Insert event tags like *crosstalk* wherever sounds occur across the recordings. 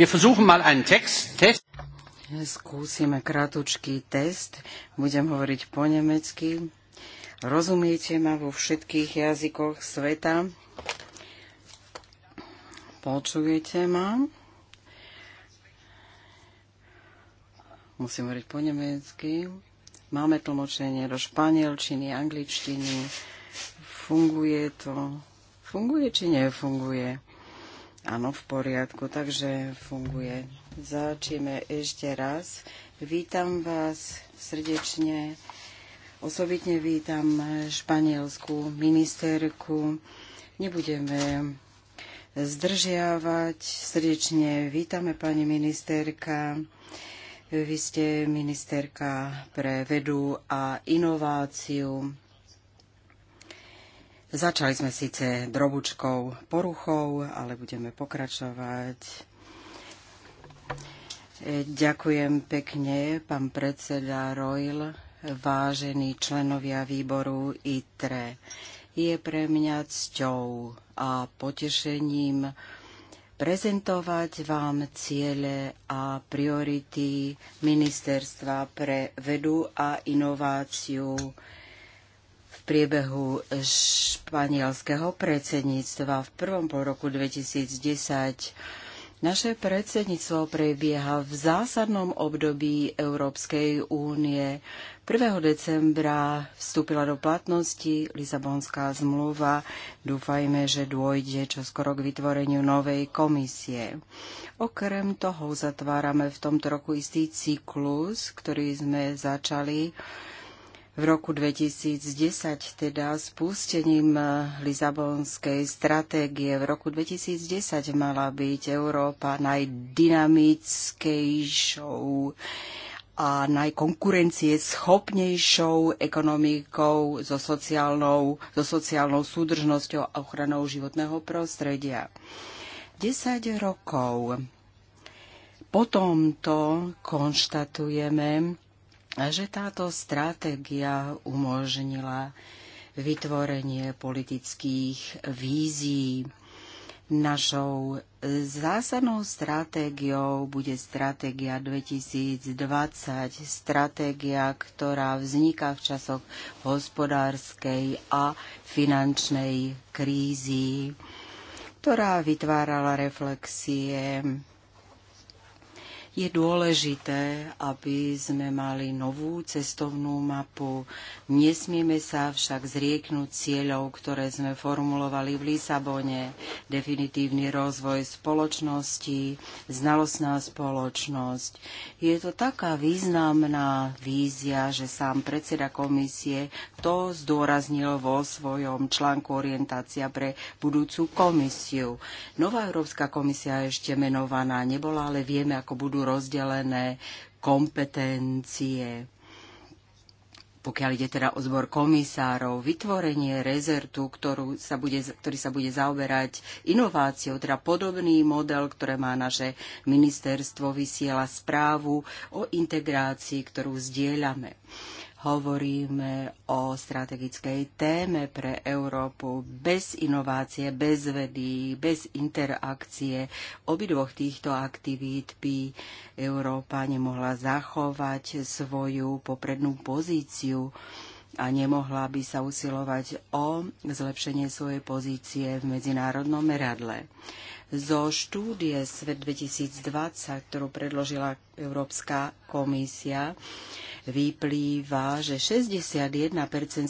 Wir versuchen mal einen Text. Skúsime kratučký test. Budem hovoriť po nemecky. Rozumiete ma vo všetkých jazykoch sveta? Počujete ma? Musím hovoriť po nemecky. Máme tlmočenie do španielčiny, angličtiny. Funguje to? Funguje či nefunguje? Áno, v poriadku, takže funguje. Začíme ešte raz. Vítam vás srdečne. Osobitne vítam španielskú ministerku. Nebudeme zdržiavať. Srdečne vítame pani ministerka. Vy ste ministerka pre vedu a inováciu Začali sme síce drobučkou poruchou, ale budeme pokračovať. E, ďakujem pekne, pán predseda Royl, vážení členovia výboru ITRE. Je pre mňa cťou a potešením prezentovať vám ciele a priority Ministerstva pre vedu a inováciu priebehu španielského predsedníctva v prvom pol roku 2010 naše predsedníctvo prebieha v zásadnom období Európskej únie. 1. decembra vstúpila do platnosti Lisabonská zmluva. Dúfajme, že dôjde čoskoro k vytvoreniu novej komisie. Okrem toho zatvárame v tomto roku istý cyklus, ktorý sme začali v roku 2010, teda spustením Lizabonskej stratégie. V roku 2010 mala byť Európa najdynamickejšou a najkonkurencieschopnejšou ekonomikou so sociálnou, so sociálnou súdržnosťou a ochranou životného prostredia. 10 rokov po tomto konštatujeme, že táto stratégia umožnila vytvorenie politických vízií. Našou zásadnou stratégiou bude stratégia 2020, stratégia, ktorá vzniká v časoch hospodárskej a finančnej krízy, ktorá vytvárala reflexie je dôležité, aby sme mali novú cestovnú mapu. Nesmieme sa však zrieknúť cieľov, ktoré sme formulovali v Lisabone. Definitívny rozvoj spoločnosti, znalostná spoločnosť. Je to taká významná vízia, že sám predseda komisie to zdôraznil vo svojom článku orientácia pre budúcu komisiu. Nová Európska komisia ešte menovaná nebola, ale vieme, ako budú rozdelené kompetencie pokiaľ ide teda o zbor komisárov, vytvorenie rezertu, ktorú sa bude, ktorý sa bude zaoberať inováciou, teda podobný model, ktoré má naše ministerstvo, vysiela správu o integrácii, ktorú zdieľame hovoríme o strategickej téme pre Európu. Bez inovácie, bez vedy, bez interakcie obidvoch týchto aktivít by Európa nemohla zachovať svoju poprednú pozíciu a nemohla by sa usilovať o zlepšenie svojej pozície v medzinárodnom meradle. Zo štúdie Svet 2020, ktorú predložila Európska komisia, vyplýva, že 61%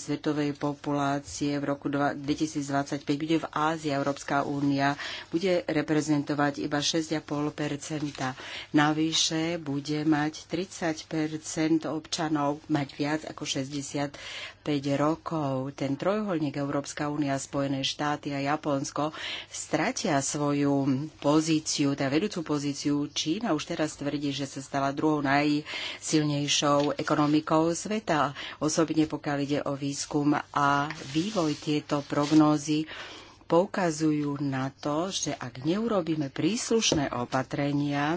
svetovej populácie v roku 2025 bude v Ázii, Európska únia bude reprezentovať iba 6,5%. Navyše bude mať 30% občanov mať viac ako 65 rokov. Ten trojholník Európska únia, Spojené štáty a Japonsko stratia svoju pozíciu, tá teda vedúcu pozíciu. Čína už teraz tvrdí, že sa stala druhou najsilnejšou ekonomikou ekonomikou sveta, osobne pokiaľ ide o výskum a vývoj tieto prognózy poukazujú na to, že ak neurobíme príslušné opatrenia,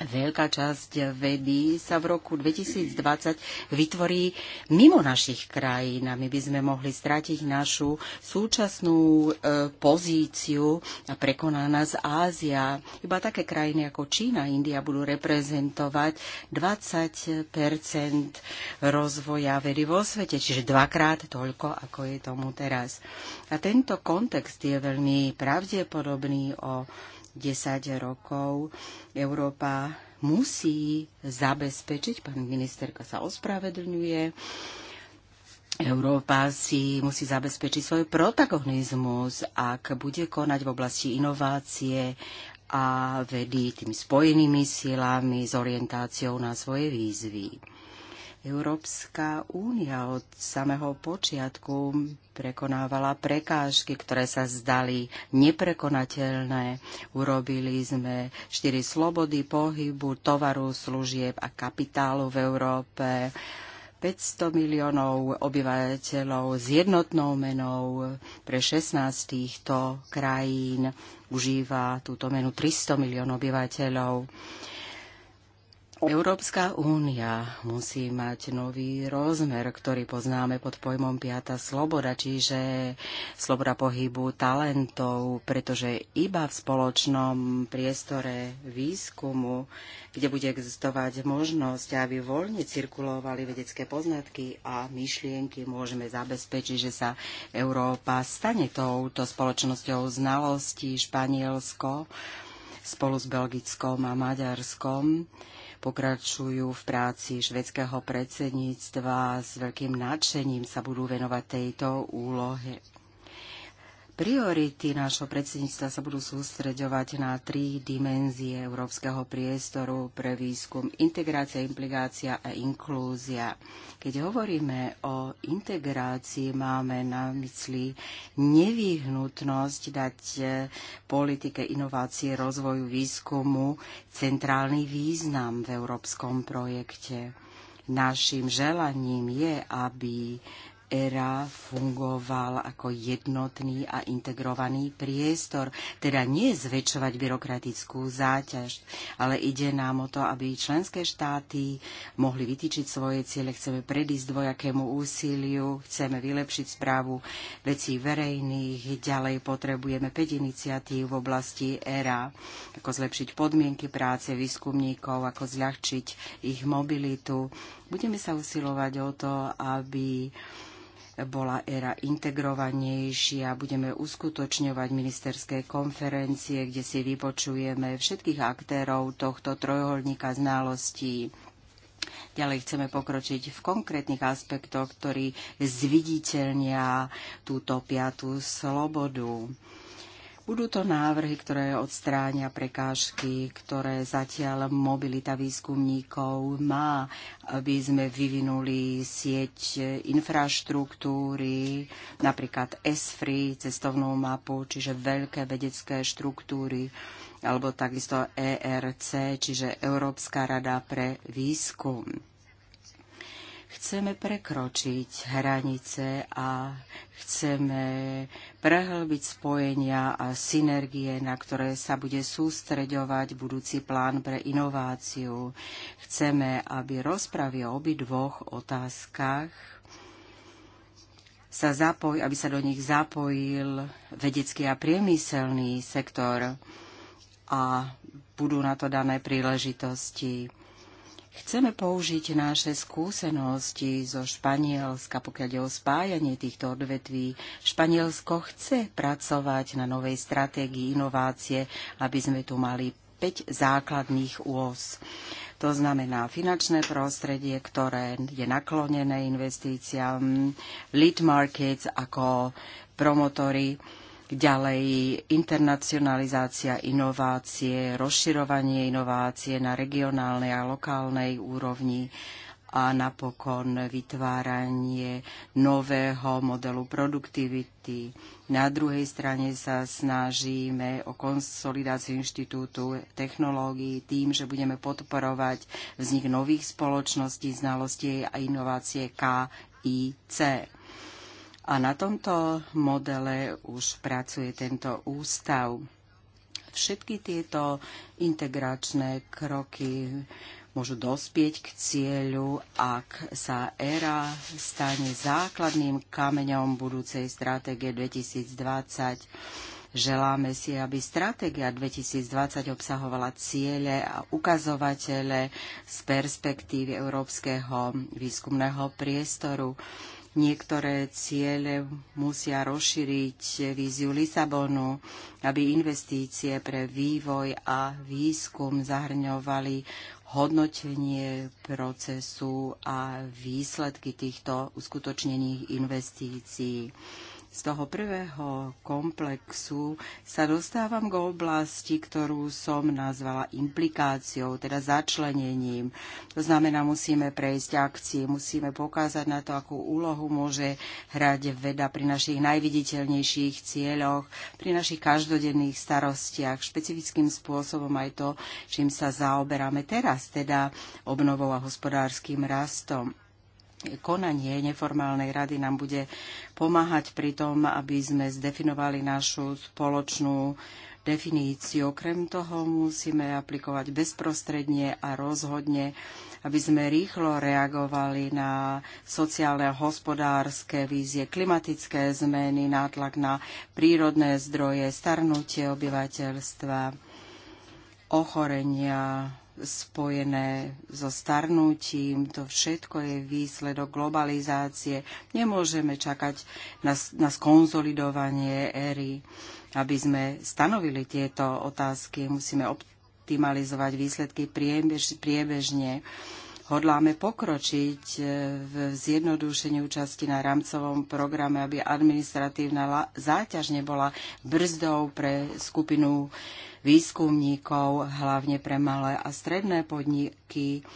Veľká časť vedy sa v roku 2020 vytvorí mimo našich krajín a my by sme mohli stratiť našu súčasnú e, pozíciu a prekoná nás Ázia. Iba také krajiny ako Čína a India budú reprezentovať 20 rozvoja vedy vo svete, čiže dvakrát toľko, ako je tomu teraz. A tento kontext je veľmi pravdepodobný o 10 rokov. Európa musí zabezpečiť, pán ministerka sa ospravedlňuje, Európa si musí zabezpečiť svoj protagonizmus, ak bude konať v oblasti inovácie a vedy tými spojenými silami s orientáciou na svoje výzvy. Európska únia od samého počiatku prekonávala prekážky, ktoré sa zdali neprekonateľné. Urobili sme štyri slobody pohybu, tovaru, služieb a kapitálu v Európe. 500 miliónov obyvateľov s jednotnou menou pre 16 týchto krajín užíva túto menu 300 miliónov obyvateľov. Európska únia musí mať nový rozmer, ktorý poznáme pod pojmom piata sloboda, čiže sloboda pohybu talentov, pretože iba v spoločnom priestore výskumu, kde bude existovať možnosť, aby voľne cirkulovali vedecké poznatky a myšlienky, môžeme zabezpečiť, že sa Európa stane touto spoločnosťou znalostí Španielsko spolu s Belgickom a Maďarskom pokračujú v práci švedského predsedníctva. S veľkým nadšením sa budú venovať tejto úlohe, Priority nášho predsedníctva sa budú sústreďovať na tri dimenzie európskeho priestoru pre výskum integrácia, implikácia a inklúzia. Keď hovoríme o integrácii, máme na mysli nevyhnutnosť dať e, politike inovácie, rozvoju, výskumu centrálny význam v európskom projekte. Našim želaním je, aby ERA fungoval ako jednotný a integrovaný priestor, teda nie zväčšovať byrokratickú záťaž, ale ide nám o to, aby členské štáty mohli vytýčiť svoje ciele, chceme predísť dvojakému úsiliu, chceme vylepšiť správu vecí verejných, ďalej potrebujeme 5 iniciatív v oblasti ERA, ako zlepšiť podmienky práce výskumníkov, ako zľahčiť ich mobilitu. Budeme sa usilovať o to, aby bola era integrovanejšia. Budeme uskutočňovať ministerské konferencie, kde si vypočujeme všetkých aktérov tohto trojholníka znalostí. Ďalej chceme pokročiť v konkrétnych aspektoch, ktorí zviditeľnia túto piatú slobodu budú to návrhy, ktoré odstránia prekážky, ktoré zatiaľ mobilita výskumníkov má, aby sme vyvinuli sieť infraštruktúry, napríklad ESFRI, cestovnú mapu, čiže veľké vedecké štruktúry, alebo takisto ERC, čiže Európska rada pre výskum Chceme prekročiť hranice a chceme prehlbiť spojenia a synergie, na ktoré sa bude sústreďovať budúci plán pre inováciu. Chceme, aby rozpravy o obidvoch otázkach sa zapoj, aby sa do nich zapojil vedecký a priemyselný sektor a budú na to dané príležitosti. Chceme použiť naše skúsenosti zo Španielska, pokiaľ je o spájanie týchto odvetví. Španielsko chce pracovať na novej stratégii inovácie, aby sme tu mali 5 základných úos. To znamená finančné prostredie, ktoré je naklonené investíciám, lead markets ako promotory Ďalej internacionalizácia inovácie, rozširovanie inovácie na regionálnej a lokálnej úrovni a napokon vytváranie nového modelu produktivity. Na druhej strane sa snažíme o konsolidáciu inštitútu technológií tým, že budeme podporovať vznik nových spoločností, znalostí a inovácie KIC. A na tomto modele už pracuje tento ústav. Všetky tieto integračné kroky môžu dospieť k cieľu, ak sa ERA stane základným kameňom budúcej stratégie 2020. Želáme si, aby stratégia 2020 obsahovala ciele a ukazovatele z perspektívy európskeho výskumného priestoru. Niektoré ciele musia rozšíriť víziu Lisabonu, aby investície pre vývoj a výskum zahrňovali hodnotenie procesu a výsledky týchto uskutočnených investícií z toho prvého komplexu sa dostávam k oblasti, ktorú som nazvala implikáciou, teda začlenením. To znamená, musíme prejsť akcii, musíme pokázať na to, akú úlohu môže hrať veda pri našich najviditeľnejších cieľoch, pri našich každodenných starostiach, špecifickým spôsobom aj to, čím sa zaoberáme teraz, teda obnovou a hospodárským rastom konanie neformálnej rady nám bude pomáhať pri tom, aby sme zdefinovali našu spoločnú definíciu. Okrem toho musíme aplikovať bezprostredne a rozhodne, aby sme rýchlo reagovali na sociálne a hospodárske vízie, klimatické zmeny, nátlak na prírodné zdroje, starnutie obyvateľstva, ochorenia, spojené so starnutím, to všetko je výsledok globalizácie. Nemôžeme čakať na, na skonzolidovanie éry, aby sme stanovili tieto otázky. Musíme optimalizovať výsledky priebež, priebežne. priebežne hodláme pokročiť e, v zjednodušení účasti na rámcovom programe, aby administratívna záťaž nebola brzdou pre skupinu výskumníkov, hlavne pre malé a stredné podniky.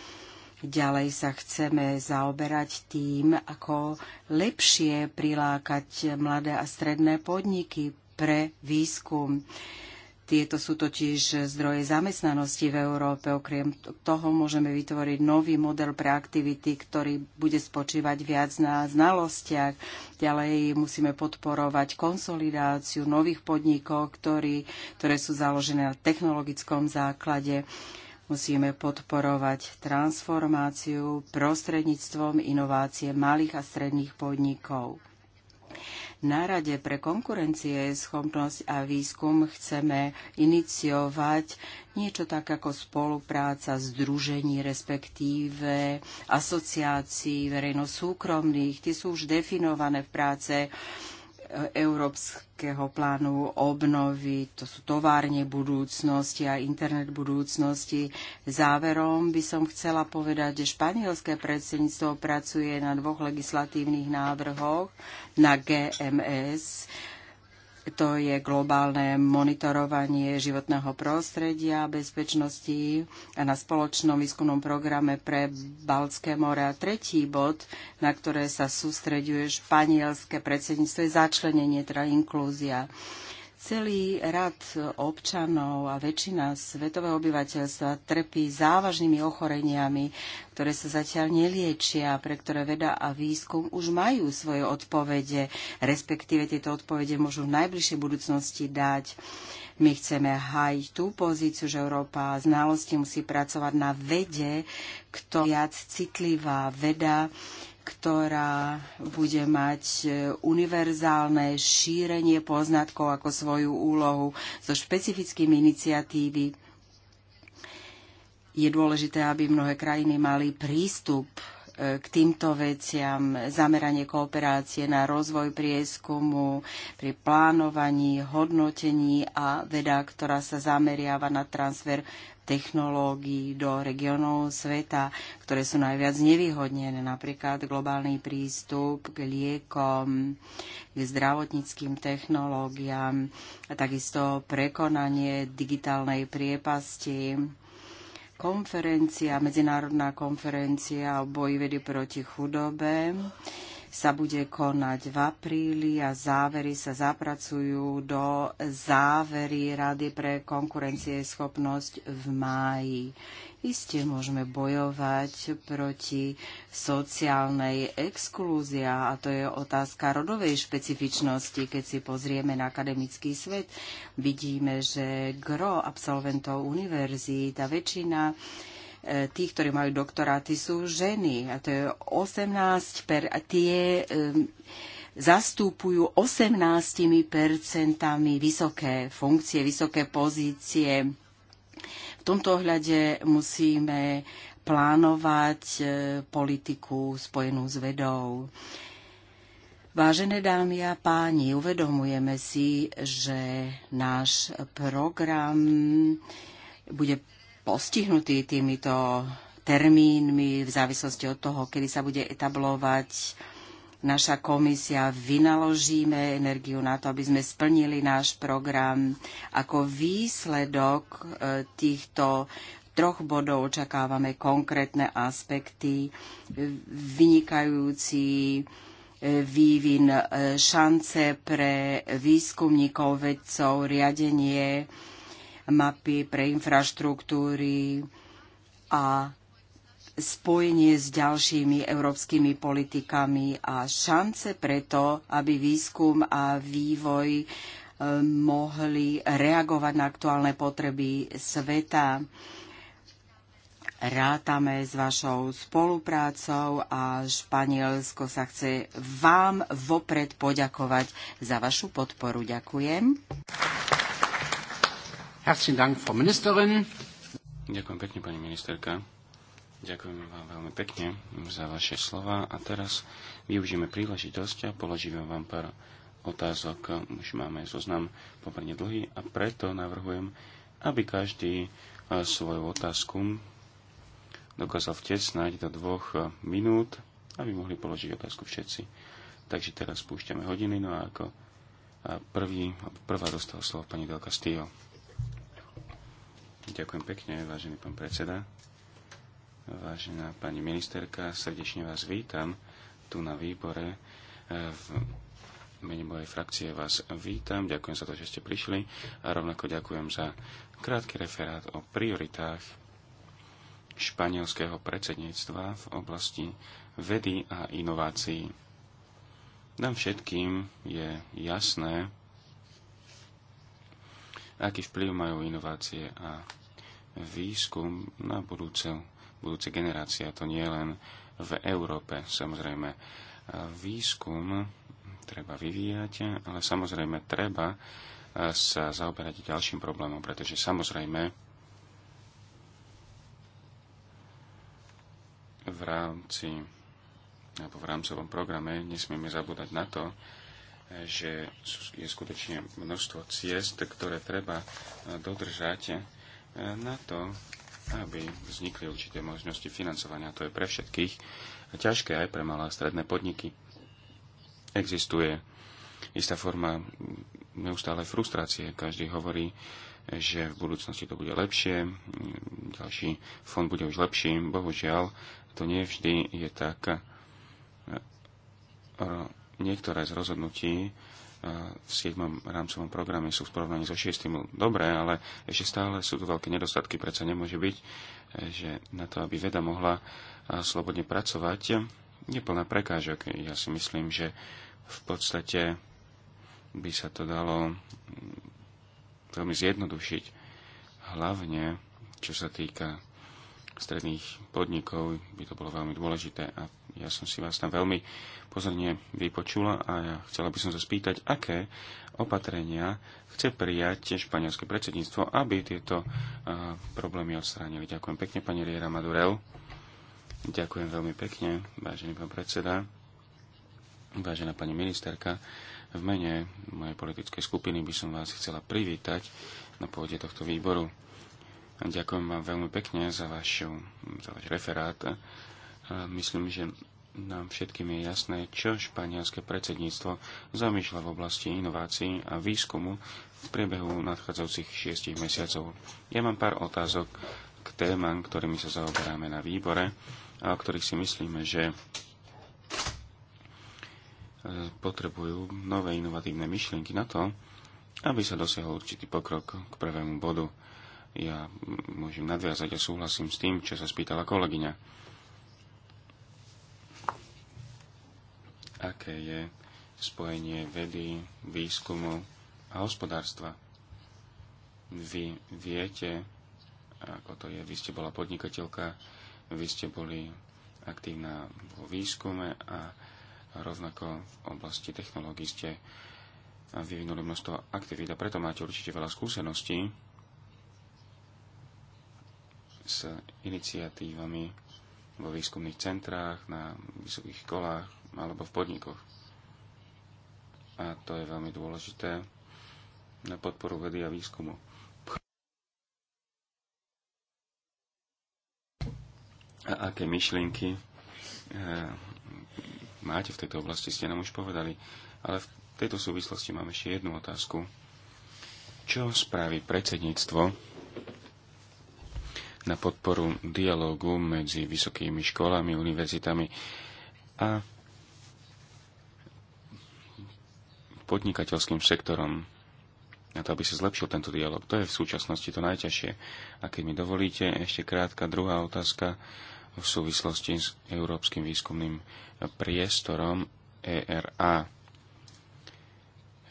Ďalej sa chceme zaoberať tým, ako lepšie prilákať mladé a stredné podniky pre výskum. Tieto sú totiž zdroje zamestnanosti v Európe. Okrem toho môžeme vytvoriť nový model pre aktivity, ktorý bude spočívať viac na znalostiach. Ďalej musíme podporovať konsolidáciu nových podnikov, ktorý, ktoré sú založené na technologickom základe. Musíme podporovať transformáciu prostredníctvom inovácie malých a stredných podnikov. Na Rade pre konkurencie, schopnosť a výskum chceme iniciovať niečo tak ako spolupráca združení, respektíve asociácií verejno-súkromných. Tie sú už definované v práce Európskeho plánu obnovy, to sú továrne budúcnosti a internet budúcnosti. Záverom by som chcela povedať, že španielské predsedníctvo pracuje na dvoch legislatívnych návrhoch na GMS to je globálne monitorovanie životného prostredia, bezpečnosti a na spoločnom výskumnom programe pre Balské more. A tretí bod, na ktoré sa sústreďuje španielské predsedníctvo, je začlenenie, teda inklúzia. Celý rad občanov a väčšina svetového obyvateľstva trpí závažnými ochoreniami, ktoré sa zatiaľ neliečia, pre ktoré veda a výskum už majú svoje odpovede, respektíve tieto odpovede môžu v najbližšej budúcnosti dať. My chceme hájiť tú pozíciu, že Európa znalosti musí pracovať na vede, kto viac citlivá veda ktorá bude mať e, univerzálne šírenie poznatkov ako svoju úlohu so špecifickými iniciatívy. Je dôležité, aby mnohé krajiny mali prístup e, k týmto veciam, zameranie kooperácie na rozvoj prieskumu, pri plánovaní, hodnotení a veda, ktorá sa zameriava na transfer technológií do regionov sveta, ktoré sú najviac nevyhodnené, napríklad globálny prístup k liekom, k zdravotníckým technológiám a takisto prekonanie digitálnej priepasti konferencia, medzinárodná konferencia o boji vedy proti chudobe sa bude konať v apríli a závery sa zapracujú do závery Rady pre schopnosť v máji. Isté môžeme bojovať proti sociálnej exklúzii a to je otázka rodovej špecifičnosti. Keď si pozrieme na akademický svet, vidíme, že gro absolventov univerzít a väčšina tých, ktorí majú doktoráty, sú ženy. A to je 18 per, a tie um, zastúpujú 18 percentami vysoké funkcie, vysoké pozície. V tomto ohľade musíme plánovať e, politiku spojenú s vedou. Vážené dámy a páni, uvedomujeme si, že náš program bude postihnutí týmito termínmi v závislosti od toho, kedy sa bude etablovať naša komisia, vynaložíme energiu na to, aby sme splnili náš program. Ako výsledok e, týchto troch bodov očakávame konkrétne aspekty, vynikajúci e, vývin e, šance pre výskumníkov, vedcov, riadenie mapy pre infraštruktúry a spojenie s ďalšími európskymi politikami a šance preto, aby výskum a vývoj e, mohli reagovať na aktuálne potreby sveta. Rátame s vašou spoluprácou a Španielsko sa chce vám vopred poďakovať za vašu podporu. Ďakujem. Herzlichen Dank, Frau Ministerin. Ďakujem pekne, pani ministerka. Ďakujem vám veľmi pekne za vaše slova a teraz využijeme príležitosť a položíme vám pár otázok. Už máme zoznam pomerne dlhý a preto navrhujem, aby každý e, svoju otázku dokázal vtesnať do dvoch e, minút, aby mohli položiť otázku všetci. Takže teraz spúšťame hodiny, no a ako e, prvý, prvá dostala slovo pani Delka Stýl. Ďakujem pekne, vážený pán predseda. Vážená pani ministerka, srdečne vás vítam tu na výbore. V mene mojej frakcie vás vítam. Ďakujem za to, že ste prišli a rovnako ďakujem za krátky referát o prioritách španielského predsedníctva v oblasti vedy a inovácií. Nám všetkým je jasné, aký vplyv majú inovácie a výskum na budúce, budúce generácie, a to nie len v Európe. Samozrejme, výskum treba vyvíjať, ale samozrejme treba e, sa zaoberať ďalším problémom, pretože samozrejme v rámci alebo v rámcovom programe nesmieme zabúdať na to, že je skutočne množstvo ciest, ktoré treba dodržať eh, na to, aby vznikli určité možnosti financovania. To je pre všetkých ťažké aj pre malé a stredné podniky. Existuje istá forma neustále frustrácie. Každý hovorí, že v budúcnosti to bude lepšie, ďalší fond bude už lepší. Bohužiaľ, to nie vždy je tak eh, niektoré z rozhodnutí e, v 7. rámcovom programe sú v porovnaní so 6. dobré, ale ešte stále sú tu veľké nedostatky. Prečo nemôže byť, e, že na to, aby veda mohla e, slobodne pracovať, je plná prekážok. Ja si myslím, že v podstate by sa to dalo veľmi zjednodušiť. Hlavne, čo sa týka stredných podnikov by to bolo veľmi dôležité a ja som si vás tam veľmi pozorne vypočula a ja chcela by som sa spýtať, aké opatrenia chce prijať španielské predsedníctvo, aby tieto uh, problémy odstránili. Ďakujem pekne, pani Riera Madurel. Ďakujem veľmi pekne, vážený pán predseda, vážená pani ministerka. V mene mojej politickej skupiny by som vás chcela privítať na pôde tohto výboru. Ďakujem vám veľmi pekne za, vašu, za váš referát. Myslím, že nám všetkým je jasné, čo španielské predsedníctvo zamýšľa v oblasti inovácií a výskumu v priebehu nadchádzajúcich šiestich mesiacov. Ja mám pár otázok k témam, ktorými sa zaoberáme na výbore a o ktorých si myslíme, že e, potrebujú nové inovatívne myšlienky na to, aby sa dosiahol určitý pokrok k prvému bodu ja môžem nadviazať a súhlasím s tým, čo sa spýtala kolegyňa. Aké je spojenie vedy, výskumu a hospodárstva? Vy viete, ako to je, vy ste bola podnikateľka, vy ste boli aktívna vo výskume a rovnako v oblasti technológií ste vyvinuli množstvo aktivít a preto máte určite veľa skúseností s iniciatívami vo výskumných centrách, na vysokých školách alebo v podnikoch. A to je veľmi dôležité na podporu vedy a výskumu. A aké myšlienky e, máte v tejto oblasti, ste nám už povedali. Ale v tejto súvislosti mám ešte jednu otázku. Čo spraví predsedníctvo na podporu dialógu medzi vysokými školami, univerzitami a podnikateľským sektorom na to, aby sa zlepšil tento dialog. To je v súčasnosti to najťažšie. A keď mi dovolíte, ešte krátka druhá otázka v súvislosti s Európskym výskumným priestorom ERA.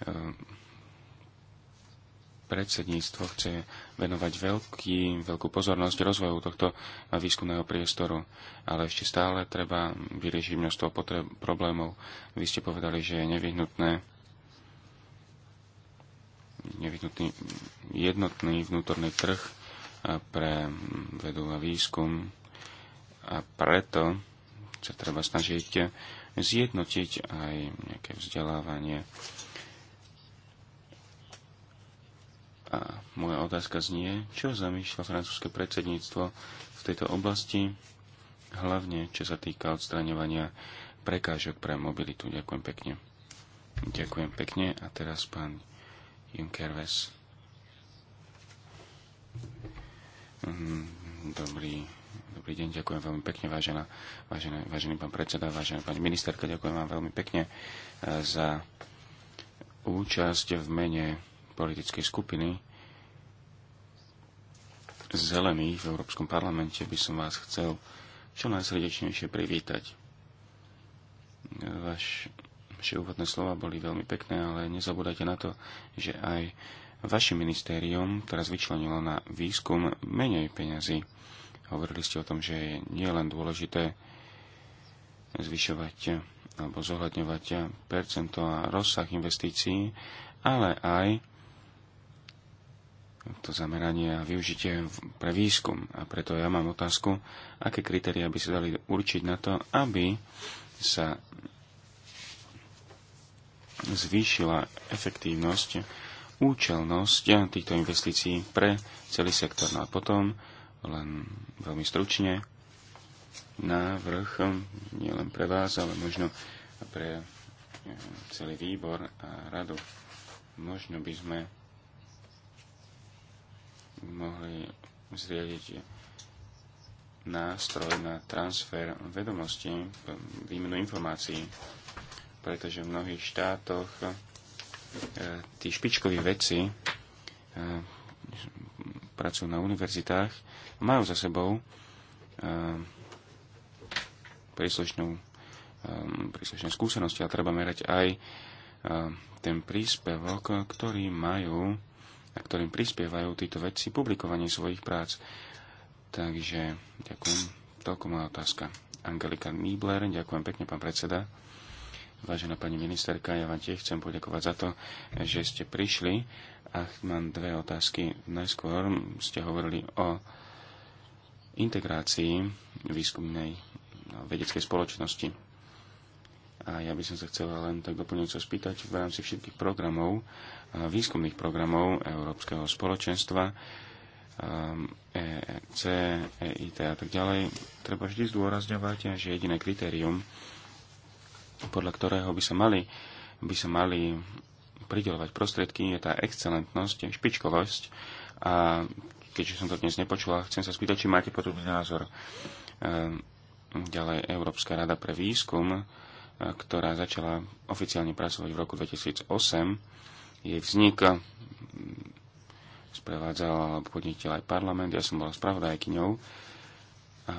Ehm predsedníctvo chce venovať veľký, veľkú pozornosť rozvoju tohto výskumného priestoru, ale ešte stále treba vyriešiť množstvo potreb, problémov. Vy ste povedali, že je nevyhnutné nevyhnutný jednotný vnútorný trh pre vedu a výskum a preto sa treba snažiť zjednotiť aj nejaké vzdelávanie A moja otázka znie, čo zamýšľa francúzske predsedníctvo v tejto oblasti, hlavne čo sa týka odstraňovania prekážok pre mobilitu. Ďakujem pekne. Ďakujem pekne. A teraz pán Ves. Mm, dobrý, dobrý deň, ďakujem veľmi pekne, vážená, vážený, vážený pán predseda, vážená pani ministerka, ďakujem vám veľmi pekne eh, za účasť v mene politickej skupiny zelených v Európskom parlamente by som vás chcel čo najsrdečnejšie privítať. Vaš, vaše úvodné slova boli veľmi pekné, ale nezabúdajte na to, že aj vaše ministérium teraz vyčlenilo na výskum menej peňazí. Hovorili ste o tom, že je nielen dôležité zvyšovať alebo zohľadňovať percento a rozsah investícií, ale aj to zameranie a využitie pre výskum. A preto ja mám otázku, aké kritéria by sa dali určiť na to, aby sa zvýšila efektívnosť, účelnosť týchto investícií pre celý sektor. No a potom, len veľmi stručne, návrh, hm, nielen pre vás, ale možno pre eh, celý výbor a radu. Možno by sme mohli zriadiť nástroj na transfer vedomostí, výmenu informácií, pretože v mnohých štátoch e, tí špičkoví vedci e, pracujú na univerzitách, majú za sebou e, príslušnú, príslušné skúsenosti a treba merať aj ten príspevok, ktorý majú ktorým prispievajú títo vedci publikovanie svojich prác. Takže ďakujem. Toľko moja otázka. Angelika Niebler, ďakujem pekne, pán predseda. Vážená pani ministerka, ja vám tiež chcem poďakovať za to, že ste prišli. A mám dve otázky. Najskôr ste hovorili o integrácii výskumnej no, vedeckej spoločnosti a ja by som sa chcela len tak doplňujúco spýtať v rámci všetkých programov, výskumných programov Európskeho spoločenstva, EEC, EIT a tak ďalej, treba vždy zdôrazňovať, že jediné kritérium, podľa ktorého by sa mali, by sa mali pridelovať prostriedky, je tá excelentnosť, špičkovosť. A keďže som to dnes nepočula, chcem sa spýtať, či máte podobný názor. Ehm, ďalej Európska rada pre výskum ktorá začala oficiálne pracovať v roku 2008. Jej vznik sprevádzal alebo aj parlament. Ja som bola spravodajkyňou. A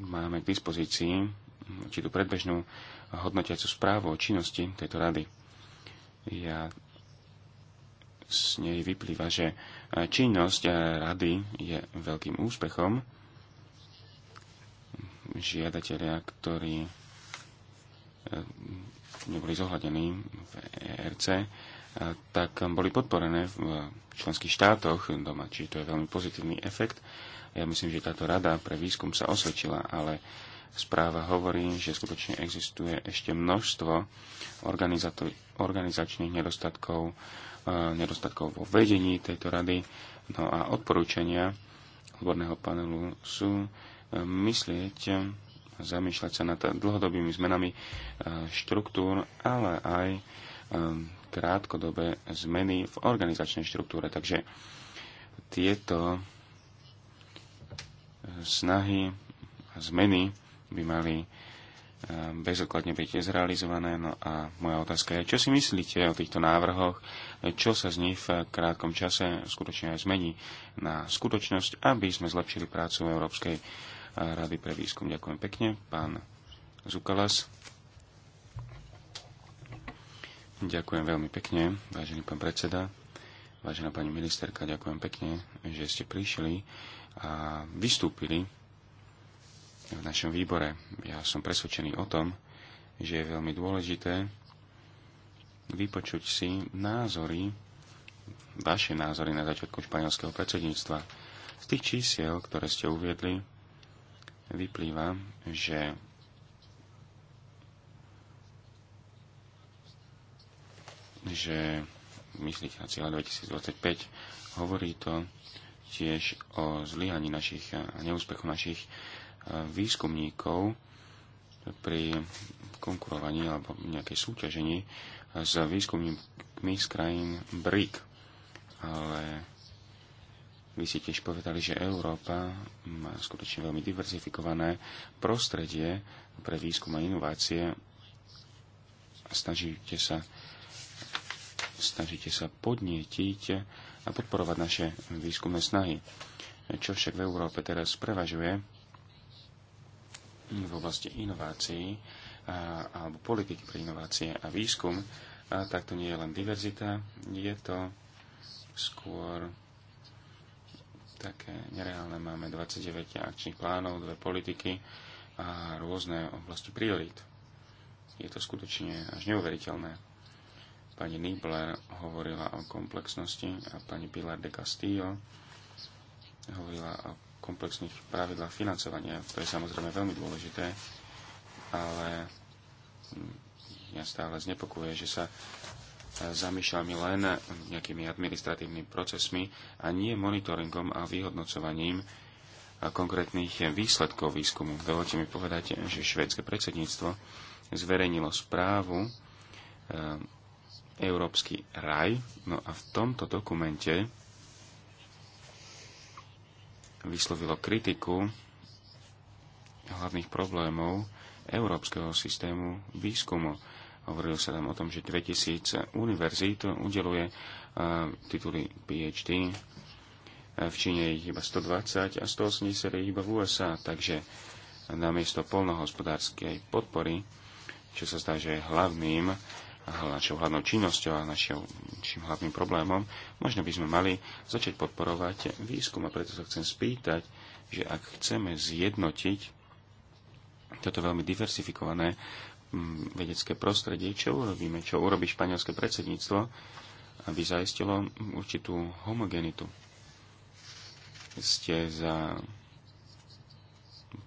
máme k dispozícii či tú predbežnú hodnotiacu správu o činnosti tejto rady. Ja z nej vyplýva, že činnosť rady je veľkým úspechom žiadatelia, ktorí e, neboli zohľadení v ERC, e, tak boli podporené v členských štátoch doma. Čiže to je veľmi pozitívny efekt. Ja myslím, že táto rada pre výskum sa osvedčila, ale správa hovorí, že skutočne existuje ešte množstvo organizačných nedostatkov, e, nedostatkov vo vedení tejto rady. No a odporúčania odborného panelu sú myslieť a zamýšľať sa nad dlhodobými zmenami e, štruktúr, ale aj e, krátkodobé zmeny v organizačnej štruktúre. Takže tieto e, snahy a zmeny by mali bezokladne byť zrealizované. No a moja otázka je, čo si myslíte o týchto návrhoch, čo sa z nich v krátkom čase skutočne aj zmení na skutočnosť, aby sme zlepšili prácu Európskej Rady pre výskum. Ďakujem pekne, pán Zukalas. Ďakujem veľmi pekne, vážený pán predseda, vážená pani ministerka, ďakujem pekne, že ste prišli a vystúpili v našom výbore. Ja som presvedčený o tom, že je veľmi dôležité vypočuť si názory, vaše názory na začiatku španielského predsedníctva. Z tých čísiel, ktoré ste uviedli, vyplýva, že že myslíte na cieľa 2025, hovorí to tiež o zlyhaní našich a neúspechu našich výskumníkov pri konkurovaní alebo nejakej súťažení s výskumníkmi z krajín BRIC. Ale vy ste tiež povedali, že Európa má skutočne veľmi diverzifikované prostredie pre výskum a inovácie. Snažíte sa, snažíte sa podnietiť a podporovať naše výskumné snahy. Čo však v Európe teraz prevažuje v oblasti inovácií a, alebo politiky pre inovácie a výskum, a tak to nie je len diverzita, je to skôr také nereálne. Máme 29 akčných plánov, dve politiky a rôzne oblasti priorít. Je to skutočne až neuveriteľné. Pani Nibler hovorila o komplexnosti a pani Pilar de Castillo hovorila o komplexných pravidlách financovania. To je samozrejme veľmi dôležité, ale hm, ja stále znepokuje, že sa zamýšľami len nejakými administratívnymi procesmi a nie monitoringom a vyhodnocovaním konkrétnych výsledkov výskumu. Dovolte mi povedať, že švédske predsedníctvo zverejnilo správu e, Európsky raj. No a v tomto dokumente vyslovilo kritiku hlavných problémov európskeho systému výskumu Hovoril sa tam o tom, že 2000 univerzít udeluje e, tituly PhD. E, v Číne je ich iba 120 a 180 je iba v USA, takže namiesto polnohospodárskej podpory, čo sa zdá, že je hlavným našou hlavnou činnosťou a našim hlavným problémom, možno by sme mali začať podporovať výskum. A preto sa chcem spýtať, že ak chceme zjednotiť toto veľmi diversifikované Mm, vedecké prostredie, čo urobíme, čo urobí španielské predsedníctvo, aby zaistilo určitú homogenitu. Ste za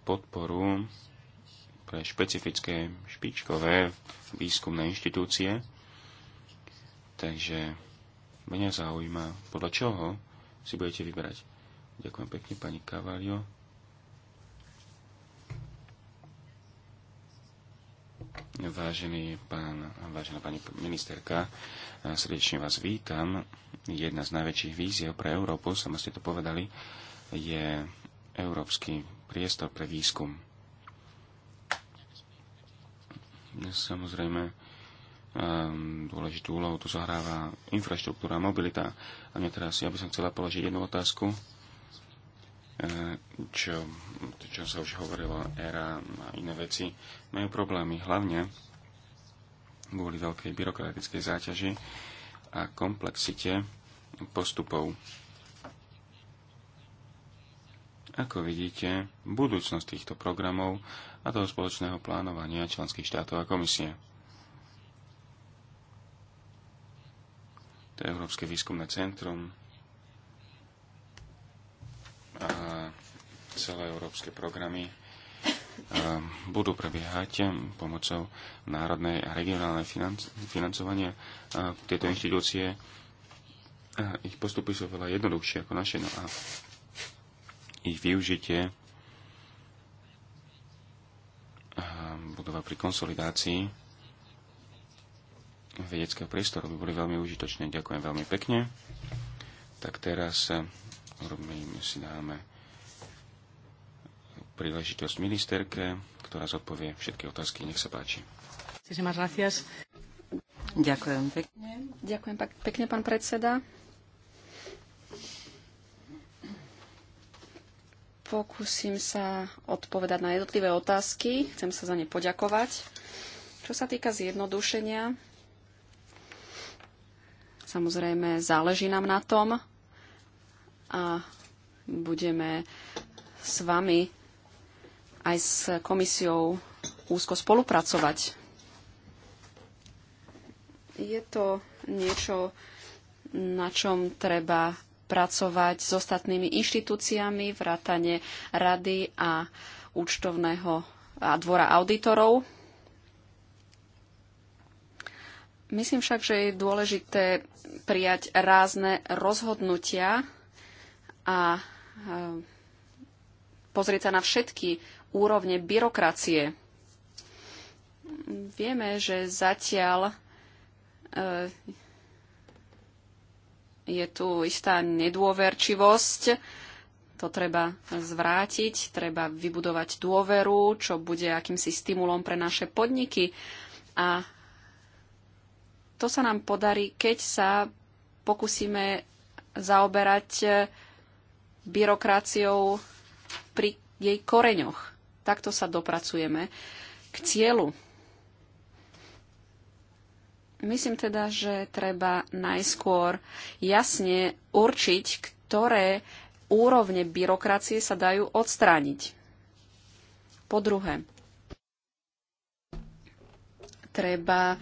podporu pre špecifické špičkové výskumné inštitúcie, takže mňa zaujíma, podľa čoho si budete vybrať. Ďakujem pekne, pani Cavalio. Vážený pán, vážená pani ministerka, srdečne vás vítam. Jedna z najväčších víziev pre Európu, sama ste to povedali, je európsky priestor pre výskum. Samozrejme, ehm, dôležitú úlohu tu zahráva infraštruktúra, mobilita. A mňa teraz, ja by som chcela položiť jednu otázku čo, čo sa už hovorilo, ERA a iné veci, majú problémy hlavne kvôli veľkej byrokratickej záťaži a komplexite postupov. Ako vidíte, budúcnosť týchto programov a toho spoločného plánovania členských štátov a komisie. To je Európske výskumné centrum, a celé európske programy budú prebiehať pomocou národnej a regionálnej financ- financovania. Tieto inštitúcie, ich postupy sú veľa jednoduchšie ako naše, no a ich využitie budova pri konsolidácii vedeckého priestoru by boli veľmi užitočné. Ďakujem veľmi pekne. Tak teraz urobíme, si dáme príležitosť ministerke, ktorá zodpovie všetky otázky. Nech sa páči. Ďakujem pekne. Ďakujem pekne, pán predseda. Pokúsim sa odpovedať na jednotlivé otázky. Chcem sa za ne poďakovať. Čo sa týka zjednodušenia, samozrejme záleží nám na tom, a budeme s vami aj s komisiou úzko spolupracovať. Je to niečo, na čom treba pracovať s ostatnými inštitúciami, vrátane rady a účtovného a dvora auditorov. Myslím však, že je dôležité prijať rázne rozhodnutia, a e, pozrieť sa na všetky úrovne byrokracie. Vieme, že zatiaľ e, je tu istá nedôverčivosť. To treba zvrátiť, treba vybudovať dôveru, čo bude akýmsi stimulom pre naše podniky. A to sa nám podarí, keď sa pokúsime zaoberať e, byrokraciou pri jej koreňoch. Takto sa dopracujeme k cieľu. Myslím teda, že treba najskôr jasne určiť, ktoré úrovne byrokracie sa dajú odstrániť. Po druhé, treba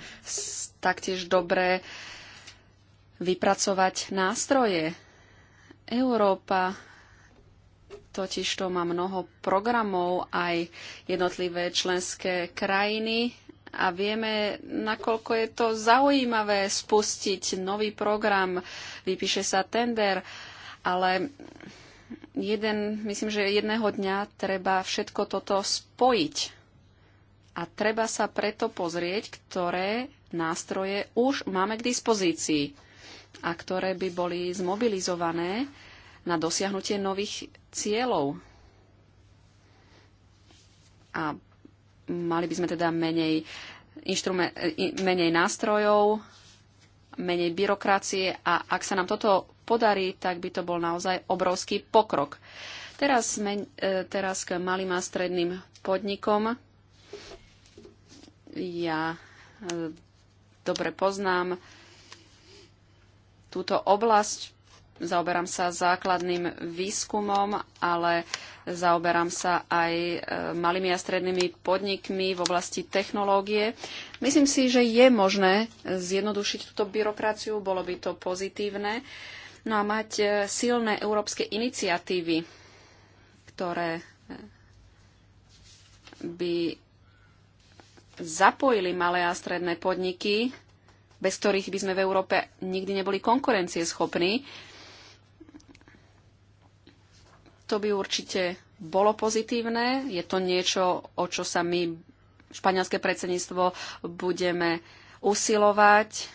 taktiež dobre vypracovať nástroje. Európa Totiž má mnoho programov aj jednotlivé členské krajiny a vieme, nakoľko je to zaujímavé spustiť nový program, vypíše sa tender, ale jeden, myslím, že jedného dňa treba všetko toto spojiť. A treba sa preto pozrieť, ktoré nástroje už máme k dispozícii a ktoré by boli zmobilizované na dosiahnutie nových cieľov. A mali by sme teda menej, menej nástrojov, menej byrokracie a ak sa nám toto podarí, tak by to bol naozaj obrovský pokrok. Teraz, sme, e, teraz k malým a stredným podnikom. Ja e, dobre poznám túto oblasť, zaoberám sa základným výskumom, ale zaoberám sa aj e, malými a strednými podnikmi v oblasti technológie. Myslím si, že je možné zjednodušiť túto byrokraciu, bolo by to pozitívne. No a mať e, silné európske iniciatívy, ktoré e, by zapojili malé a stredné podniky, bez ktorých by sme v Európe nikdy neboli konkurencieschopní. schopní to by určite bolo pozitívne. Je to niečo, o čo sa my, španielské predsedníctvo, budeme usilovať.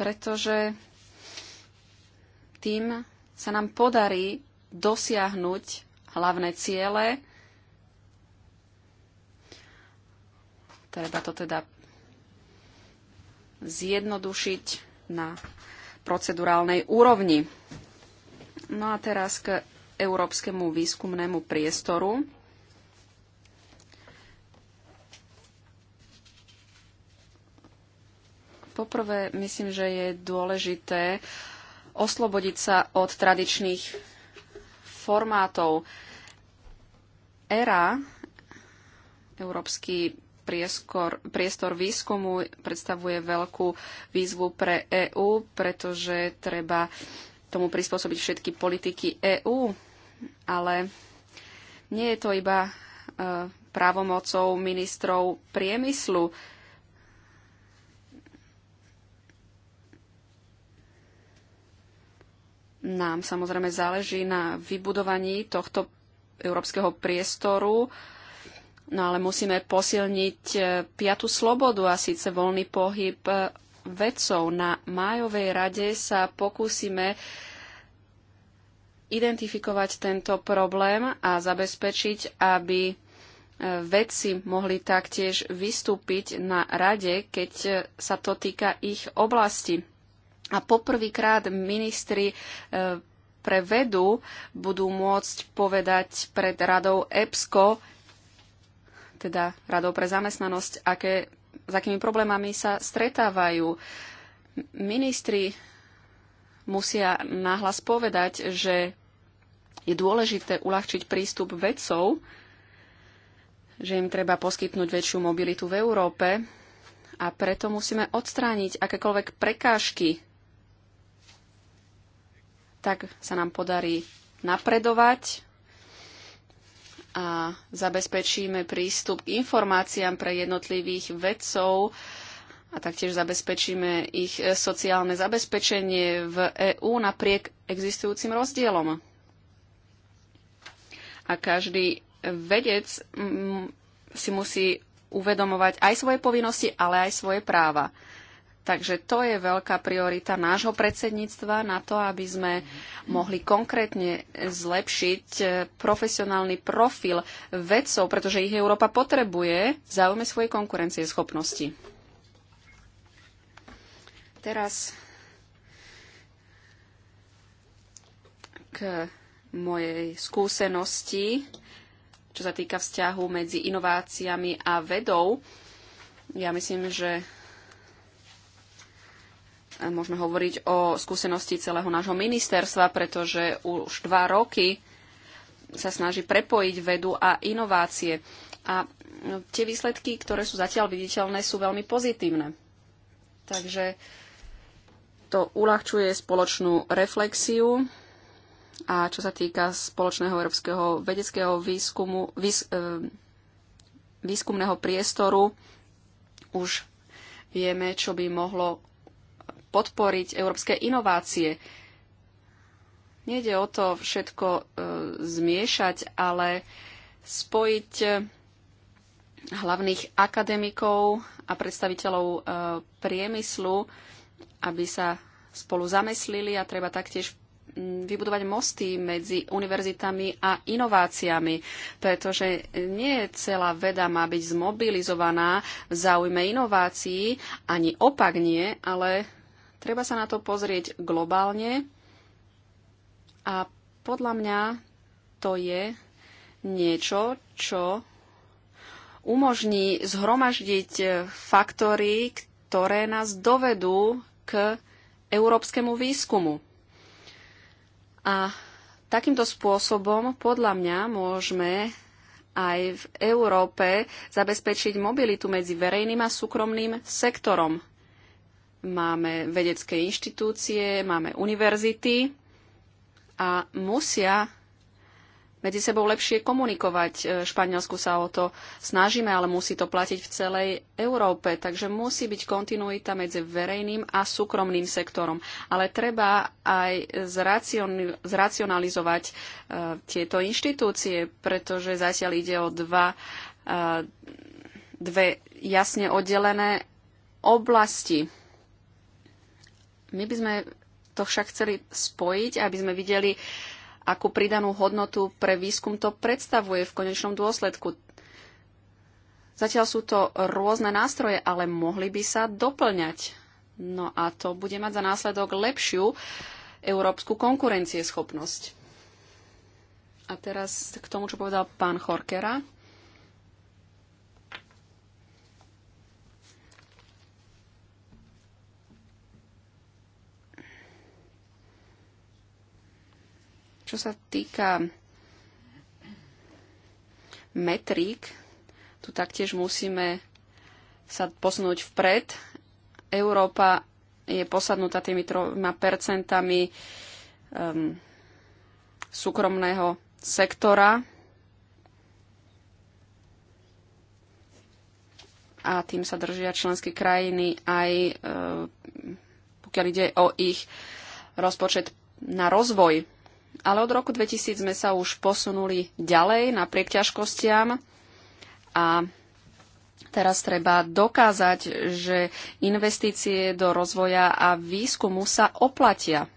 Pretože tým sa nám podarí dosiahnuť hlavné ciele. Treba to teda zjednodušiť na procedurálnej úrovni. No a teraz k európskemu výskumnému priestoru. Poprvé, myslím, že je dôležité oslobodiť sa od tradičných formátov. ERA, Európsky prieskor, priestor výskumu predstavuje veľkú výzvu pre EÚ, pretože treba tomu prispôsobiť všetky politiky EÚ. Ale nie je to iba e, právomocou ministrov priemyslu. Nám samozrejme záleží na vybudovaní tohto európskeho priestoru, No ale musíme posilniť e, piatu slobodu a síce voľný pohyb e, vedcov. Na májovej rade sa pokúsime identifikovať tento problém a zabezpečiť, aby e, vedci mohli taktiež vystúpiť na rade, keď sa to týka ich oblasti. A poprvýkrát ministri pre vedu budú môcť povedať pred radou EPSCO, teda radou pre zamestnanosť, aké, s akými problémami sa stretávajú. Ministri musia náhlas povedať, že je dôležité uľahčiť prístup vedcov, že im treba poskytnúť väčšiu mobilitu v Európe a preto musíme odstrániť akékoľvek prekážky. Tak sa nám podarí napredovať a zabezpečíme prístup k informáciám pre jednotlivých vedcov a taktiež zabezpečíme ich e, sociálne zabezpečenie v EÚ napriek existujúcim rozdielom. A každý vedec mm, si musí uvedomovať aj svoje povinnosti, ale aj svoje práva. Takže to je veľká priorita nášho predsedníctva na to, aby sme mohli konkrétne zlepšiť eh, profesionálny profil vedcov, pretože ich Európa potrebuje v záujme svojej konkurencieschopnosti. Teraz k mojej skúsenosti, čo sa týka vzťahu medzi inováciami a vedou. Ja myslím, že E, môžeme hovoriť o skúsenosti celého nášho ministerstva, pretože už dva roky sa snaží prepojiť vedu a inovácie. A e, tie výsledky, ktoré sú zatiaľ viditeľné, sú veľmi pozitívne. Takže to uľahčuje spoločnú reflexiu a čo sa týka spoločného európskeho vedeckého výskumu, výs, e, výskumného priestoru, už vieme, čo by mohlo podporiť európske inovácie. Nejde o to všetko e, zmiešať, ale spojiť e, hlavných akademikov a predstaviteľov e, priemyslu, aby sa spolu zamyslili a treba taktiež vybudovať mosty medzi univerzitami a inováciami, pretože nie celá veda má byť zmobilizovaná v záujme inovácií, ani opak nie, ale Treba sa na to pozrieť globálne a podľa mňa to je niečo, čo umožní zhromaždiť faktory, ktoré nás dovedú k európskemu výskumu. A takýmto spôsobom podľa mňa môžeme aj v Európe zabezpečiť mobilitu medzi verejným a súkromným sektorom. Máme vedecké inštitúcie, máme univerzity a musia medzi sebou lepšie komunikovať. E, Španielsku sa o to snažíme, ale musí to platiť v celej Európe, takže musí byť kontinuita medzi verejným a súkromným sektorom. Ale treba aj zracionalizovať e, tieto inštitúcie, pretože zatiaľ ide o dva, e, dve jasne oddelené oblasti my by sme to však chceli spojiť, aby sme videli, akú pridanú hodnotu pre výskum to predstavuje v konečnom dôsledku. Zatiaľ sú to rôzne nástroje, ale mohli by sa doplňať. No a to bude mať za následok lepšiu európsku konkurencieschopnosť. A teraz k tomu, čo povedal pán Chorkera. Čo sa týka metrík, tu taktiež musíme sa posunúť vpred. Európa je posadnutá tými troma percentami um, súkromného sektora a tým sa držia členské krajiny aj um, pokiaľ ide o ich rozpočet na rozvoj ale od roku 2000 sme sa už posunuli ďalej napriek ťažkostiam a teraz treba dokázať, že investície do rozvoja a výskumu sa oplatia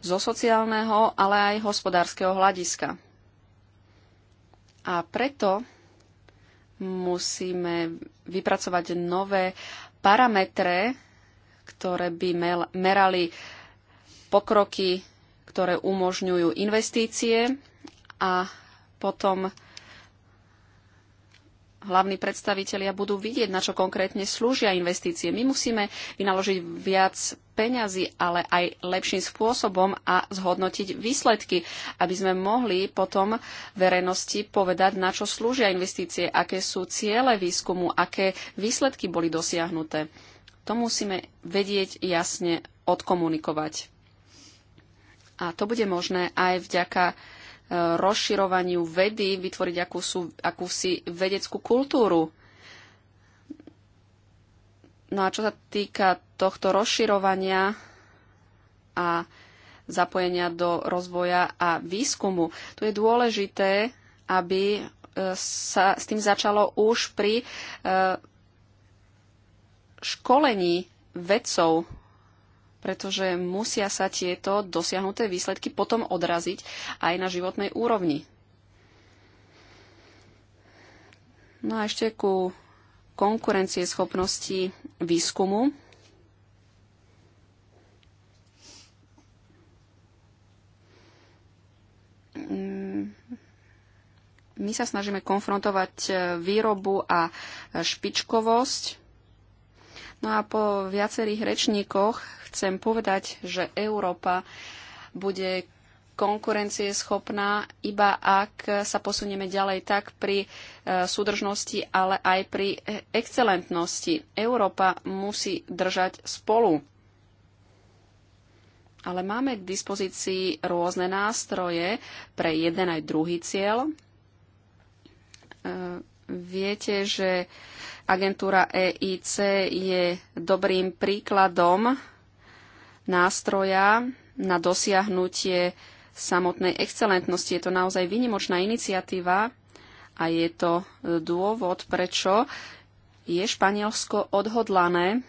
zo sociálneho, ale aj hospodárskeho hľadiska. A preto musíme vypracovať nové parametre, ktoré by merali pokroky ktoré umožňujú investície a potom hlavní predstavitelia budú vidieť, na čo konkrétne slúžia investície. My musíme vynaložiť viac peňazí, ale aj lepším spôsobom a zhodnotiť výsledky, aby sme mohli potom verejnosti povedať, na čo slúžia investície, aké sú ciele výskumu, aké výsledky boli dosiahnuté. To musíme vedieť jasne odkomunikovať. A to bude možné aj vďaka e, rozširovaniu vedy, vytvoriť akúsu, akúsi vedeckú kultúru. No a čo sa týka tohto rozširovania a zapojenia do rozvoja a výskumu, tu je dôležité, aby e, sa s tým začalo už pri e, školení vedcov pretože musia sa tieto dosiahnuté výsledky potom odraziť aj na životnej úrovni. No a ešte ku konkurencie schopnosti výskumu. Mm, my sa snažíme konfrontovať e, výrobu a špičkovosť No a po viacerých rečníkoch chcem povedať, že Európa bude konkurencieschopná, iba ak sa posunieme ďalej tak pri e, súdržnosti, ale aj pri e, excelentnosti. Európa musí držať spolu. Ale máme k dispozícii rôzne nástroje pre jeden aj druhý cieľ e, Viete, že agentúra EIC je dobrým príkladom nástroja na dosiahnutie samotnej excelentnosti. Je to naozaj vynimočná iniciatíva a je to dôvod, prečo je Španielsko odhodlané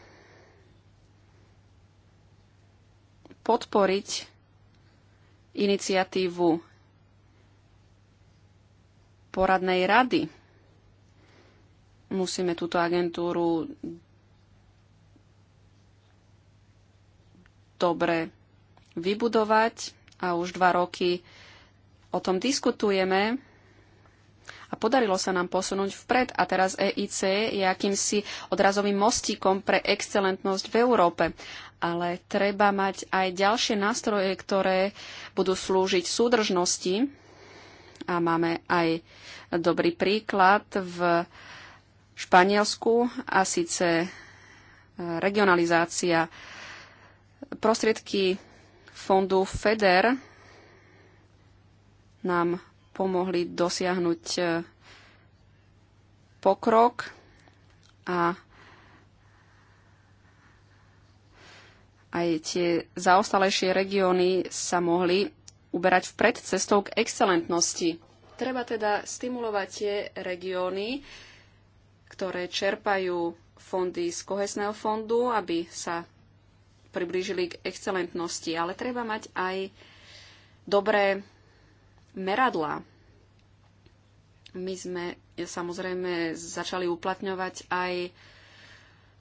podporiť iniciatívu poradnej rady Musíme túto agentúru dobre vybudovať a už dva roky o tom diskutujeme a podarilo sa nám posunúť vpred a teraz EIC je akýmsi odrazovým mostíkom pre excelentnosť v Európe. Ale treba mať aj ďalšie nástroje, ktoré budú slúžiť súdržnosti a máme aj dobrý príklad v Španielsku a síce e, regionalizácia prostriedky fondu FEDER nám pomohli dosiahnuť e, pokrok a aj tie zaostalejšie regióny sa mohli uberať vpred cestou k excelentnosti. Treba teda stimulovať tie regióny, ktoré čerpajú fondy z kohesného fondu, aby sa priblížili k excelentnosti, ale treba mať aj dobré meradlá. My sme samozrejme začali uplatňovať aj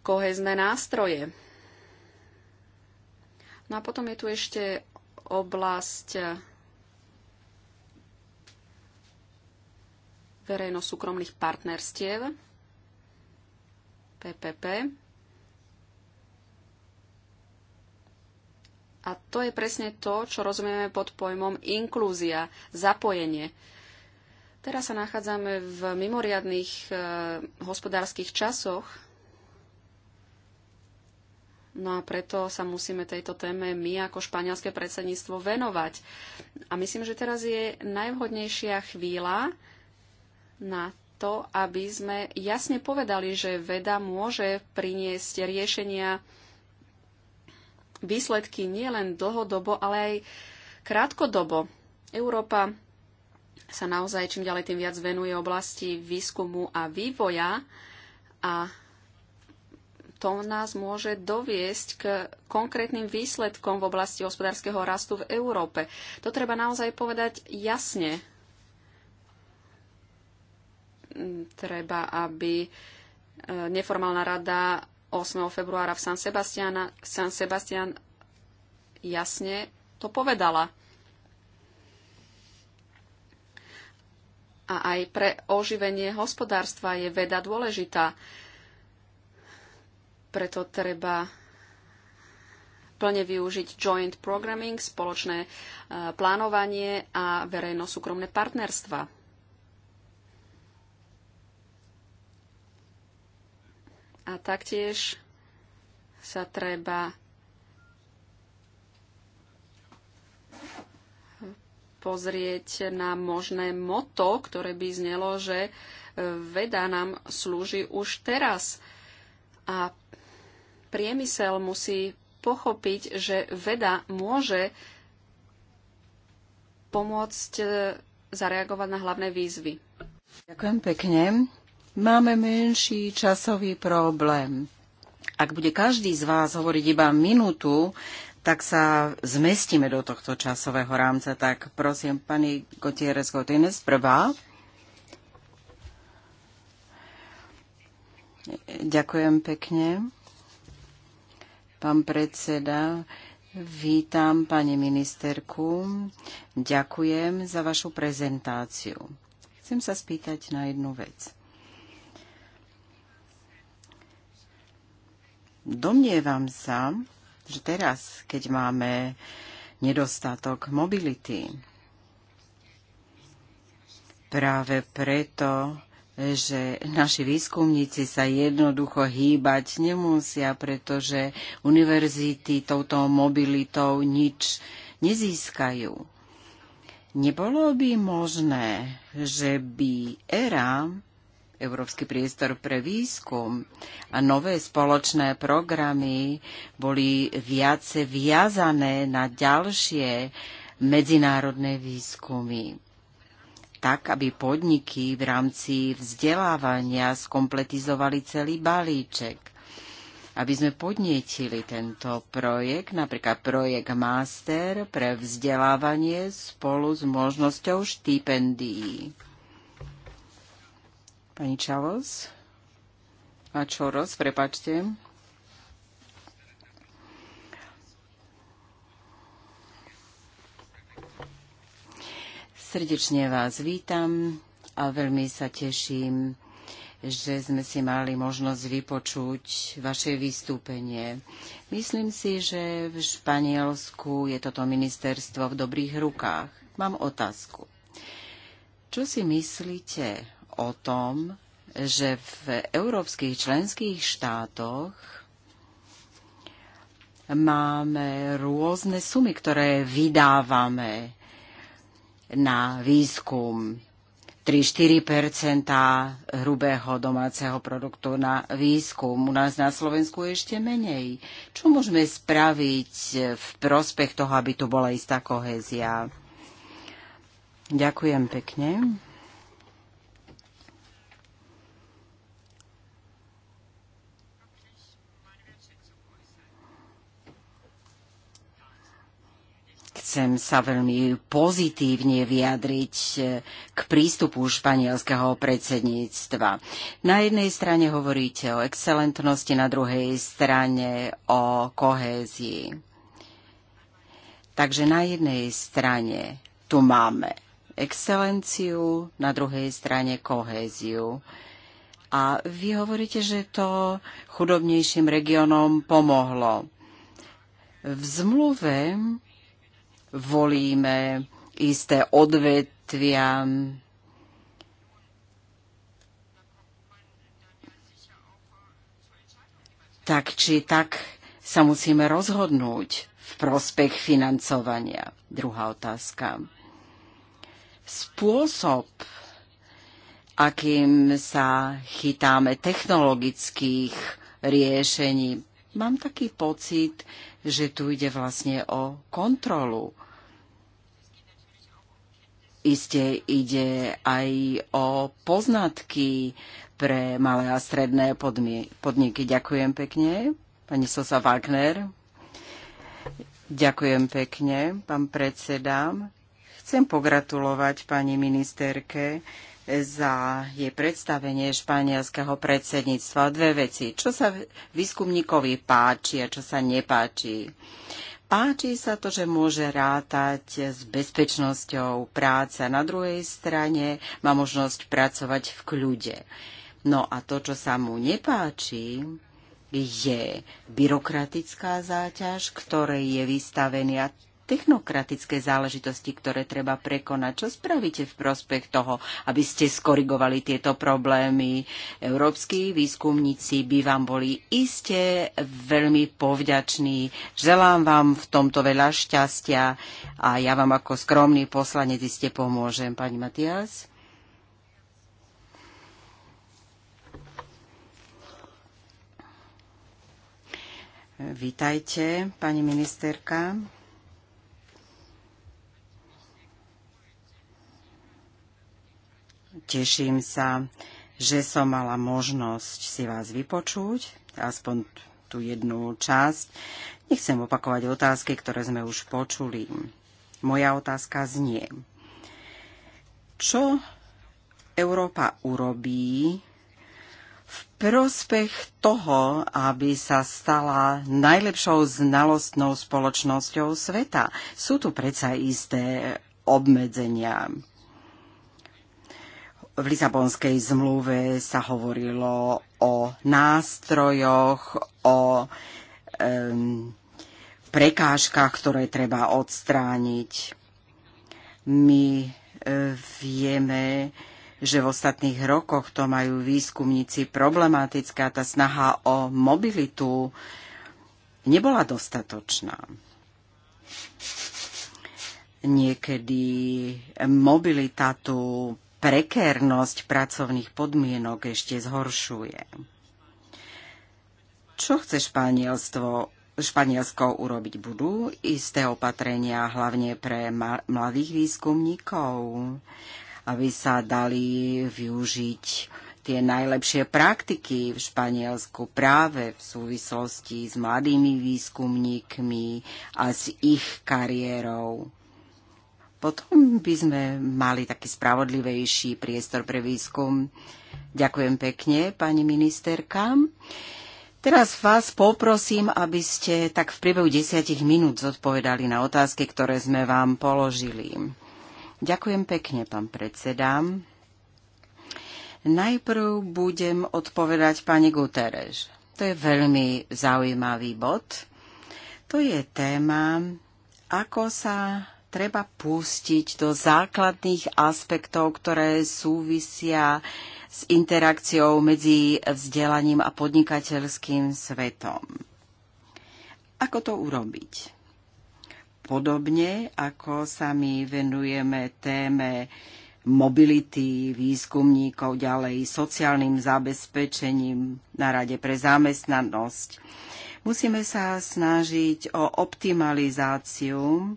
kohezné nástroje. No a potom je tu ešte oblasť verejno-súkromných partnerstiev. PPP. A to je presne to, čo rozumieme pod pojmom inklúzia, zapojenie. Teraz sa nachádzame v mimoriadných e, hospodárskych časoch, No a preto sa musíme tejto téme my ako španielské predsedníctvo venovať. A myslím, že teraz je najvhodnejšia chvíľa na to, aby sme jasne povedali, že veda môže priniesť riešenia výsledky nielen dlhodobo, ale aj krátkodobo. Európa sa naozaj čím ďalej tým viac venuje oblasti výskumu a vývoja a to nás môže doviesť k konkrétnym výsledkom v oblasti hospodárskeho rastu v Európe. To treba naozaj povedať jasne treba, aby e, neformálna rada 8. februára v San, Sebastiana, San Sebastian jasne to povedala. A aj pre oživenie hospodárstva je veda dôležitá. Preto treba plne využiť joint programming, spoločné e, plánovanie a verejno-súkromné partnerstva. A taktiež sa treba pozrieť na možné moto, ktoré by znelo, že e, veda nám slúži už teraz. A priemysel musí pochopiť, že veda môže pomôcť e, zareagovať na hlavné výzvy. Ďakujem pekne máme menší časový problém. Ak bude každý z vás hovoriť iba minútu, tak sa zmestíme do tohto časového rámca. Tak prosím, pani Gutierrez Gotines, prvá. Ďakujem pekne. Pán predseda, vítam pani ministerku. Ďakujem za vašu prezentáciu. Chcem sa spýtať na jednu vec. Domnievam sa, že teraz, keď máme nedostatok mobility, práve preto, že naši výskumníci sa jednoducho hýbať nemusia, pretože univerzity touto mobilitou nič nezískajú. Nebolo by možné, že by ERA Európsky priestor pre výskum a nové spoločné programy boli viace viazané na ďalšie medzinárodné výskumy tak, aby podniky v rámci vzdelávania skompletizovali celý balíček. Aby sme podnietili tento projekt, napríklad projekt Master pre vzdelávanie spolu s možnosťou štipendií. Pani Čalos a Čoros, prepačte. Srdečne vás vítam a veľmi sa teším, že sme si mali možnosť vypočuť vaše vystúpenie. Myslím si, že v Španielsku je toto ministerstvo v dobrých rukách. Mám otázku. Čo si myslíte o tom, že v európskych členských štátoch máme rôzne sumy, ktoré vydávame na výskum. 3-4 hrubého domáceho produktu na výskum. U nás na Slovensku je ešte menej. Čo môžeme spraviť v prospech toho, aby tu bola istá kohézia? Ďakujem pekne. chcem sa veľmi pozitívne vyjadriť e, k prístupu španielského predsedníctva. Na jednej strane hovoríte o excelentnosti, na druhej strane o kohézii. Takže na jednej strane tu máme excelenciu, na druhej strane kohéziu. A vy hovoríte, že to chudobnejším regiónom pomohlo. V zmluve volíme isté odvetvia, tak či tak sa musíme rozhodnúť v prospech financovania. Druhá otázka. Spôsob, akým sa chytáme technologických riešení. Mám taký pocit, že tu ide vlastne o kontrolu. Isté ide aj o poznatky pre malé a stredné podniky. Ďakujem pekne. Pani Sosa Wagner. Ďakujem pekne, pán predseda. Chcem pogratulovať pani ministerke za jej predstavenie španielského predsedníctva. Dve veci. Čo sa výskumníkovi páči a čo sa nepáči. Páči sa to, že môže rátať s bezpečnosťou práce na druhej strane má možnosť pracovať v kľude. No a to, čo sa mu nepáči, je byrokratická záťaž, ktorej je vystavený a technokratické záležitosti, ktoré treba prekonať. Čo spravíte v prospech toho, aby ste skorigovali tieto problémy? Európsky výskumníci by vám boli iste veľmi povďační. Želám vám v tomto veľa šťastia a ja vám ako skromný poslanec iste pomôžem. Pani Matias? Vítajte, pani ministerka. Teším sa, že som mala možnosť si vás vypočuť, aspoň tú jednu časť. Nechcem opakovať otázky, ktoré sme už počuli. Moja otázka znie. Čo Európa urobí v prospech toho, aby sa stala najlepšou znalostnou spoločnosťou sveta. Sú tu predsa isté obmedzenia v Lisabonskej zmluve sa hovorilo o nástrojoch, o um, prekážkach, ktoré treba odstrániť. My uh, vieme, že v ostatných rokoch to majú výskumníci problematická. Tá snaha o mobilitu nebola dostatočná. Niekedy mobilita tu prekérnosť pracovných podmienok ešte zhoršuje. Čo chce Španielstvo, Španielsko urobiť? Budú isté opatrenia hlavne pre mladých výskumníkov, aby sa dali využiť tie najlepšie praktiky v Španielsku práve v súvislosti s mladými výskumníkmi a s ich kariérou. Potom by sme mali taký spravodlivejší priestor pre výskum. Ďakujem pekne, pani ministerka. Teraz vás poprosím, aby ste tak v priebehu desiatich minút zodpovedali na otázky, ktoré sme vám položili. Ďakujem pekne, pán predseda. Najprv budem odpovedať pani Guterres. To je veľmi zaujímavý bod. To je téma, ako sa treba pustiť do základných aspektov, ktoré súvisia s interakciou medzi vzdelaním a podnikateľským svetom. Ako to urobiť? Podobne ako sa my venujeme téme mobility výskumníkov, ďalej sociálnym zabezpečením na Rade pre zamestnanosť. Musíme sa snažiť o optimalizáciu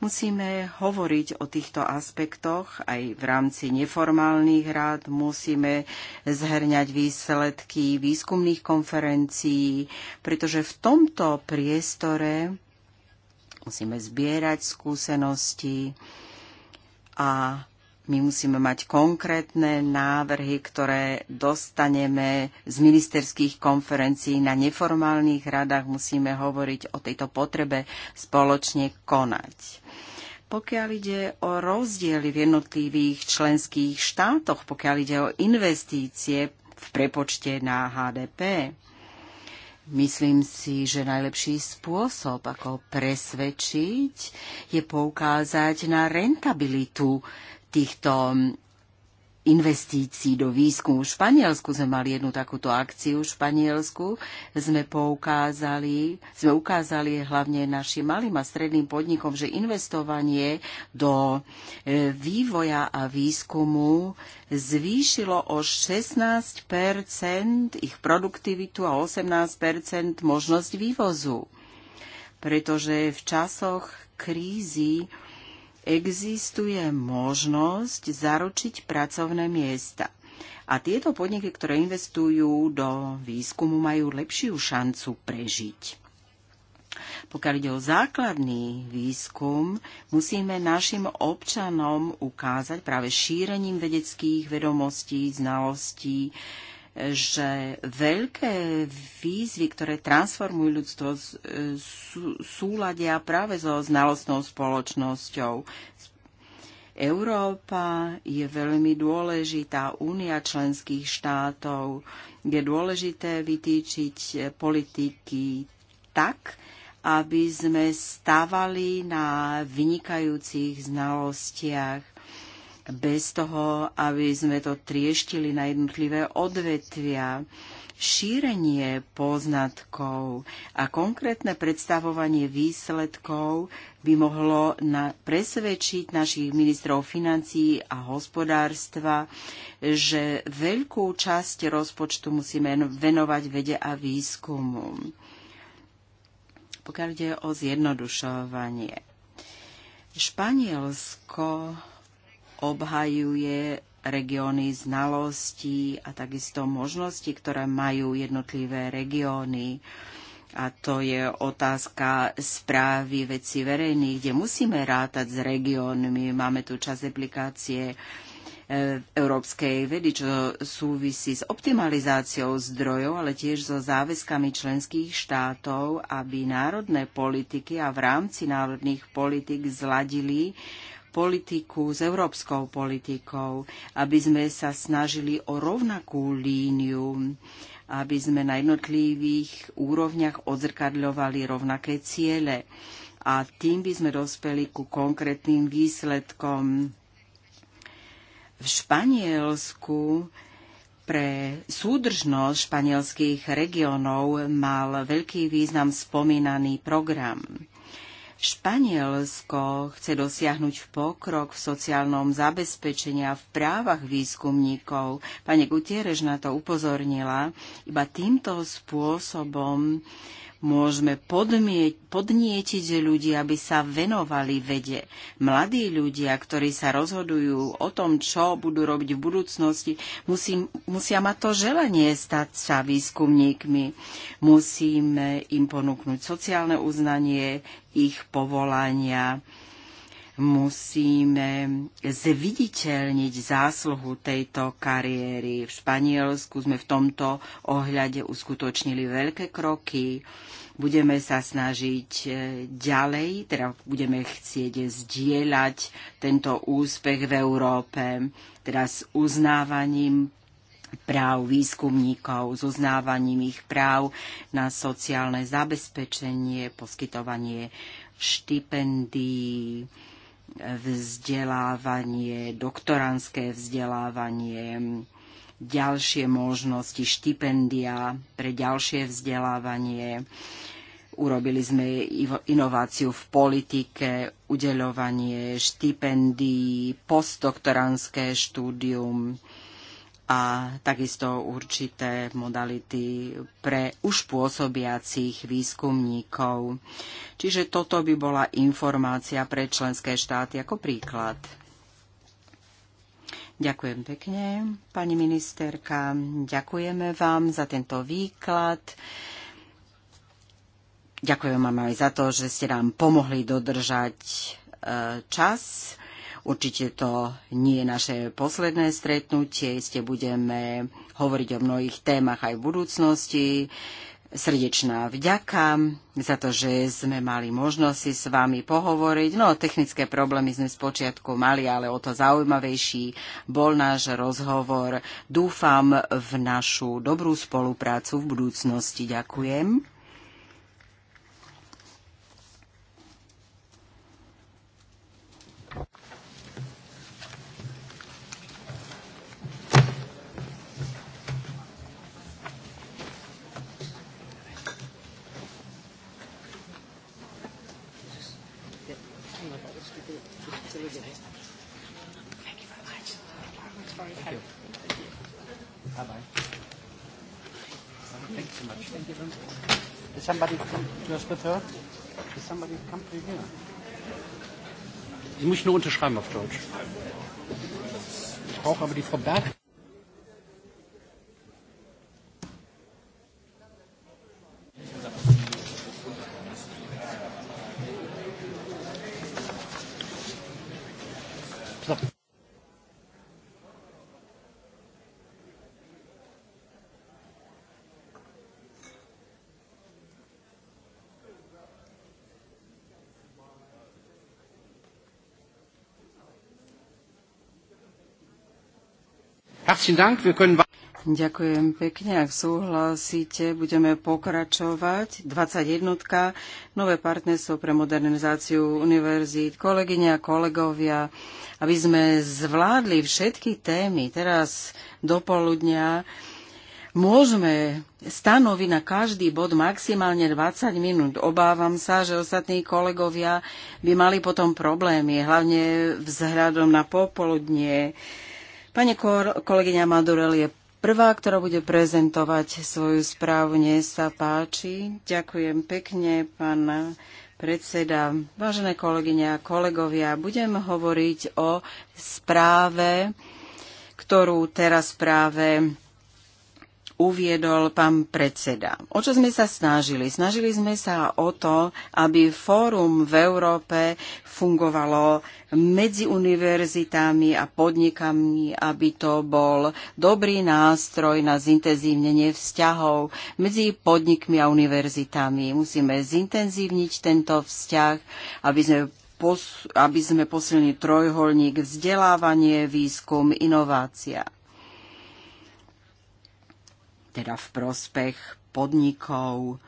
Musíme hovoriť o týchto aspektoch aj v rámci neformálnych rád, musíme zhrňať výsledky výskumných konferencií, pretože v tomto priestore musíme zbierať skúsenosti a my musíme mať konkrétne návrhy, ktoré dostaneme z ministerských konferencií na neformálnych radách. Musíme hovoriť o tejto potrebe spoločne konať. Pokiaľ ide o rozdiely v jednotlivých členských štátoch, pokiaľ ide o investície v prepočte na HDP, Myslím si, že najlepší spôsob, ako presvedčiť, je poukázať na rentabilitu týchto mm, investícií do výskumu. V Španielsku sme mali jednu takúto akciu. V Španielsku sme poukázali, sme ukázali hlavne našim malým a stredným podnikom, že investovanie do e, vývoja a výskumu zvýšilo o 16 ich produktivitu a 18 možnosť vývozu. Pretože v časoch krízy existuje možnosť zaručiť pracovné miesta. A tieto podniky, ktoré investujú do výskumu, majú lepšiu šancu prežiť. Pokiaľ ide o základný výskum, musíme našim občanom ukázať práve šírením vedeckých vedomostí, znalostí, že veľké výzvy, ktoré transformujú ľudstvo, súladia práve so znalostnou spoločnosťou. Európa je veľmi dôležitá, únia členských štátov. Je dôležité vytýčiť politiky tak, aby sme stavali na vynikajúcich znalostiach bez toho, aby sme to trieštili na jednotlivé odvetvia šírenie poznatkov a konkrétne predstavovanie výsledkov by mohlo na, presvedčiť našich ministrov financí a hospodárstva, že veľkú časť rozpočtu musíme venovať vede a výskumu. Pokiaľ ide o zjednodušovanie. Španielsko obhajuje regióny znalostí a takisto možnosti, ktoré majú jednotlivé regióny. A to je otázka správy veci verejných, kde musíme rátať s regiónmi. Máme tu čas aplikácie eh, európskej vedy, čo súvisí s optimalizáciou zdrojov, ale tiež so záväzkami členských štátov, aby národné politiky a v rámci národných politik zladili politiku s európskou politikou, aby sme sa snažili o rovnakú líniu, aby sme na jednotlivých úrovniach odzrkadľovali rovnaké ciele. A tým by sme dospeli ku konkrétnym výsledkom. V Španielsku pre súdržnosť španielských regiónov mal veľký význam spomínaný program. Španielsko chce dosiahnuť pokrok v sociálnom zabezpečení a v právach výskumníkov. Pane Gutierrez na to upozornila. Iba týmto spôsobom Môžeme podmieť, podnietiť ľudí, aby sa venovali vede. Mladí ľudia, ktorí sa rozhodujú o tom, čo budú robiť v budúcnosti, musí, musia mať to želanie stať sa výskumníkmi. Musíme im ponúknuť sociálne uznanie ich povolania musíme zviditeľniť zásluhu tejto kariéry. V Španielsku sme v tomto ohľade uskutočnili veľké kroky. Budeme sa snažiť e, ďalej, teda budeme chcieť zdieľať tento úspech v Európe, teda s uznávaním práv výskumníkov, s uznávaním ich práv na sociálne zabezpečenie, poskytovanie štipendií, vzdelávanie, doktorantské vzdelávanie, ďalšie možnosti, štipendia pre ďalšie vzdelávanie. Urobili sme inováciu v politike, udeľovanie štipendií, postdoktorantské štúdium a takisto určité modality pre už pôsobiacich výskumníkov. Čiže toto by bola informácia pre členské štáty ako príklad. Ďakujem pekne, pani ministerka. Ďakujeme vám za tento výklad. Ďakujem vám aj za to, že ste nám pomohli dodržať e, čas. Určite to nie je naše posledné stretnutie, Ste budeme hovoriť o mnohých témach aj v budúcnosti. Srdečná vďaka za to, že sme mali možnosť si s vami pohovoriť. No, technické problémy sme spočiatku mali, ale o to zaujímavejší bol náš rozhovor. Dúfam v našu dobrú spoluprácu v budúcnosti. Ďakujem. somebody come just with her? Does somebody come to here? Sie muss nur unterschreiben auf Deutsch. Ich brauche aber die Frau Berg. So. Herzlichen Dank. Wir können... Ďakujem pekne. Ak súhlasíte, budeme pokračovať. 21. Nové partnerstvo pre modernizáciu univerzít. Kolegyne a kolegovia, aby sme zvládli všetky témy teraz do poludnia, môžeme stanoviť na každý bod maximálne 20 minút. Obávam sa, že ostatní kolegovia by mali potom problémy, hlavne vzhľadom na popoludnie. Pani kolegyňa Madurel je prvá, ktorá bude prezentovať svoju správu. Nie sa páči. Ďakujem pekne, pán predseda. Vážené kolegyňa a kolegovia, budem hovoriť o správe, ktorú teraz práve uviedol pán predseda. O čo sme sa snažili? Snažili sme sa o to, aby fórum v Európe fungovalo medzi univerzitami a podnikami, aby to bol dobrý nástroj na zintenzívnenie vzťahov medzi podnikmi a univerzitami. Musíme zintenzívniť tento vzťah, aby sme aby sme posilnili trojholník vzdelávanie, výskum, inovácia teda v prospech podnikov,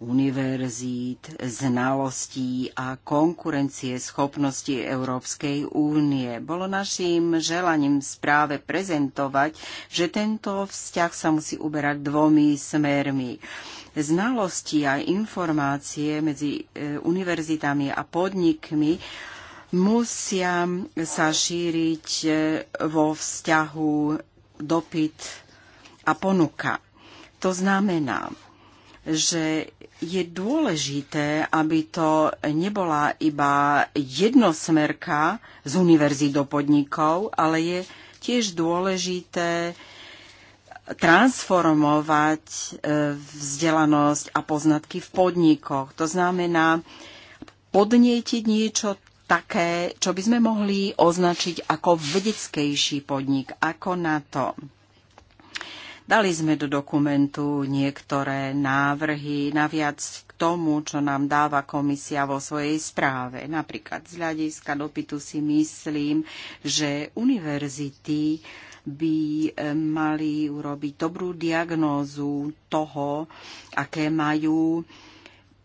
univerzít, znalostí a konkurencie schopnosti Európskej únie. Bolo našim želaním správe prezentovať, že tento vzťah sa musí uberať dvomi smermi. Znalosti a informácie medzi e, univerzitami a podnikmi musia sa šíriť e, vo vzťahu dopyt a ponuka to znamená, že je dôležité, aby to nebola iba jednosmerka z univerzí do podnikov, ale je tiež dôležité transformovať e, vzdelanosť a poznatky v podnikoch. To znamená podnietiť niečo také, čo by sme mohli označiť ako vedeckejší podnik, ako na to. Dali sme do dokumentu niektoré návrhy naviac k tomu, čo nám dáva komisia vo svojej správe. Napríklad z hľadiska dopytu si myslím, že univerzity by e, mali urobiť dobrú diagnózu toho, aké majú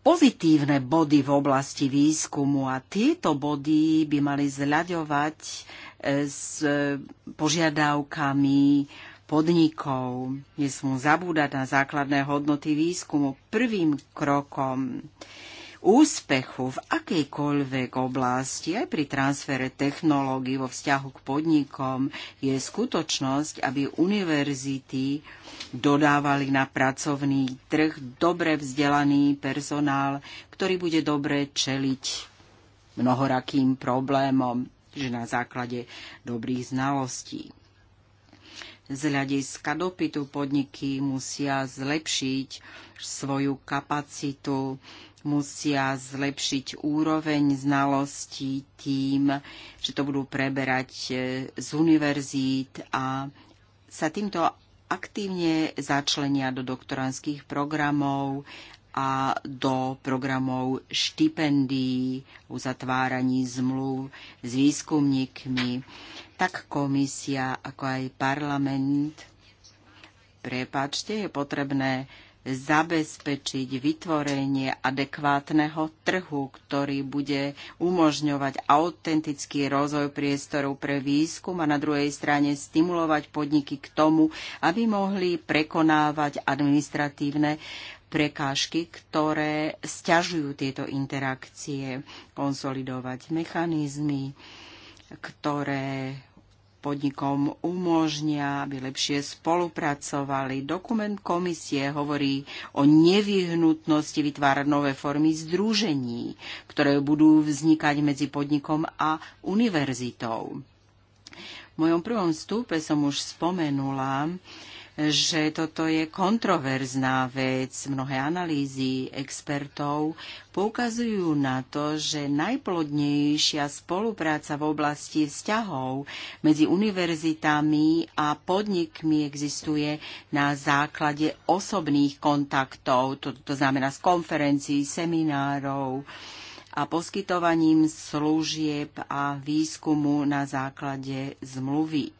pozitívne body v oblasti výskumu a tieto body by mali zľaďovať e, s požiadavkami podnikov. Nesmú zabúdať na základné hodnoty výskumu prvým krokom úspechu v akejkoľvek oblasti, aj pri transfere technológií vo vzťahu k podnikom, je skutočnosť, aby univerzity dodávali na pracovný trh dobre vzdelaný personál, ktorý bude dobre čeliť mnohorakým problémom, že na základe dobrých znalostí. Z hľadiska dopytu podniky musia zlepšiť svoju kapacitu, musia zlepšiť úroveň znalostí tým, že to budú preberať e, z univerzít a sa týmto aktívne začlenia do doktoránskych programov a do programov štipendií, uzatváraní zmluv s výskumníkmi tak komisia, ako aj parlament, prepačte, je potrebné zabezpečiť vytvorenie adekvátneho trhu, ktorý bude umožňovať autentický rozvoj priestorov pre výskum a na druhej strane stimulovať podniky k tomu, aby mohli prekonávať administratívne prekážky, ktoré stiažujú tieto interakcie, konsolidovať mechanizmy, ktoré podnikom umožnia, aby lepšie spolupracovali. Dokument komisie hovorí o nevyhnutnosti vytvárať nové formy združení, ktoré budú vznikať medzi podnikom a univerzitou. V mojom prvom stupe som už spomenula, že toto je kontroverzná vec. Mnohé analýzy expertov poukazujú na to, že najplodnejšia spolupráca v oblasti vzťahov medzi univerzitami a podnikmi existuje na základe osobných kontaktov, to, to znamená z konferencií, seminárov a poskytovaním služieb a výskumu na základe zmluvy.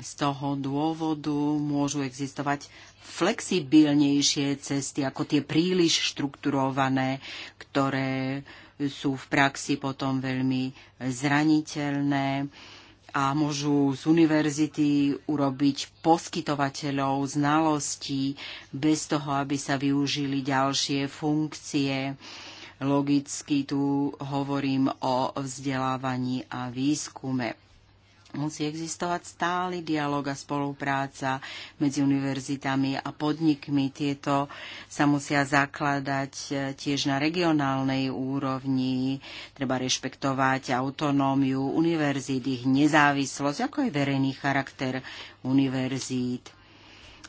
Z toho dôvodu môžu existovať flexibilnejšie cesty ako tie príliš štrukturované, ktoré sú v praxi potom veľmi zraniteľné a môžu z univerzity urobiť poskytovateľov znalostí bez toho, aby sa využili ďalšie funkcie. Logicky tu hovorím o vzdelávaní a výskume. Musí existovať stály dialog a spolupráca medzi univerzitami a podnikmi. Tieto sa musia zakladať e, tiež na regionálnej úrovni. Treba rešpektovať autonómiu univerzít, ich nezávislosť, ako aj verejný charakter univerzít.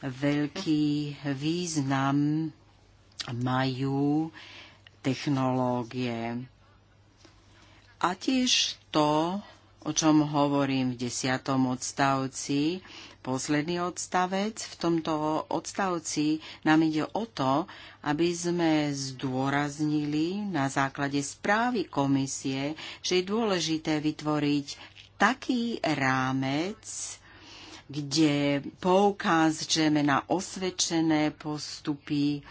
Veľký význam majú technológie. A tiež to, o čom hovorím v desiatom odstavci. Posledný odstavec. V tomto odstavci nám ide o to, aby sme zdôraznili na základe správy komisie, že je dôležité vytvoriť taký rámec, kde poukážeme na osvedčené postupy,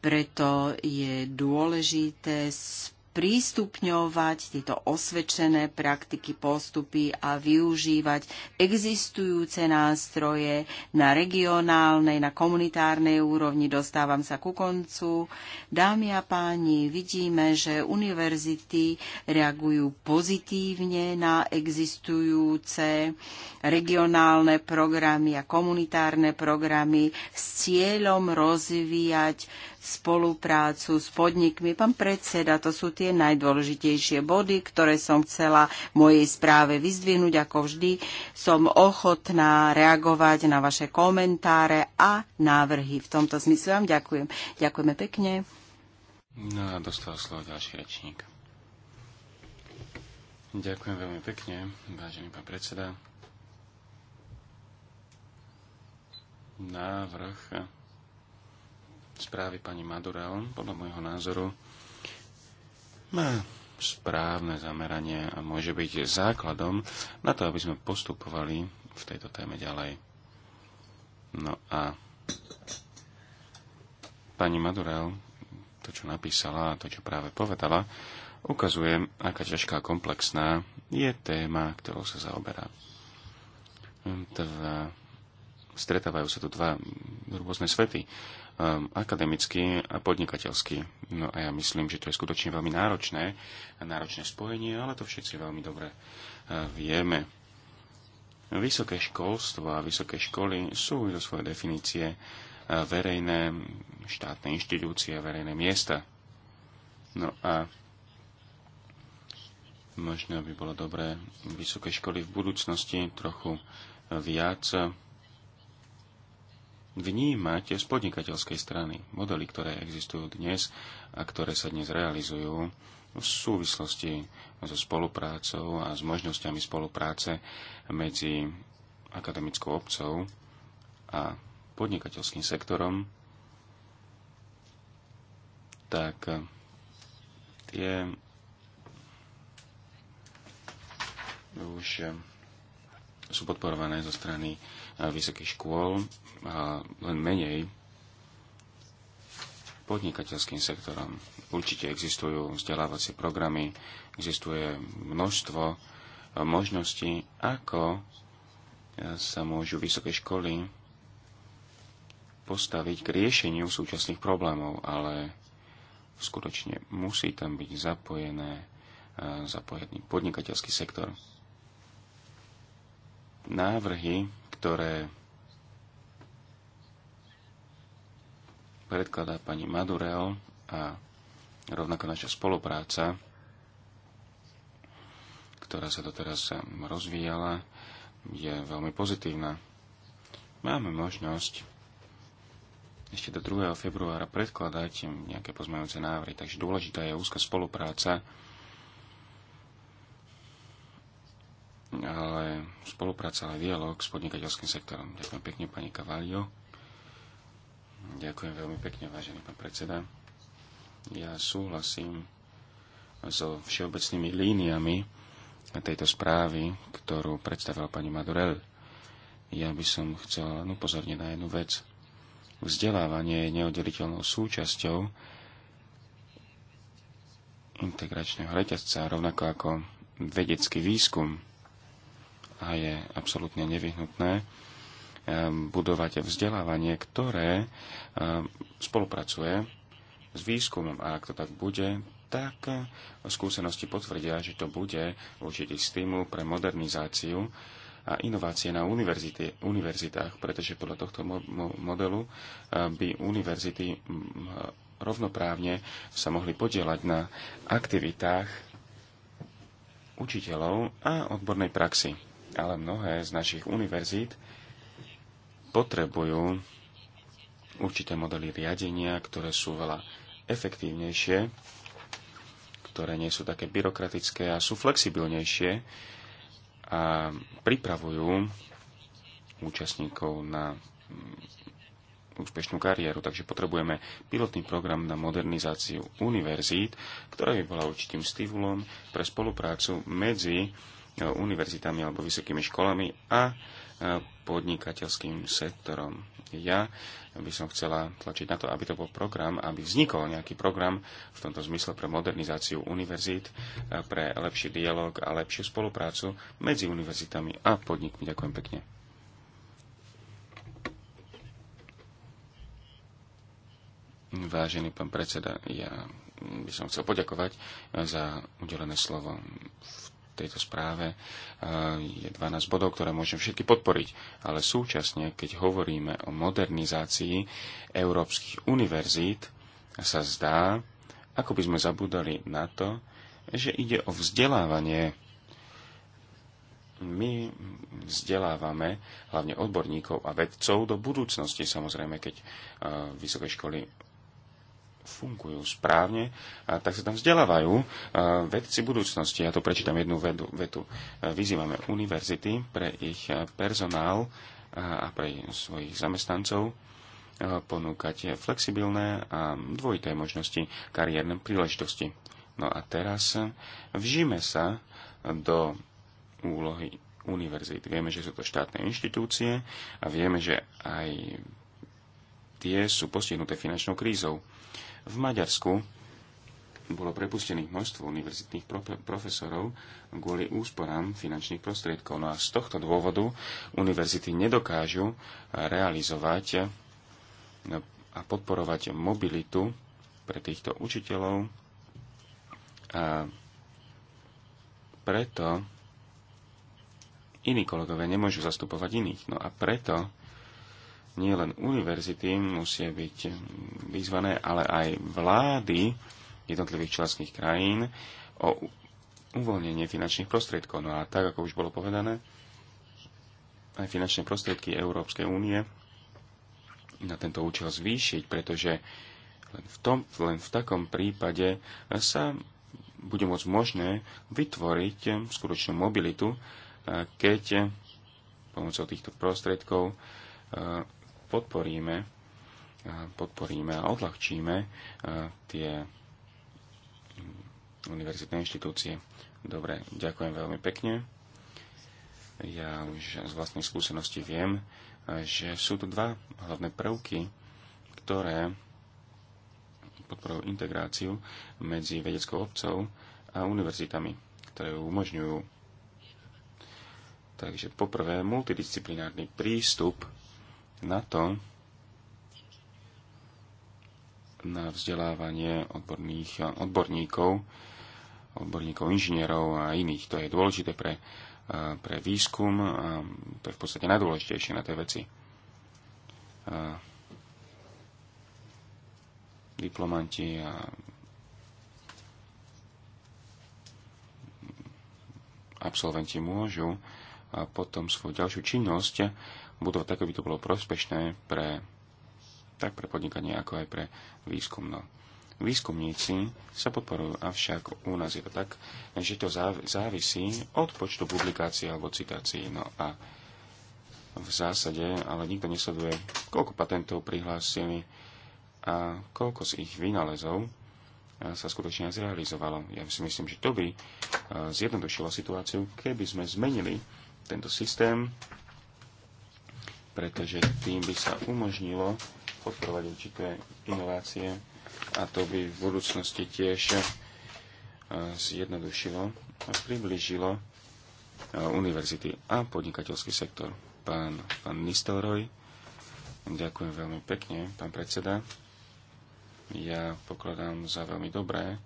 preto je dôležité spoločne sprístupňovať tieto osvedčené praktiky, postupy a využívať existujúce nástroje na regionálnej, na komunitárnej úrovni. Dostávam sa ku koncu. Dámy a páni, vidíme, že univerzity reagujú pozitívne na existujúce regionálne programy a komunitárne programy s cieľom rozvíjať spoluprácu s podnikmi. Pán predseda, to sú tie najdôležitejšie body, ktoré som chcela v mojej správe vyzdvihnúť. Ako vždy som ochotná reagovať na vaše komentáre a návrhy. V tomto zmysle vám ďakujem. Ďakujeme pekne. No a dostal slovo ďalší rečník. Ďakujem veľmi pekne, vážený pán predseda. Návrh správy pani Madurel, podľa môjho názoru, má správne zameranie a môže byť základom na to, aby sme postupovali v tejto téme ďalej. No a pani Madurel, to, čo napísala a to, čo práve povedala, ukazuje, aká ťažká a komplexná je téma, ktorou sa zaoberá. Dva stretávajú sa tu dva rôzne svety, um, akademický a podnikateľský. No a ja myslím, že to je skutočne veľmi náročné, náročné spojenie, ale to všetci veľmi dobre uh, vieme. Vysoké školstvo a vysoké školy sú do svojej definície uh, verejné štátne inštitúcie, verejné miesta. No a možno by bolo dobré vysoké školy v budúcnosti trochu viac vnímať z podnikateľskej strany. Modely, ktoré existujú dnes a ktoré sa dnes realizujú v súvislosti so spoluprácou a s možnosťami spolupráce medzi akademickou obcou a podnikateľským sektorom, tak tie už sú podporované zo strany eh, vysokých škôl a len menej podnikateľským sektorom. Určite existujú vzdelávacie programy, existuje množstvo eh, možností, ako eh, sa môžu vysoké školy postaviť k riešeniu súčasných problémov, ale skutočne musí tam byť zapojené, zapojený podnikateľský sektor návrhy, ktoré predkladá pani Madureo a rovnako naša spolupráca, ktorá sa doteraz rozvíjala, je veľmi pozitívna. Máme možnosť ešte do 2. februára predkladať nejaké pozmajúce návrhy, takže dôležitá je úzka spolupráca ale spolupráca a dialog s podnikateľským sektorom. Ďakujem pekne, pani Kavalio. Ďakujem veľmi pekne, vážený pán predseda. Ja súhlasím so všeobecnými líniami tejto správy, ktorú predstavila pani Madurel. Ja by som chcel upozorniť na jednu vec. Vzdelávanie je neoddeliteľnou súčasťou integračného reťazca, rovnako ako vedecký výskum a je absolútne nevyhnutné um, budovať vzdelávanie, ktoré um, spolupracuje s výskumom. A ak to tak bude, tak uh, skúsenosti potvrdia, že to bude určitý stimul pre modernizáciu a inovácie na univerzity, univerzitách, pretože podľa tohto modelu uh, by univerzity uh, rovnoprávne sa mohli podielať na aktivitách učiteľov a odbornej praxi ale mnohé z našich univerzít potrebujú určité modely riadenia, ktoré sú veľa efektívnejšie, ktoré nie sú také byrokratické a sú flexibilnejšie a pripravujú účastníkov na mm, úspešnú kariéru. Takže potrebujeme pilotný program na modernizáciu univerzít, ktorá by bola určitým stimulom pre spoluprácu medzi univerzitami alebo vysokými školami a e, podnikateľským sektorom. Ja by som chcela tlačiť na to, aby to bol program, aby vznikol nejaký program v tomto zmysle pre modernizáciu univerzít, e, pre lepší dialog a lepšiu spoluprácu medzi univerzitami a podnikmi. Ďakujem pekne. Vážený pán predseda, ja by som chcel poďakovať e, za udelené slovo. V tejto správe e, je 12 bodov, ktoré môžem všetky podporiť. Ale súčasne, keď hovoríme o modernizácii európskych univerzít, sa zdá, ako by sme zabudali na to, že ide o vzdelávanie. My vzdelávame hlavne odborníkov a vedcov do budúcnosti. Samozrejme, keď e, vysoké školy fungujú správne, a tak sa tam vzdelávajú vedci budúcnosti. Ja to prečítam jednu vedu, vetu. Vyzývame univerzity pre ich personál a pre svojich zamestnancov ponúkať flexibilné a dvojité možnosti kariérne príležitosti. No a teraz vžime sa do úlohy univerzity. Vieme, že sú to štátne inštitúcie a vieme, že aj tie sú postihnuté finančnou krízou v Maďarsku bolo prepustených množstvo univerzitných profesorov kvôli úsporám finančných prostriedkov. No a z tohto dôvodu univerzity nedokážu realizovať no, a podporovať mobilitu pre týchto učiteľov. A preto iní kolegovia nemôžu zastupovať iných. No a preto nie len univerzity musia byť vyzvané, ale aj vlády jednotlivých členských krajín o uvoľnenie finančných prostriedkov. No a tak, ako už bolo povedané, aj finančné prostriedky Európskej únie na tento účel zvýšiť, pretože len v, tom, len v takom prípade sa bude môcť možné vytvoriť skutočnú mobilitu, keď pomocou týchto prostriedkov podporíme, podporíme a odľahčíme tie univerzitné inštitúcie. Dobre, ďakujem veľmi pekne. Ja už z vlastnej skúsenosti viem, že sú tu dva hlavné prvky, ktoré podporujú integráciu medzi vedeckou obcov a univerzitami, ktoré ju umožňujú. Takže poprvé, multidisciplinárny prístup na to, na vzdelávanie odborných, odborníkov, odborníkov, inžinierov a iných. To je dôležité pre, eh, pre výskum a to je v podstate najdôležitejšie na tie veci. Eh, diplomanti a absolventi môžu potom svoju ďalšiu činnosť budovať tak aby to bolo prospešné pre, tak pre podnikanie, ako aj pre No. Výskumníci sa podporujú, avšak u nás je to tak, že to závisí od počtu publikácií alebo citácií. No a v zásade, ale nikto nesleduje, koľko patentov prihlásili a koľko z ich vynálezov sa skutočne zrealizovalo. Ja si myslím, že to by zjednodušilo situáciu, keby sme zmenili tento systém pretože tým by sa umožnilo podporovať určité inovácie a to by v budúcnosti tiež eh, zjednodušilo a priblížilo eh, univerzity a podnikateľský sektor. Pán, pán Nistelroj, ďakujem veľmi pekne, pán predseda. Ja pokladám za veľmi dobré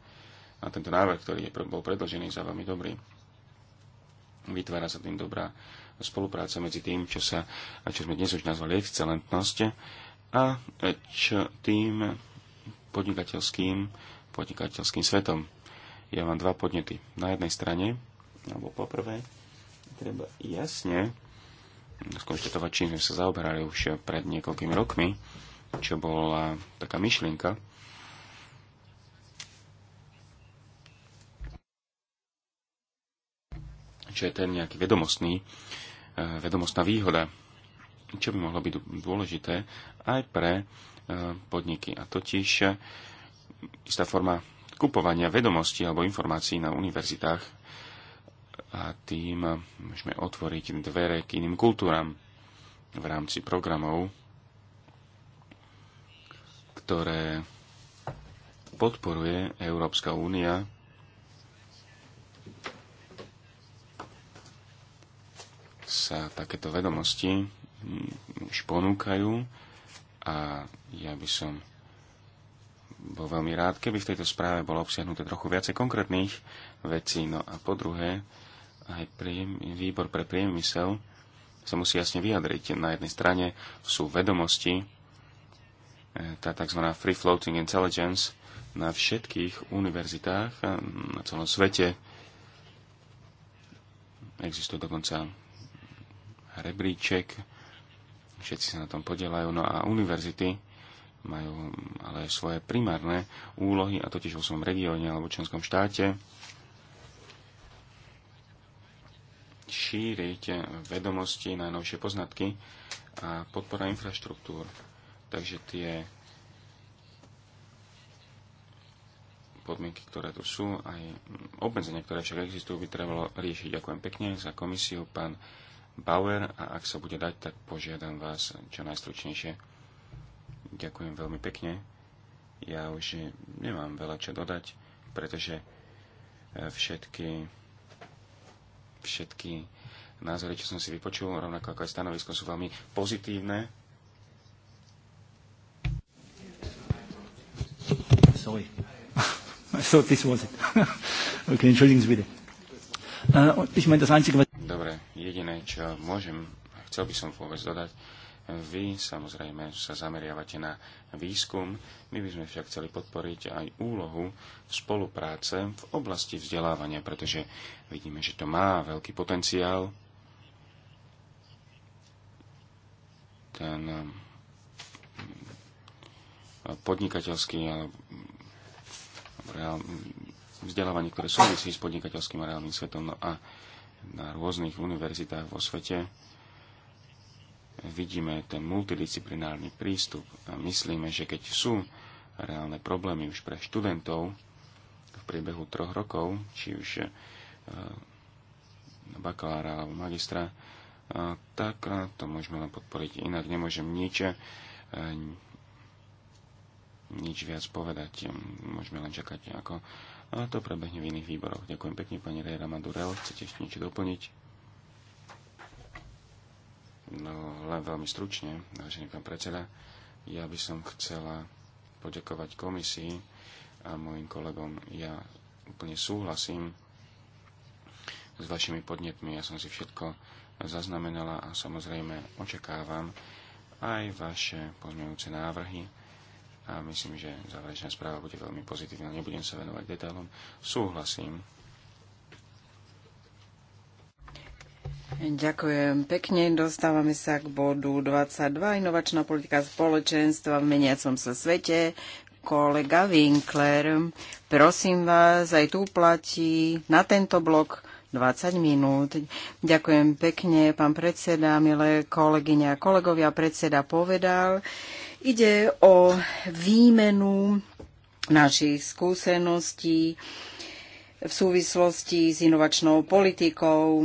a tento návrh, ktorý je, bol predložený, za veľmi dobrý. Vytvára sa tým dobrá spolupráca medzi tým, čo, sa, čo sme dnes už nazvali excelentnosť a čo tým podnikateľským, podnikateľským svetom. Ja mám dva podnety. Na jednej strane, alebo poprvé, treba jasne skonštatovať, čím sme sa zaoberali už pred niekoľkými rokmi, čo bola taká myšlienka, čo je ten nejaký vedomostný vedomostná výhoda, čo by mohlo byť dôležité aj pre e, podniky. A totiž e, istá forma kupovania vedomostí alebo informácií na univerzitách a tým môžeme otvoriť dvere k iným kultúram v rámci programov, ktoré podporuje Európska únia sa takéto vedomosti mm, už ponúkajú a ja by som bol veľmi rád, keby v tejto správe bolo obsiahnuté trochu viacej konkrétnych vecí. No a po druhé, aj príjem, výbor pre priemysel sa musí jasne vyjadriť. Na jednej strane sú vedomosti, e, tá tzv. free floating intelligence na všetkých univerzitách e, na celom svete. Existujú dokonca rebríček, všetci sa na tom podielajú, no a univerzity majú ale svoje primárne úlohy, a totiž vo svojom regióne alebo členskom štáte, šíriť vedomosti, najnovšie poznatky a podpora infraštruktúr. Takže tie podmienky, ktoré tu sú, aj obmedzenia, ktoré však existujú, by trebalo riešiť. Ďakujem pekne za komisiu, pán Bauer a ak sa bude dať, tak požiadam vás čo najstručnejšie. Ďakujem veľmi pekne. Ja už nemám veľa čo dodať, pretože e, všetky, všetky názory, čo som si vypočul, rovnako ako aj stanovisko, sú veľmi pozitívne. Sorry. *laughs* I thought this was it. *laughs* okay, entschuldigen Sie bitte. Uh, ich meine, das Einzige, was Jediné, čo môžem, chcel by som vôbec dodať, vy samozrejme sa zameriavate na výskum, my by sme však chceli podporiť aj úlohu spolupráce v oblasti vzdelávania, pretože vidíme, že to má veľký potenciál. Ten um, podnikateľský um, vzdelávanie, ktoré súvisí s podnikateľským a reálnym svetom. No a na rôznych univerzitách vo svete vidíme ten multidisciplinárny prístup a myslíme, že keď sú reálne problémy už pre študentov v priebehu troch rokov, či už eh, bakalára alebo magistra, eh, tak eh, to môžeme len podporiť. Inak nemôžem nič, nič viac povedať. Môžeme len čakať, ako ale to prebehne v iných výboroch. Ďakujem pekne, pani Rejra Madurel. Chcete ešte niečo doplniť? No, len veľmi stručne, vážený pán predseda. Ja by som chcela poďakovať komisii a mojim kolegom. Ja úplne súhlasím s vašimi podnetmi. Ja som si všetko zaznamenala a samozrejme očakávam aj vaše pozmeňujúce návrhy a myslím, že záverečná správa bude veľmi pozitívna. Nebudem sa venovať detailom. Súhlasím. Ďakujem pekne. Dostávame sa k bodu 22. Inovačná politika spoločenstva v meniacom sa svete. Kolega Winkler, prosím vás, aj tu platí na tento blok 20 minút. Ďakujem pekne, pán predseda, milé kolegyne a kolegovia. Predseda povedal, Ide o výmenu našich skúseností v súvislosti s inovačnou politikou.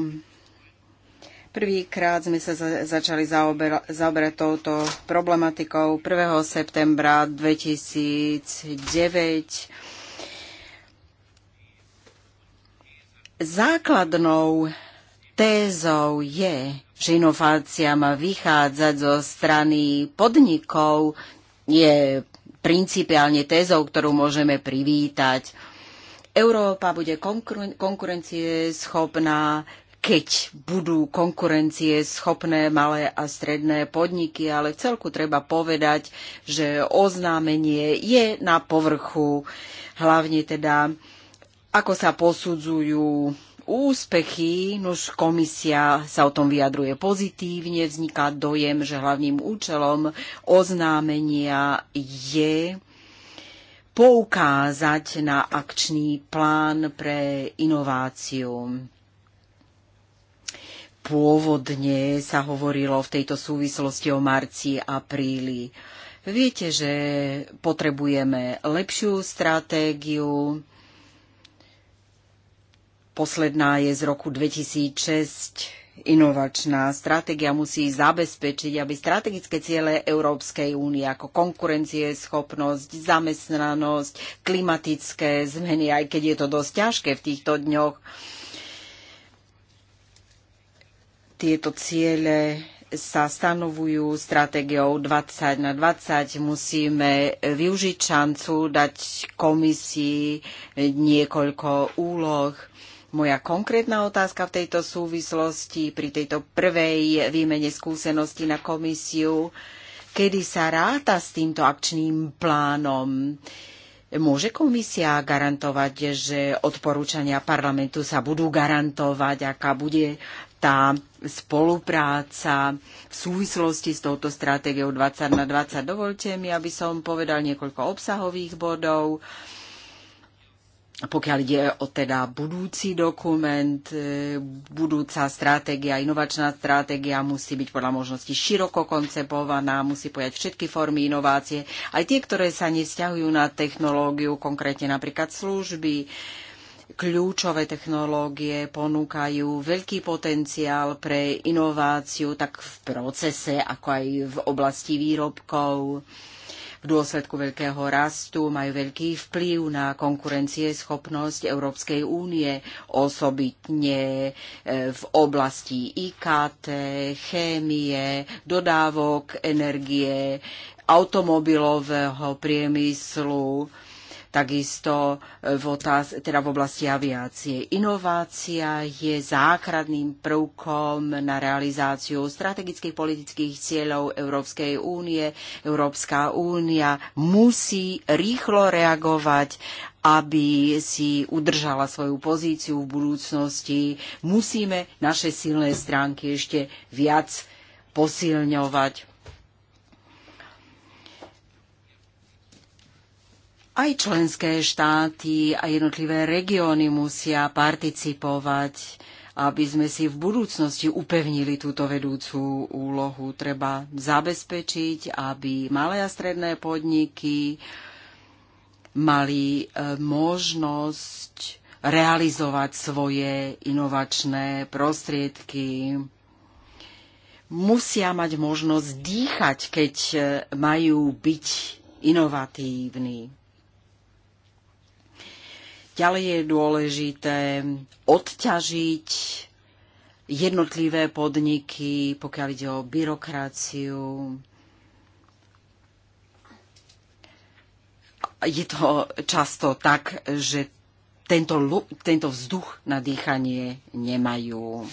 Prvýkrát sme sa začali zaoberať zaoberať touto problematikou 1. septembra 2009. Základnou tézou je, že inovácia má vychádzať zo strany podnikov, je principiálne tézou, ktorú môžeme privítať. Európa bude konkurencie schopná, keď budú konkurencie schopné malé a stredné podniky, ale v celku treba povedať, že oznámenie je na povrchu, hlavne teda ako sa posudzujú úspechy, nož komisia sa o tom vyjadruje pozitívne, vzniká dojem, že hlavným účelom oznámenia je poukázať na akčný plán pre inováciu. Pôvodne sa hovorilo v tejto súvislosti o marci, apríli. Viete, že potrebujeme lepšiu stratégiu, Posledná je z roku 2006. Inovačná stratégia musí zabezpečiť, aby strategické ciele Európskej únie ako konkurencie, schopnosť, zamestnanosť, klimatické zmeny, aj keď je to dosť ťažké v týchto dňoch, tieto ciele sa stanovujú stratégiou 20 na 20, musíme využiť šancu dať komisii niekoľko úloh. Moja konkrétna otázka v tejto súvislosti pri tejto prvej výmene skúseností na komisiu, kedy sa ráta s týmto akčným plánom? Môže komisia garantovať, že odporúčania parlamentu sa budú garantovať, aká bude tá spolupráca v súvislosti s touto stratégiou 20 na 20. Dovolte mi, aby som povedal niekoľko obsahových bodov pokiaľ ide o teda budúci dokument, e, budúca stratégia, inovačná stratégia musí byť podľa možnosti široko koncepovaná, musí pojať všetky formy inovácie, aj tie, ktoré sa nesťahujú na technológiu, konkrétne napríklad služby, kľúčové technológie ponúkajú veľký potenciál pre inováciu tak v procese, ako aj v oblasti výrobkov v dôsledku veľkého rastu majú veľký vplyv na konkurencieschopnosť Európskej únie, osobitne e, v oblasti IKT, chémie, dodávok energie, automobilového priemyslu takisto e, v, otáz, teda v oblasti aviácie. Inovácia je základným prvkom na realizáciu strategických politických cieľov Európskej únie. Európska únia musí rýchlo reagovať aby si udržala svoju pozíciu v budúcnosti. Musíme naše silné stránky ešte viac posilňovať Aj členské štáty a jednotlivé regióny musia participovať aby sme si v budúcnosti upevnili túto vedúcu úlohu. Treba zabezpečiť, aby malé a stredné podniky mali e, možnosť realizovať svoje inovačné prostriedky. Musia mať možnosť dýchať, keď e, majú byť inovatívni. Ďalej je dôležité odťažiť jednotlivé podniky, pokiaľ ide o byrokraciu. Je to často tak, že tento, tento vzduch na dýchanie nemajú.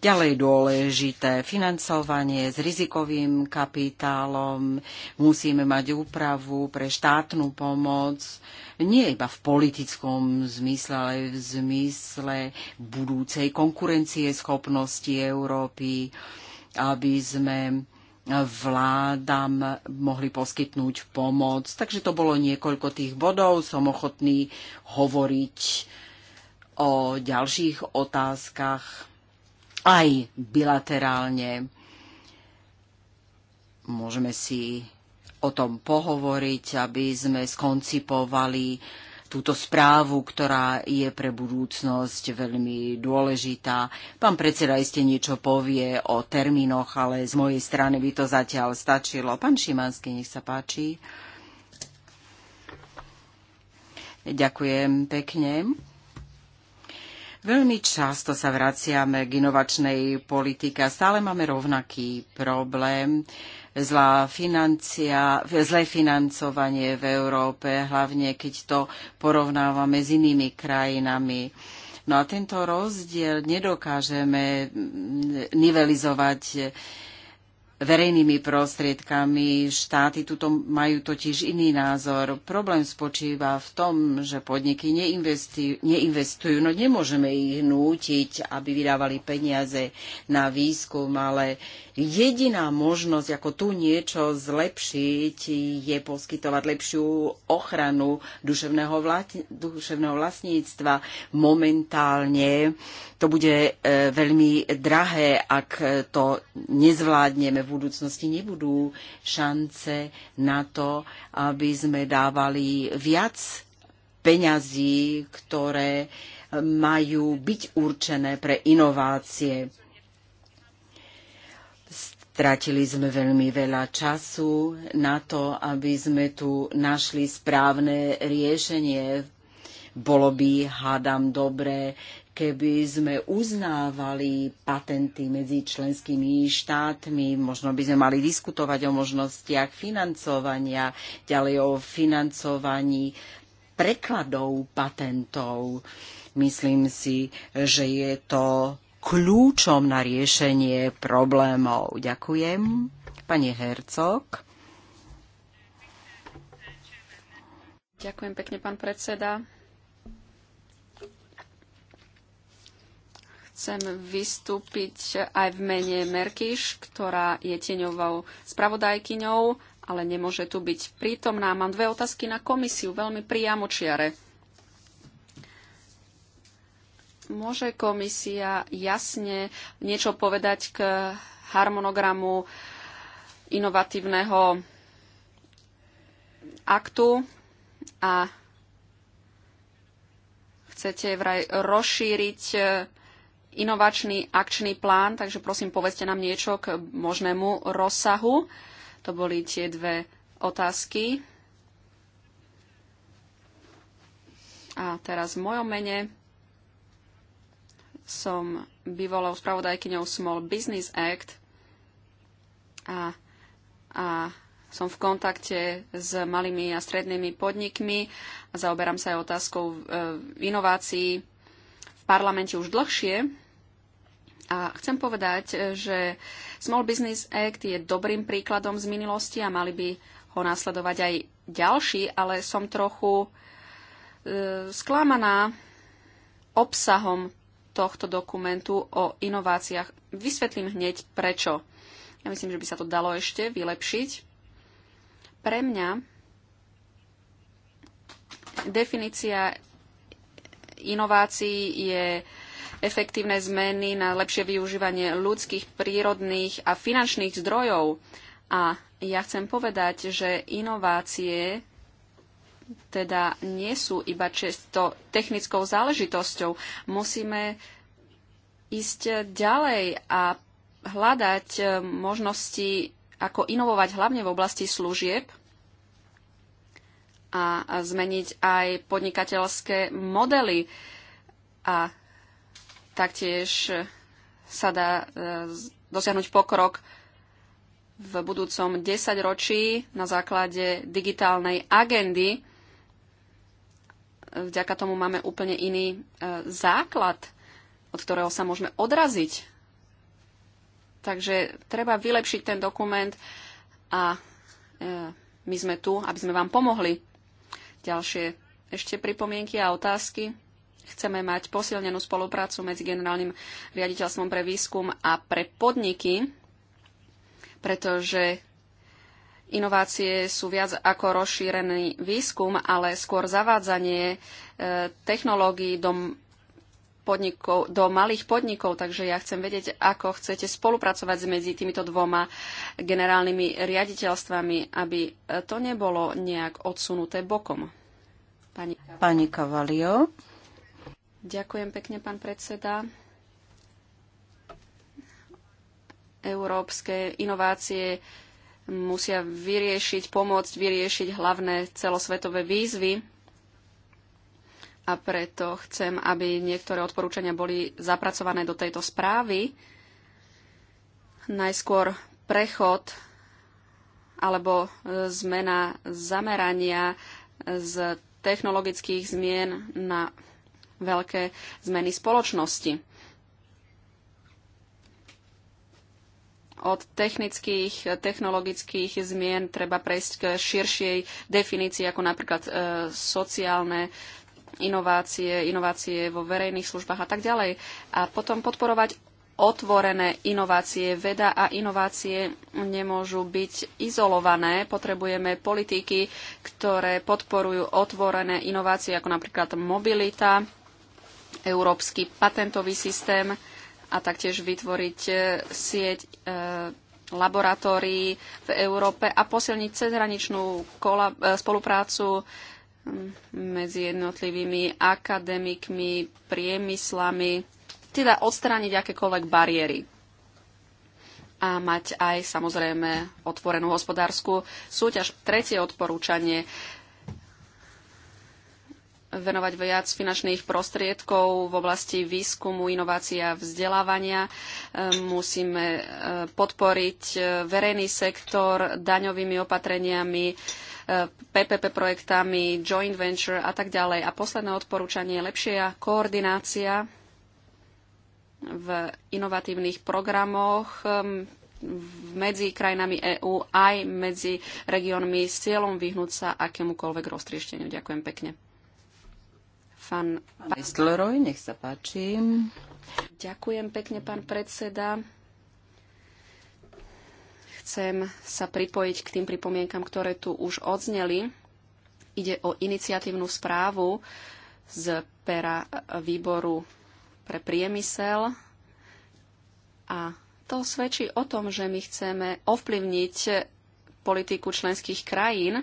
Ďalej dôležité financovanie s rizikovým kapitálom. Musíme mať úpravu pre štátnu pomoc nie iba v politickom zmysle, ale v zmysle budúcej konkurencie schopnosti Európy, aby sme vládam mohli poskytnúť pomoc. Takže to bolo niekoľko tých bodov. Som ochotný hovoriť o ďalších otázkach aj bilaterálne. Môžeme si o tom pohovoriť, aby sme skoncipovali túto správu, ktorá je pre budúcnosť veľmi dôležitá. Pán predseda iste niečo povie o termínoch, ale z mojej strany by to zatiaľ stačilo. Pán Šimanský, nech sa páči. Ďakujem pekne. Veľmi často sa vraciame k inovačnej politike a stále máme rovnaký problém zlá financia, zlé financovanie v Európe, hlavne keď to porovnávame s inými krajinami. No a tento rozdiel nedokážeme nivelizovať verejnými prostriedkami. Štáty tuto majú totiž iný názor. Problém spočíva v tom, že podniky neinvestujú, No nemôžeme ich nútiť, aby vydávali peniaze na výskum, ale jediná možnosť, ako tu niečo zlepšiť, je poskytovať lepšiu ochranu duševného, vlá- duševného vlastníctva. Momentálne to bude e, veľmi drahé, ak to nezvládneme budúcnosti nebudú šance na to, aby sme dávali viac peňazí, ktoré majú byť určené pre inovácie. Stratili sme veľmi veľa času na to, aby sme tu našli správne riešenie. Bolo by, hádam, dobré keby sme uznávali patenty medzi členskými štátmi, možno by sme mali diskutovať o možnostiach financovania, ďalej o financovaní prekladov patentov. Myslím si, že je to kľúčom na riešenie problémov. Ďakujem. Pani Hercog. Ďakujem pekne, pán predseda. Chcem vystúpiť aj v mene Merkiš, ktorá je tieňovou spravodajkyňou, ale nemôže tu byť prítomná. Mám dve otázky na komisiu, veľmi priamočiare. Môže komisia jasne niečo povedať k harmonogramu inovatívneho aktu a chcete vraj rozšíriť inovačný akčný plán, takže prosím, povedzte nám niečo k možnému rozsahu. To boli tie dve otázky. A teraz v mojom mene som bývalou spravodajkyňou Small Business Act a, a som v kontakte s malými a strednými podnikmi a zaoberám sa aj otázkou e, inovácií parlamente už dlhšie. A chcem povedať, e, že Small Business Act je dobrým príkladom z minulosti a mali by ho následovať aj ďalší, ale som trochu e, sklamaná obsahom tohto dokumentu o inováciách. Vysvetlím hneď prečo. Ja myslím, že by sa to dalo ešte vylepšiť. Pre mňa definícia inovácií je efektívne zmeny na lepšie využívanie ľudských, prírodných a finančných zdrojov. A ja chcem povedať, že inovácie teda nie sú iba čisto technickou záležitosťou. Musíme ísť ďalej a hľadať eh, možnosti, ako inovovať hlavne v oblasti služieb a, zmeniť aj podnikateľské modely. A taktiež sa dá e, dosiahnuť pokrok v budúcom desaťročí na základe digitálnej agendy. Vďaka tomu máme úplne iný e, základ, od ktorého sa môžeme odraziť. Takže treba vylepšiť ten dokument a e, my sme tu, aby sme vám pomohli. Ďalšie ešte pripomienky a otázky. Chceme mať posilnenú spoluprácu medzi generálnym riaditeľstvom pre výskum a pre podniky, pretože inovácie sú viac ako rozšírený výskum, ale skôr zavádzanie eh, technológií do podnikov, do malých podnikov, takže ja chcem vedieť, ako chcete spolupracovať medzi týmito dvoma generálnymi riaditeľstvami, aby e, to nebolo nejak odsunuté bokom. Pani, Pani Kavalio. Ďakujem pekne, pán predseda. Európske inovácie musia vyriešiť, pomôcť vyriešiť hlavné celosvetové výzvy a preto chcem, aby niektoré odporúčania boli zapracované do tejto správy. Najskôr prechod alebo e, zmena zamerania z technologických zmien na veľké zmeny spoločnosti. od technických, technologických zmien treba prejsť k širšej definícii, ako napríklad e, sociálne inovácie, inovácie vo verejných službách a tak ďalej. A potom podporovať otvorené inovácie. Veda a inovácie nemôžu byť izolované. Potrebujeme politiky, ktoré podporujú otvorené inovácie, ako napríklad mobilita, európsky patentový systém a taktiež vytvoriť e, sieť e, laboratórií v Európe a posilniť cezhraničnú e, spoluprácu medzi jednotlivými akademikmi, priemyslami, teda odstrániť akékoľvek bariéry a mať aj samozrejme otvorenú hospodárskú súťaž. Tretie odporúčanie venovať viac finančných prostriedkov v oblasti výskumu, inovácia a vzdelávania. Musíme eh, podporiť eh, verejný sektor daňovými opatreniami, PPP projektami, joint venture a tak ďalej. A posledné odporúčanie je lepšia koordinácia v inovatívnych programoch um, medzi krajinami EÚ aj medzi regiónmi s cieľom vyhnúť sa akémukoľvek roztriešteniu. Ďakujem pekne. Fan... Pán Stelroj, nech sa páči. Ďakujem pekne, pán predseda. Chcem sa pripojiť k tým pripomienkam, ktoré tu už odzneli. Ide o iniciatívnu správu z pera e, výboru pre priemysel a to svedčí o tom, že my chceme ovplyvniť politiku členských krajín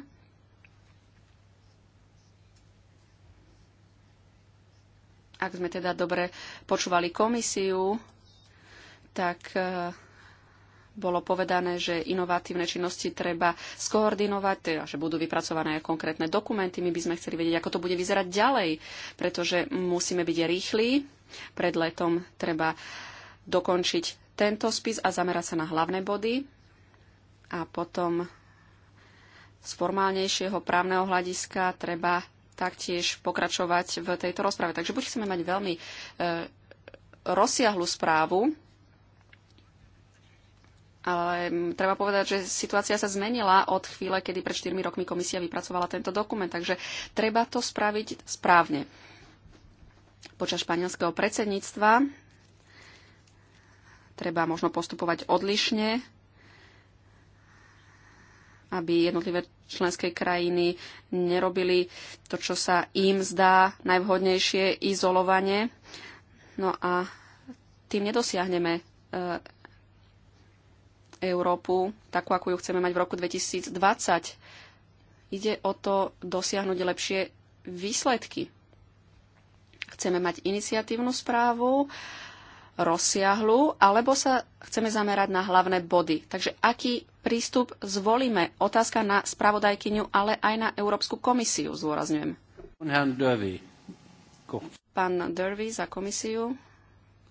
ak sme teda dobre počúvali komisiu, tak e, bolo povedané, že inovatívne činnosti treba skoordinovať, teda, že budú vypracované konkrétne dokumenty. My by sme chceli vedieť, ako to bude vyzerať ďalej, pretože musíme byť rýchli. Pred letom treba dokončiť tento spis a zamerať sa na hlavné body a potom z formálnejšieho právneho hľadiska treba taktiež pokračovať v tejto rozprave. Takže buď chceme mať veľmi e, rozsiahlu správu, ale mm, treba povedať, že situácia sa zmenila od chvíle, kedy pred 4 rokmi komisia vypracovala tento dokument, takže treba to spraviť správne. Počas španielského predsedníctva treba možno postupovať odlišne, aby jednotlivé členské krajiny nerobili to, čo sa im zdá najvhodnejšie izolovanie. No a tým nedosiahneme e, Európu takú, ako ju chceme mať v roku 2020. Ide o to dosiahnuť lepšie výsledky. Chceme mať iniciatívnu správu, rozsiahlu, alebo sa chceme zamerať na hlavné body. Takže aký prístup zvolíme? Otázka na spravodajkyňu, ale aj na Európsku komisiu, zdôrazňujem. Pán Dervy za komisiu.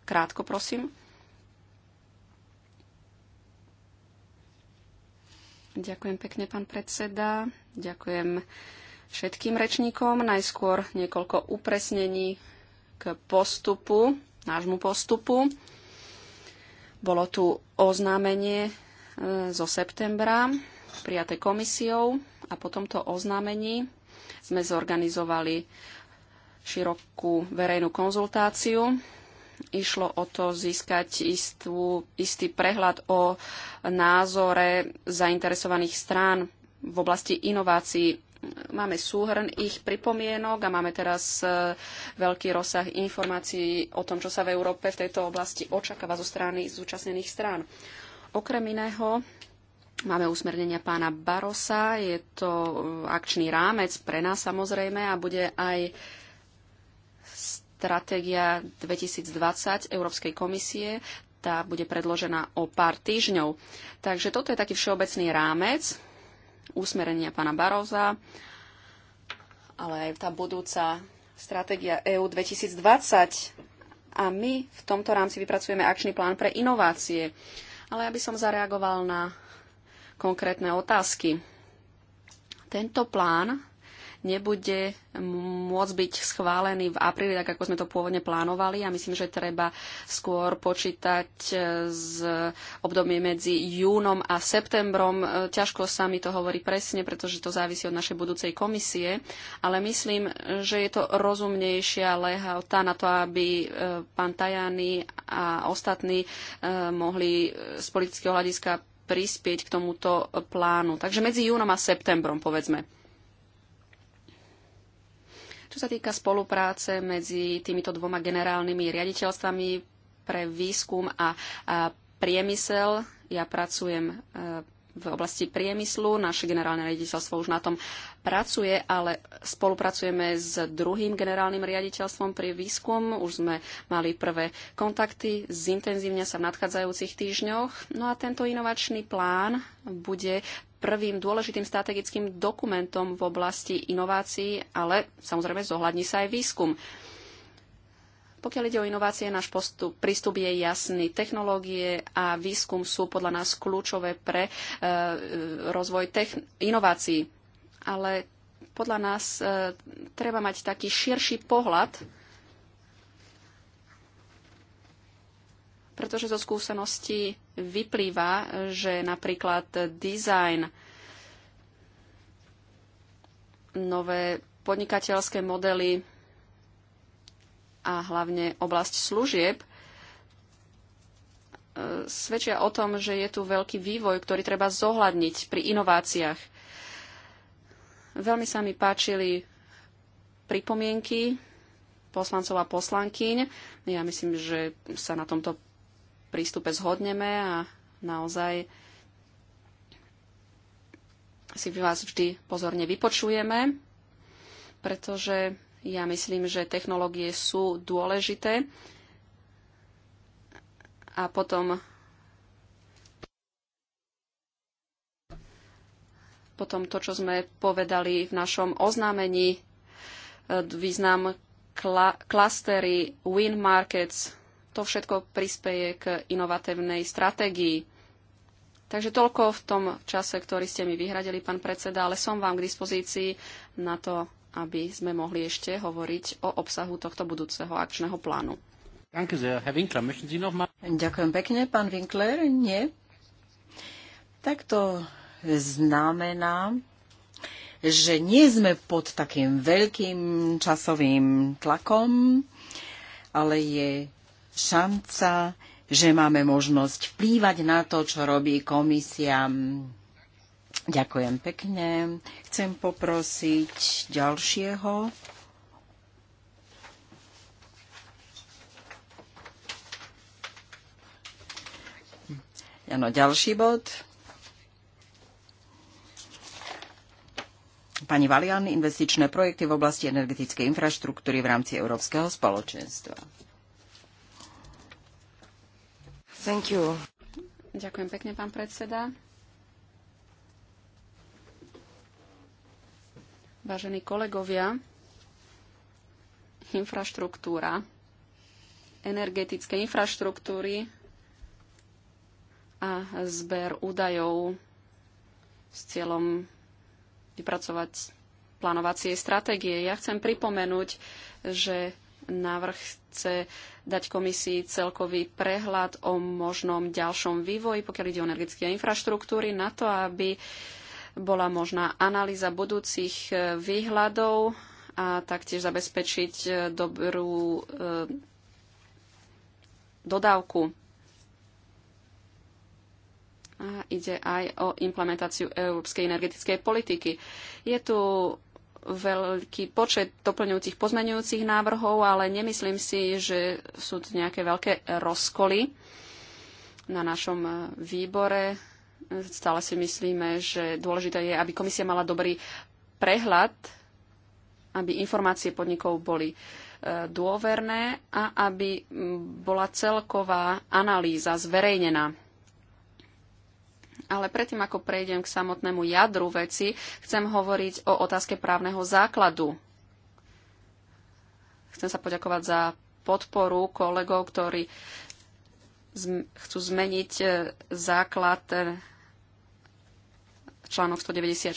Krátko, prosím. Ďakujem pekne, pán predseda. Ďakujem všetkým rečníkom. Najskôr niekoľko upresnení k postupu, nášmu postupu. Bolo tu oznámenie e, zo septembra, prijaté komisiou a po tomto oznámení sme zorganizovali širokú verejnú konzultáciu Išlo o to získať istú, istý prehľad o názore zainteresovaných strán v oblasti inovácií. Máme súhrn ich pripomienok a máme teraz e, veľký rozsah informácií o tom, čo sa v Európe v tejto oblasti očakáva zo strany zúčastnených strán. Okrem iného Máme usmernenia pána Barosa, je to e, akčný rámec pre nás samozrejme a bude aj stratégia 2020 Európskej komisie. Tá bude predložená o pár týždňov. Takže toto je taký všeobecný rámec úsmerenia pána Baroza, ale aj tá budúca stratégia EU 2020. A my v tomto rámci vypracujeme akčný plán pre inovácie. Ale aby som zareagoval na konkrétne otázky. Tento plán nebude môcť byť schválený v apríli, tak ako sme to pôvodne plánovali. A myslím, že treba skôr počítať z e, obdobie medzi júnom a septembrom. E, ťažko sa mi to hovorí presne, pretože to závisí od našej budúcej komisie. Ale myslím, že je to rozumnejšia lehota na to, aby e, pán Tajany a ostatní mohli z politického hľadiska prispieť k tomuto plánu. Takže medzi júnom a septembrom, povedzme. Čo sa týka spolupráce medzi týmito dvoma generálnymi riaditeľstvami pre výskum a, a priemysel, ja pracujem e, v oblasti priemyslu. Naše generálne riaditeľstvo už na tom pracuje, ale spolupracujeme s druhým generálnym riaditeľstvom pri výskum. Už sme mali prvé kontakty, zintenzívne sa v nadchádzajúcich týždňoch. No a tento inovačný plán bude prvým dôležitým strategickým dokumentom v oblasti inovácií, ale samozrejme zohľadní sa aj výskum. Pokiaľ ide o inovácie, náš postup, prístup je jasný. Technológie a výskum sú podľa nás kľúčové pre e, rozvoj inovácií. Ale podľa nás e, treba mať taký širší pohľad, pretože zo skúseností vyplýva, že napríklad design, nové podnikateľské modely a hlavne oblasť služieb e, svedčia o tom, že je tu veľký vývoj, ktorý treba zohľadniť pri inováciách. Veľmi sa mi páčili pripomienky poslancov a poslankyň. Ja myslím, že sa na tomto prístupe zhodneme a naozaj si vás vždy pozorne vypočujeme, pretože ja myslím, že technológie sú dôležité a potom potom to, čo sme povedali v našom oznámení, e, význam kla- klastery, win markets, to všetko prispeje k inovatívnej stratégii. Takže toľko v tom čase, ktorý ste mi vyhradili, pán predseda, ale som vám k dispozícii na to, aby sme mohli ešte hovoriť o obsahu tohto budúceho akčného plánu. Ďakujem pekne, pán Winkler. Nie. Tak to znamená, že nie sme pod takým veľkým časovým tlakom, ale je šanca, že máme možnosť vplývať na to, čo robí komisia. Ďakujem pekne. Chcem poprosiť ďalšieho. Ano, ďalší bod. Pani Valian, investičné projekty v oblasti energetickej infraštruktúry v rámci Európskeho spoločenstva. Thank you. Ďakujem pekne, pán predseda. Vážení kolegovia, infraštruktúra, energetické infraštruktúry a zber údajov s cieľom vypracovať plánovacie stratégie. Ja chcem pripomenúť, že návrh chce dať komisii celkový prehľad o možnom ďalšom vývoji, pokiaľ ide o energetické infraštruktúry, na to, aby bola možná analýza budúcich e, výhľadov a taktiež zabezpečiť e, dobrú e, dodávku. A ide aj o implementáciu európskej energetickej politiky. Je tu veľký počet doplňujúcich pozmeňujúcich návrhov, ale nemyslím si, že sú tu nejaké veľké rozkoly na našom e, výbore. Stále si myslíme, že dôležité je, aby komisia mala dobrý prehľad, aby informácie podnikov boli e, dôverné a aby bola celková analýza zverejnená ale predtým, ako prejdem k samotnému jadru veci, chcem hovoriť o otázke právneho základu. Chcem sa poďakovať za podporu kolegov, ktorí chcú zmeniť e, základ e, článok 194. E,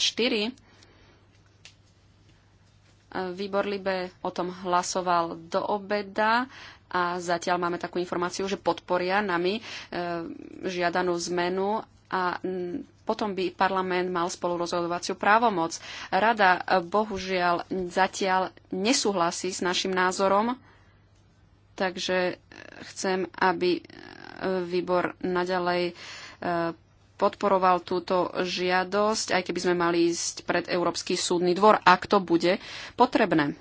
výbor Libe o tom hlasoval do obeda a zatiaľ máme takú informáciu, že podporia nami žiadanú zmenu a mm, potom by parlament mal spolurozhodovaciu právomoc. Rada e, bohužiaľ zatiaľ nesúhlasí s našim názorom, takže e, chcem, aby e, výbor naďalej podporoval túto žiadosť, aj keby sme mali ísť pred Európsky súdny dvor, ak to bude potrebné.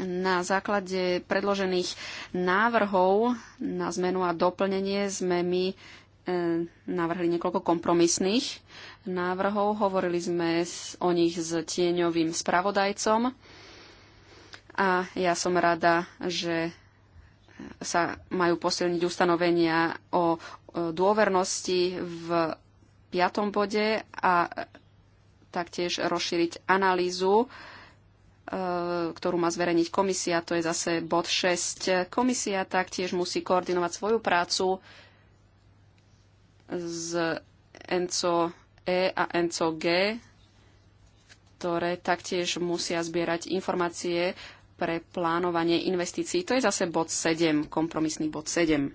Na základe predložených návrhov na zmenu a doplnenie sme my E, navrhli niekoľko kompromisných návrhov. Hovorili sme o nich s tieňovým spravodajcom a ja som rada, že sa majú posilniť ustanovenia o dôvernosti v piatom bode a taktiež rozšíriť analýzu, e, ktorú má zverejniť komisia, to je zase bod 6. Komisia taktiež musí koordinovať svoju prácu z ENCO E a ENCO G, ktoré taktiež musia zbierať informácie pre plánovanie investícií. To je zase bod 7, kompromisný bod 7.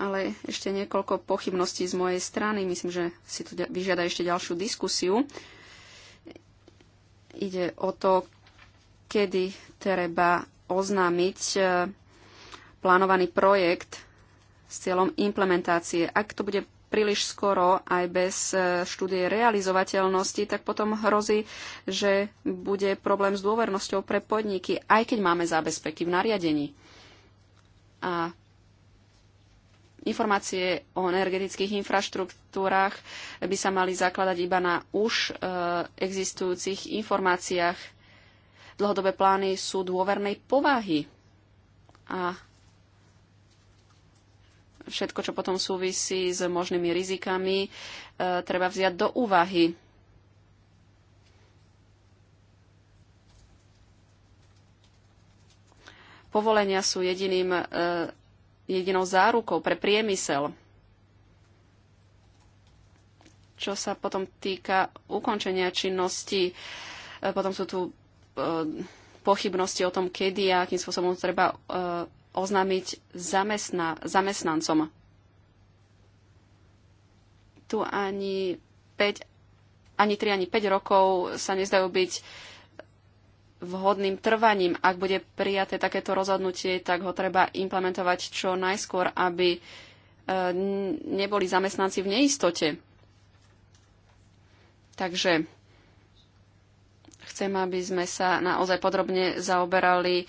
Ale ešte niekoľko pochybností z mojej strany. Myslím, že si to vyžiada ešte ďalšiu diskusiu. Ide o to, kedy treba oznámiť eh, plánovaný projekt s cieľom implementácie. Ak to bude príliš skoro aj bez e, štúdie realizovateľnosti, tak potom hrozí, že bude problém s dôvernosťou pre podniky, aj keď máme zábezpeky v nariadení. A informácie o energetických infraštruktúrach by sa mali zakladať iba na už e, existujúcich informáciách. Dlhodobé plány sú dôvernej povahy a všetko, čo potom súvisí s možnými rizikami, e, treba vziať do úvahy. Povolenia sú jediným, e, jedinou zárukou pre priemysel. Čo sa potom týka ukončenia činnosti, e, potom sú tu pochybnosti o tom, kedy a akým spôsobom treba oznámiť zamestnancom. Tu ani 5, ani 3, ani 5 rokov sa nezdajú byť vhodným trvaním. Ak bude prijaté takéto rozhodnutie, tak ho treba implementovať čo najskôr, aby e, neboli zamestnanci v neistote. Takže chcem, aby sme sa naozaj podrobne zaoberali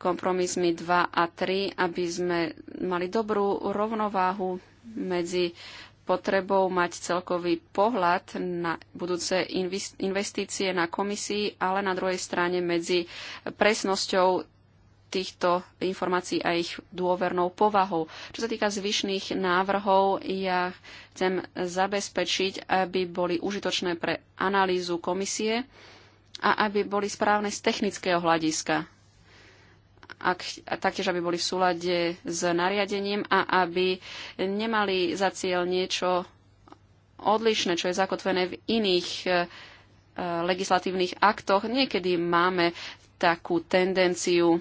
kompromismi 2 a 3, aby sme mali dobrú rovnováhu medzi potrebou mať celkový pohľad na budúce investície na komisii, ale na druhej strane medzi presnosťou týchto informácií a ich dôvernou povahou. Čo sa týka zvyšných návrhov, ja chcem zabezpečiť, aby boli užitočné pre analýzu komisie a aby boli správne z technického hľadiska ak, a taktiež, aby boli v súlade s nariadením a aby nemali za cieľ niečo odlišné, čo je zakotvené v iných e, legislatívnych aktoch. Niekedy máme takú tendenciu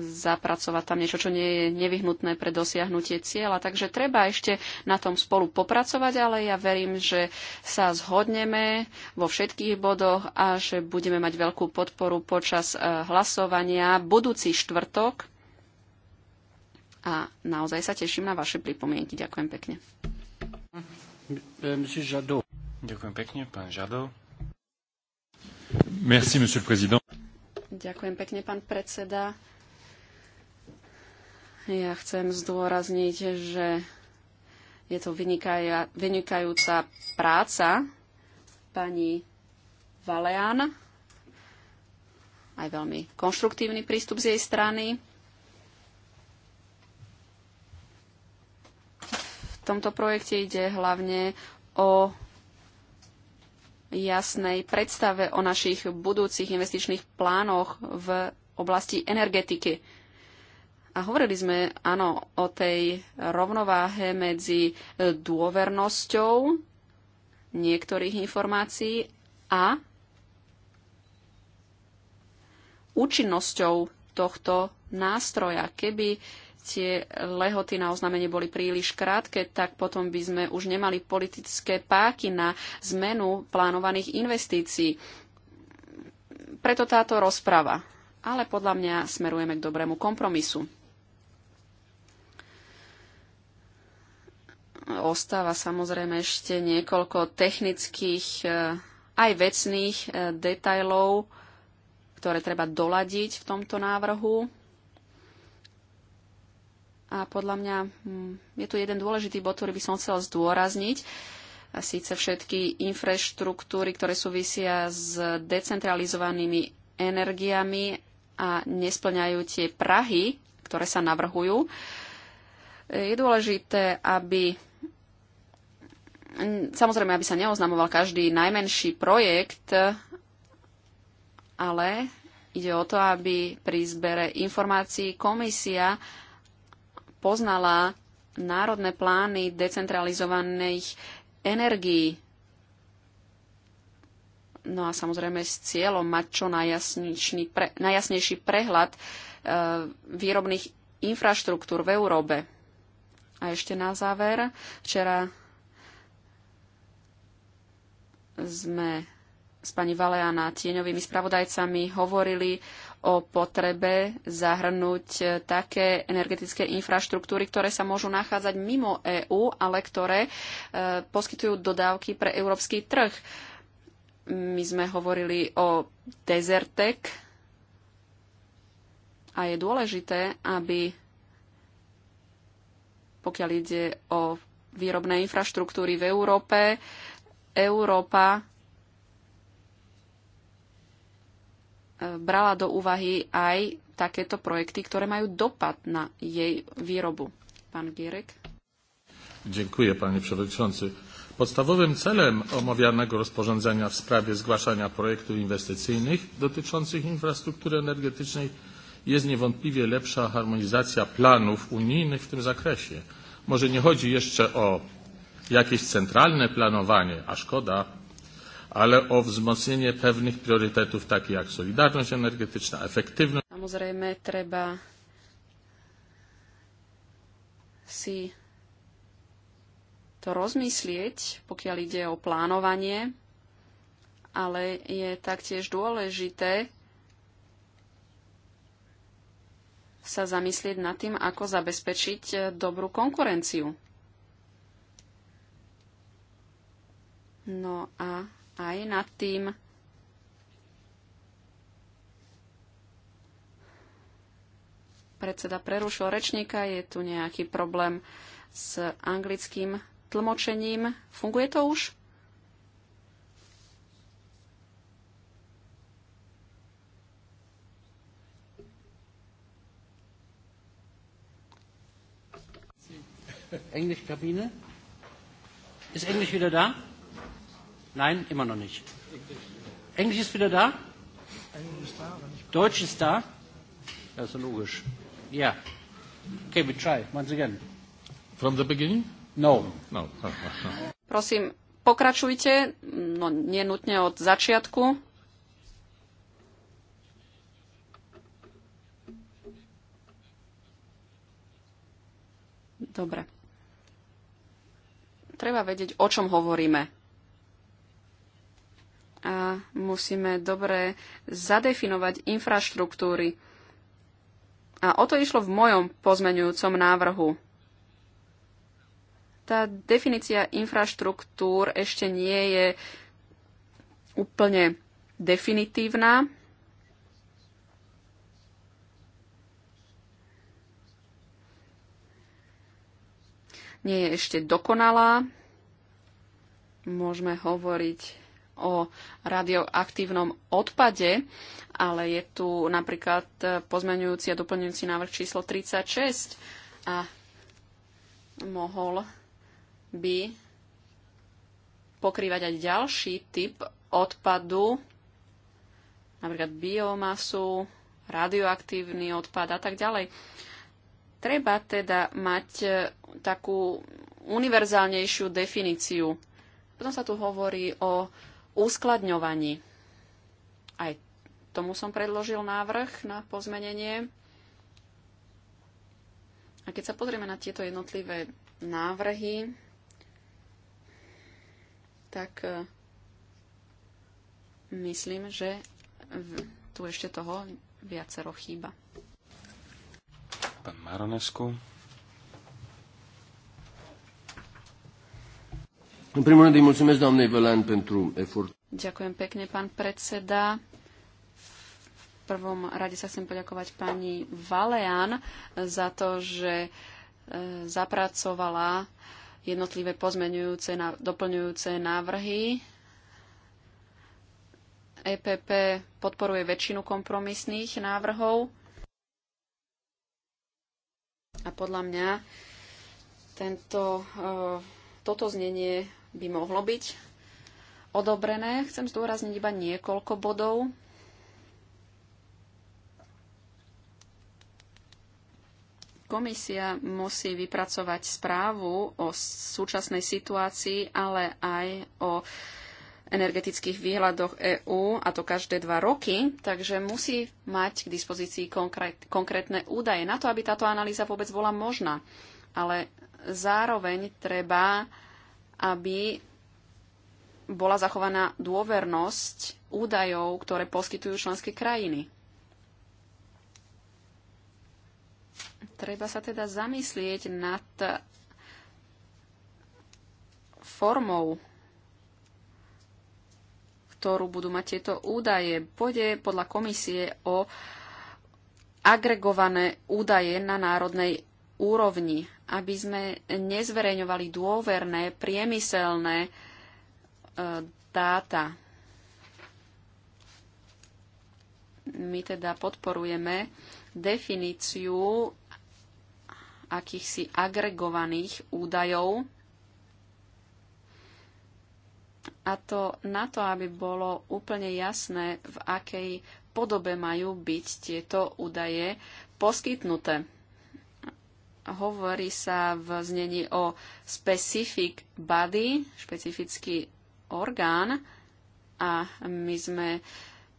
zapracovať tam niečo, čo nie je nevyhnutné pre dosiahnutie cieľa. Takže treba ešte na tom spolu popracovať, ale ja verím, že sa zhodneme vo všetkých bodoch a že budeme mať veľkú podporu počas e, hlasovania budúci štvrtok. A naozaj sa teším na vaše pripomienky. Ďakujem pekne. Ďakujem pekne, pán Žado. Merci, monsieur le président. Ďakujem pekne, pán predseda. Ja chcem zdôrazniť, že je to vynikajúca práca pani Valean. Aj veľmi konštruktívny prístup z jej strany. V tomto projekte ide hlavne o jasnej predstave o našich budúcich investičných plánoch v oblasti energetiky a hovorili sme, áno, o tej rovnováhe medzi e, dôvernosťou niektorých informácií a účinnosťou tohto nástroja. Keby tie lehoty na oznámenie boli príliš krátke, tak potom by sme už nemali politické páky na zmenu plánovaných investícií. Preto táto rozprava. Ale podľa mňa smerujeme k dobrému kompromisu. Ostáva samozrejme ešte niekoľko technických e, aj vecných e, detajlov, ktoré treba doladiť v tomto návrhu. A podľa mňa mm, je tu jeden dôležitý bod, ktorý by som chcela zdôrazniť. A síce všetky infraštruktúry, ktoré súvisia s decentralizovanými energiami a nesplňajú tie prahy, ktoré sa navrhujú. Je dôležité, aby Samozrejme, aby sa neoznamoval každý najmenší projekt, ale ide o to, aby pri zbere informácií komisia poznala národné plány decentralizovaných energií. No a samozrejme s cieľom mať čo pre, najjasnejší prehľad e, výrobných infraštruktúr v Európe. A ešte na záver, včera sme s pani Valeana tieňovými spravodajcami hovorili o potrebe zahrnúť také energetické infraštruktúry, ktoré sa môžu nachádzať mimo EÚ, ale ktoré e, poskytujú dodávky pre európsky trh. My sme hovorili o Desertec a je dôležité, aby pokiaľ ide o výrobné infraštruktúry v Európe, Európa e, brala do úvahy aj takéto projekty, ktoré majú dopad na jej výrobu. Pán Gierek. Dziękuję, panie przewodniczący. Podstawowym celem omawianego rozporządzenia w sprawie zgłaszania projektów inwestycyjnych dotyczących infrastruktury energetycznej jest niewątpliwie lepsza harmonizacja planów unijnych w tym zakresie. Może nie chodzi jeszcze o jakieś centralne planowanie, a szkoda, ale o wzmocnienie pewnych priorytetów, takich jak solidarność energetyczna, efektywność. Samozrejme, treba si to rozmyslieť, pokiaľ ide o plánovanie, ale je taktiež dôležité sa zamyslieť nad tým, ako zabezpečiť dobrú konkurenciu. No a aj nad tým predseda prerušil rečníka, je tu nejaký problém s anglickým tlmočením. Funguje to už? Englisch Kabine? Ist Englisch wieder da? Nein, immer noch nicht. Englisch ist wieder da? Deutsch ist da? Das ist logisch. Ja. Yeah. Okay, we try once again. From the beginning? no. no. *laughs* Prosím, pokračujte, no nie nutne od začiatku. Dobre. Treba vedieť, o čom hovoríme a musíme dobre zadefinovať infraštruktúry. A o to išlo v mojom pozmeňujúcom návrhu. Tá definícia infraštruktúr ešte nie je úplne definitívna. Nie je ešte dokonalá. Môžeme hovoriť o radioaktívnom odpade, ale je tu napríklad pozmeňujúci a doplňujúci návrh číslo 36 a mohol by pokrývať aj ďalší typ odpadu, napríklad biomasu, radioaktívny odpad a tak ďalej. Treba teda mať e, takú univerzálnejšiu definíciu. Potom sa tu hovorí o uskladňovaní. Aj tomu som predložil návrh na pozmenenie. A keď sa pozrieme na tieto jednotlivé návrhy, tak e, myslím, že tu ešte toho viacero chýba. Pán Maronesku. În primul rând îi mulțumesc doamnei Vălan pentru efort. Ďakujem pekne, pán predseda. V prvom rade sa chcem poďakovať pani Valean za to, že e, zapracovala jednotlivé pozmenujúce, doplňujúce návrhy. EPP podporuje väčšinu kompromisných návrhov a podľa mňa tento, e, toto znenie by mohlo byť odobrené. Chcem zdôrazniť iba niekoľko bodov. Komisia musí vypracovať správu o súčasnej situácii, ale aj o energetických výhľadoch EÚ, a to každé dva roky, takže musí mať k dispozícii konkrét, konkrétne údaje na to, aby táto analýza vôbec bola možná. Ale zároveň treba aby bola zachovaná dôvernosť údajov, ktoré poskytujú členské krajiny. Treba sa teda zamyslieť nad formou, ktorú budú mať tieto údaje. Pôjde podľa komisie o agregované údaje na národnej úrovni, aby sme nezverejňovali dôverné priemyselné e, dáta. My teda podporujeme definíciu akýchsi agregovaných údajov a to na to, aby bolo úplne jasné, v akej podobe majú byť tieto údaje poskytnuté. Hovorí sa v znení o specific body, špecifický orgán a my sme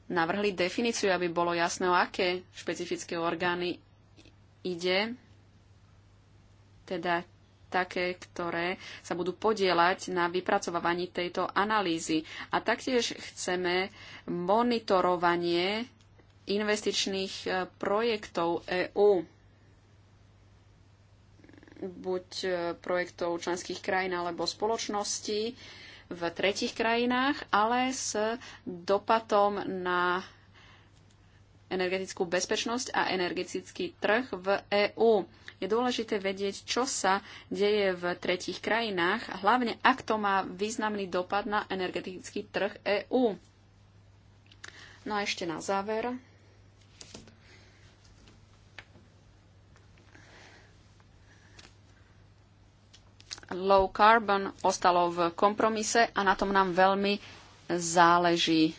navrhli definíciu, aby bolo jasné, o aké špecifické orgány ide, teda také, ktoré sa budú podielať na vypracovávaní tejto analýzy. A taktiež chceme monitorovanie investičných e, projektov EÚ buď e, projektov členských krajín alebo spoločností v tretich krajinách, ale s dopadom na energetickú bezpečnosť a energetický trh v EÚ. Je dôležité vedieť, čo sa deje v tretich krajinách, hlavne ak to má významný dopad na energetický trh EÚ. No a ešte na záver low carbon ostalo v kompromise a na tom nám veľmi záleží.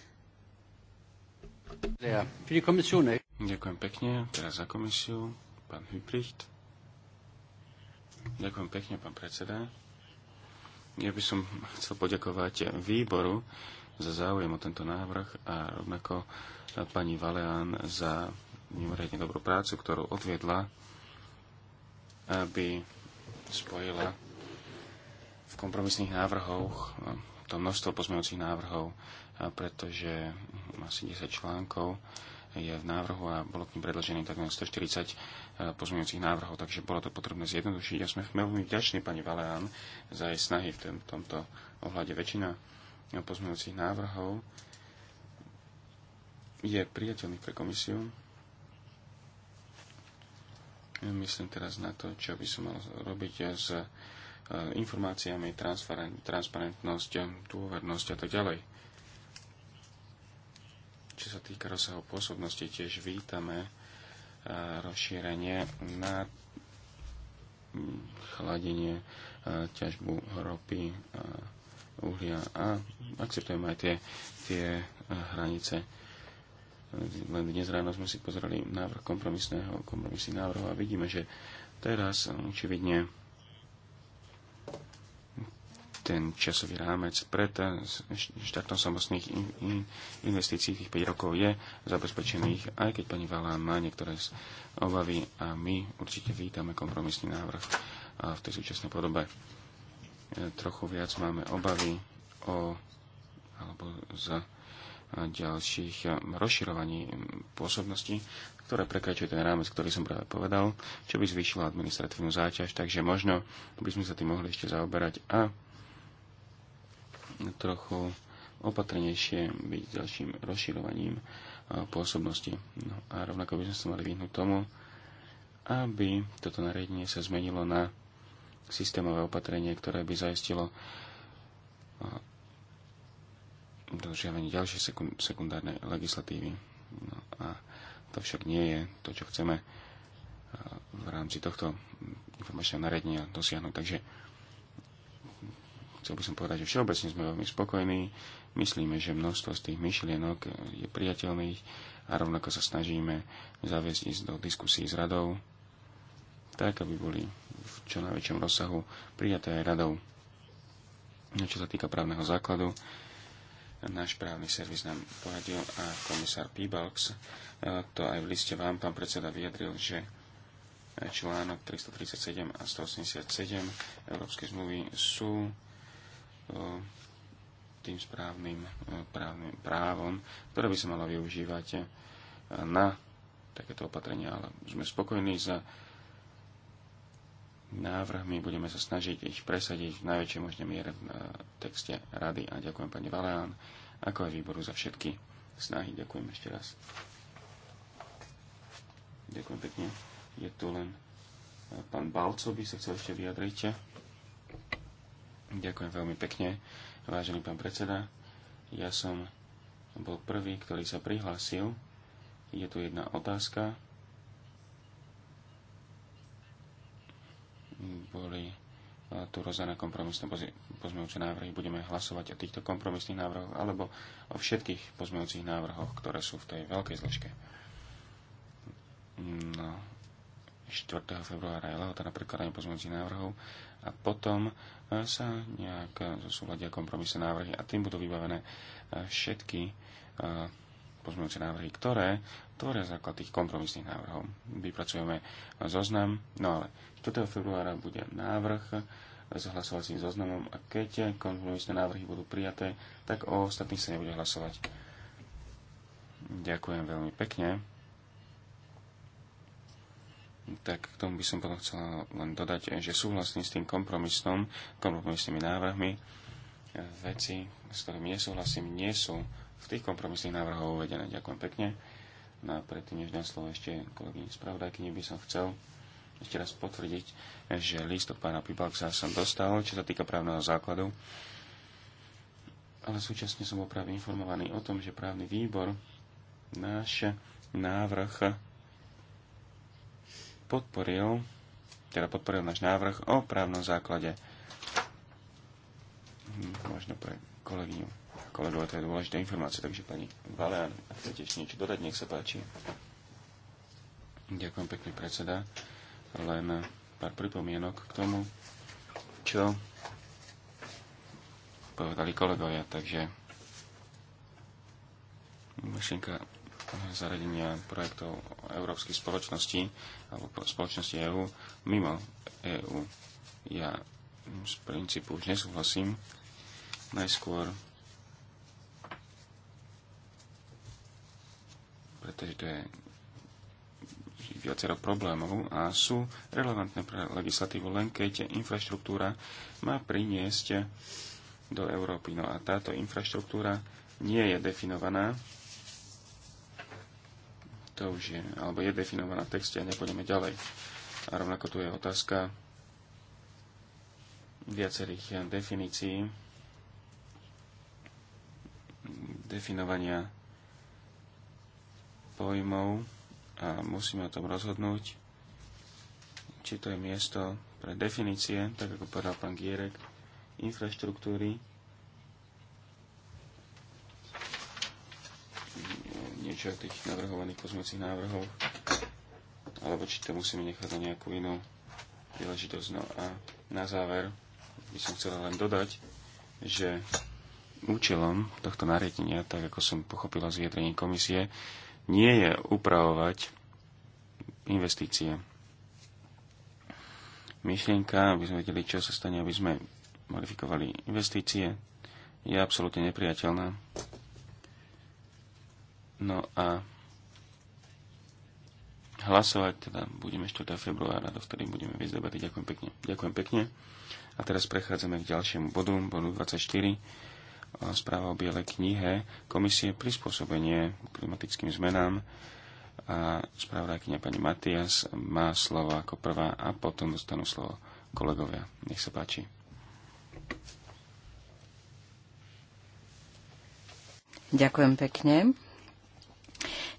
Ďakujem pekne. Teraz za komisiu pán Hübricht. Ďakujem pekne, pán predseda. Ja by som chcel poďakovať výboru za záujem o tento návrh a rovnako pani Valeán za mimoriadne dobrú prácu, ktorú odviedla, aby spojila kompromisných návrhoch, to množstvo pozmeňujúcich návrhov, pretože asi 10 článkov je v návrhu a bolo k ním predložené takmer 140 e, pozmeňujúcich návrhov, takže bolo to potrebné zjednodušiť a sme veľmi vďační pani Valeán za jej snahy v tomto ohľade. Väčšina pozmeňujúcich návrhov je priateľný pre komisiu. Myslím teraz na to, čo by som mal robiť s Eh, informáciami, transparentnosť, eh, dôvernosť a tak ďalej. Čo sa týka rozsahu pôsobnosti, tiež vítame eh, rozšírenie na mm, chladenie, ťažbu ropy, uhlia a akceptujeme aj tie, tie hranice. Len dnes ráno sme si pozreli návrh kompromisného, kompromisy návrhu a vidíme, že teraz očividne ten časový rámec pred eh, štátom samostných in, in, investícií tých 5 rokov je zabezpečených, aj keď pani Vala má niektoré z obavy a my určite vítame kompromisný návrh a eh, v tej súčasnej podobe. Eh, trochu viac máme obavy o alebo z ďalších rozširovaní hm, pôsobností, ktoré prekračuje ten rámec, ktorý som práve povedal, čo by zvýšilo administratívnu záťaž, takže možno by sme sa tým mohli ešte zaoberať a trochu opatrnejšie byť ďalším rozširovaním e, pôsobnosti. No a rovnako by sme sa mali vyhnúť tomu, aby toto nariadenie sa zmenilo na systémové opatrenie, ktoré by zaistilo e, dodržiavanie ďalšej sekundárnej legislatívy. No a to však nie je to, čo chceme e, v rámci tohto informačného nariadenia dosiahnuť. Takže Chcel by som povedať, že všeobecne sme veľmi spokojní. Myslíme, že množstvo z tých myšlienok je priateľných a rovnako sa snažíme zaviesť ísť do diskusí s radou, tak aby boli v čo najväčšom rozsahu prijaté aj radou. No, čo sa týka právneho základu, náš právny servis nám poradil a komisár Pibalx e, to aj v liste vám, pán predseda, vyjadril, že článok 337 a 187 Európskej zmluvy sú tým správnym právnym právom, ktoré by sa malo využívať e, na takéto opatrenia, ale sme spokojní za návrhmi, budeme sa snažiť ich presadiť v najväčšej možnej miere v e, texte rady a ďakujem pani Valeán, ako aj výboru za všetky snahy. Ďakujem ešte raz. Ďakujem pekne. Je tu len e, pán Balco, by sa chcel ešte vyjadriť. Ďakujem veľmi pekne, vážený pán predseda. Ja som bol prvý, ktorý sa prihlásil. Je tu jedna otázka. Boli eh, tu rozdané kompromisné pozmeňujúce návrhy. Budeme hlasovať o týchto kompromisných návrhoch alebo o všetkých pozmeňujúcich návrhoch, ktoré sú v tej veľkej zložke. No, 4. februára je lehota na prekladanie pozmeňujúcich návrhov a potom e, sa nejak zosúľadia kompromisné návrhy a tým budú vybavené e, všetky e, pozmeňujúce návrhy, ktoré tvoria základ tých kompromisných návrhov. Vypracujeme zoznam, no ale 4. februára bude návrh s hlasovacím zoznamom a keď kompromisné návrhy budú prijaté, tak o ostatných sa nebude hlasovať. Ďakujem veľmi pekne tak k tomu by som potom chcel len dodať, že súhlasím s tým kompromisom, kompromisnými návrhmi. Veci, s ktorými nesúhlasím, nie sú v tých kompromisných návrhoch uvedené. Ďakujem pekne. No a predtým, než dám slovo ešte kolegyni spravodajkyni, by som chcel ešte raz potvrdiť, že list od pána Pibalksa som dostal, čo sa týka právneho základu. Ale súčasne som bol práve informovaný o tom, že právny výbor náš návrh podporil, teda podporil náš návrh o právnom základe. Možno pre kolegyňu a kolegov, to je dôležitá informácia, takže pani Valean, ak chcete ešte niečo dodať, nech sa páči. Ďakujem pekne, predseda. Len pár pripomienok k tomu, čo povedali kolegovia, takže myšlienka zaradenia projektov európskych spoločností alebo spoločnosti EÚ mimo EÚ. Ja z princípu už nesúhlasím. Najskôr pretože to je viacero problémov a sú relevantné pre legislatívu len keď infraštruktúra má priniesť do Európy. No a táto infraštruktúra nie je definovaná to už je, alebo je definovaná v texte a nepôjdeme ďalej. A rovnako tu je otázka viacerých definícií, definovania pojmov a musíme o tom rozhodnúť, či to je miesto pre definície, tak ako povedal pán Gierek, infraštruktúry, týče tých navrhovaných pozmeňujúcich návrhov, alebo či to musíme nechať na nejakú inú príležitosť. No a na záver by som chcel len dodať, že účelom tohto nariadenia, tak ako som pochopila z vyjadrení komisie, nie je upravovať investície. Myšlienka, aby sme vedeli, čo sa stane, aby sme modifikovali investície, je absolútne nepriateľná. No a hlasovať teda budeme 4. februára, do ktorých budeme viesť debaty. Ďakujem pekne. Ďakujem pekne. A teraz prechádzame k ďalšiemu bodu, bodu 24. Správa o bielej knihe Komisie prispôsobenie klimatickým zmenám a spravodajkynia pani Matias má slovo ako prvá a potom dostanú slovo kolegovia. Nech sa páči. Ďakujem pekne.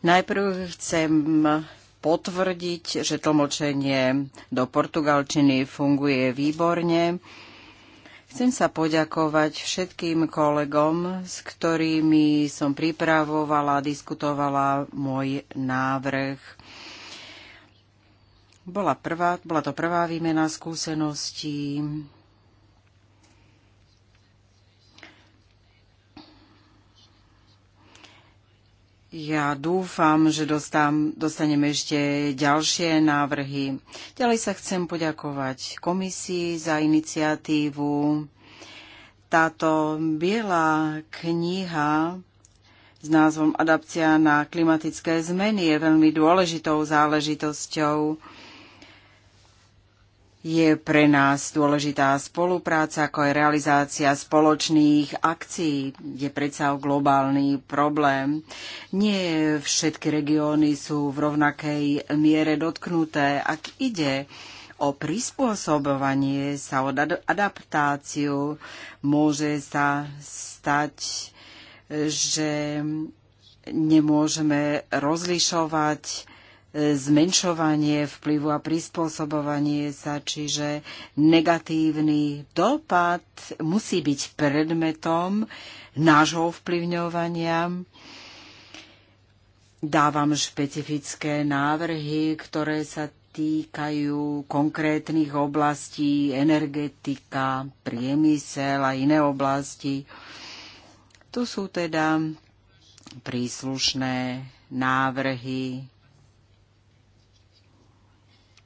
Najprv chcem potvrdiť, že tlmočenie do portugalčiny funguje výborne. Chcem sa poďakovať všetkým kolegom, s ktorými som pripravovala, diskutovala môj návrh. Bola, prvá, bola to prvá výmena skúseností Ja dúfam, že dostám, dostaneme ešte ďalšie návrhy. Ďalej sa chcem poďakovať komisii za iniciatívu. Táto biela kniha s názvom Adapcia na klimatické zmeny je veľmi dôležitou záležitosťou. Je pre nás dôležitá spolupráca, ako aj realizácia spoločných akcií. Je predsa globálny problém. Nie všetky regióny sú v rovnakej miere dotknuté. Ak ide o prispôsobovanie sa, o adaptáciu, môže sa stať, že nemôžeme rozlišovať zmenšovanie vplyvu a prispôsobovanie sa, čiže negatívny dopad musí byť predmetom nášho vplyvňovania. Dávam špecifické návrhy, ktoré sa týkajú konkrétnych oblastí, energetika, priemysel a iné oblasti. Tu sú teda príslušné návrhy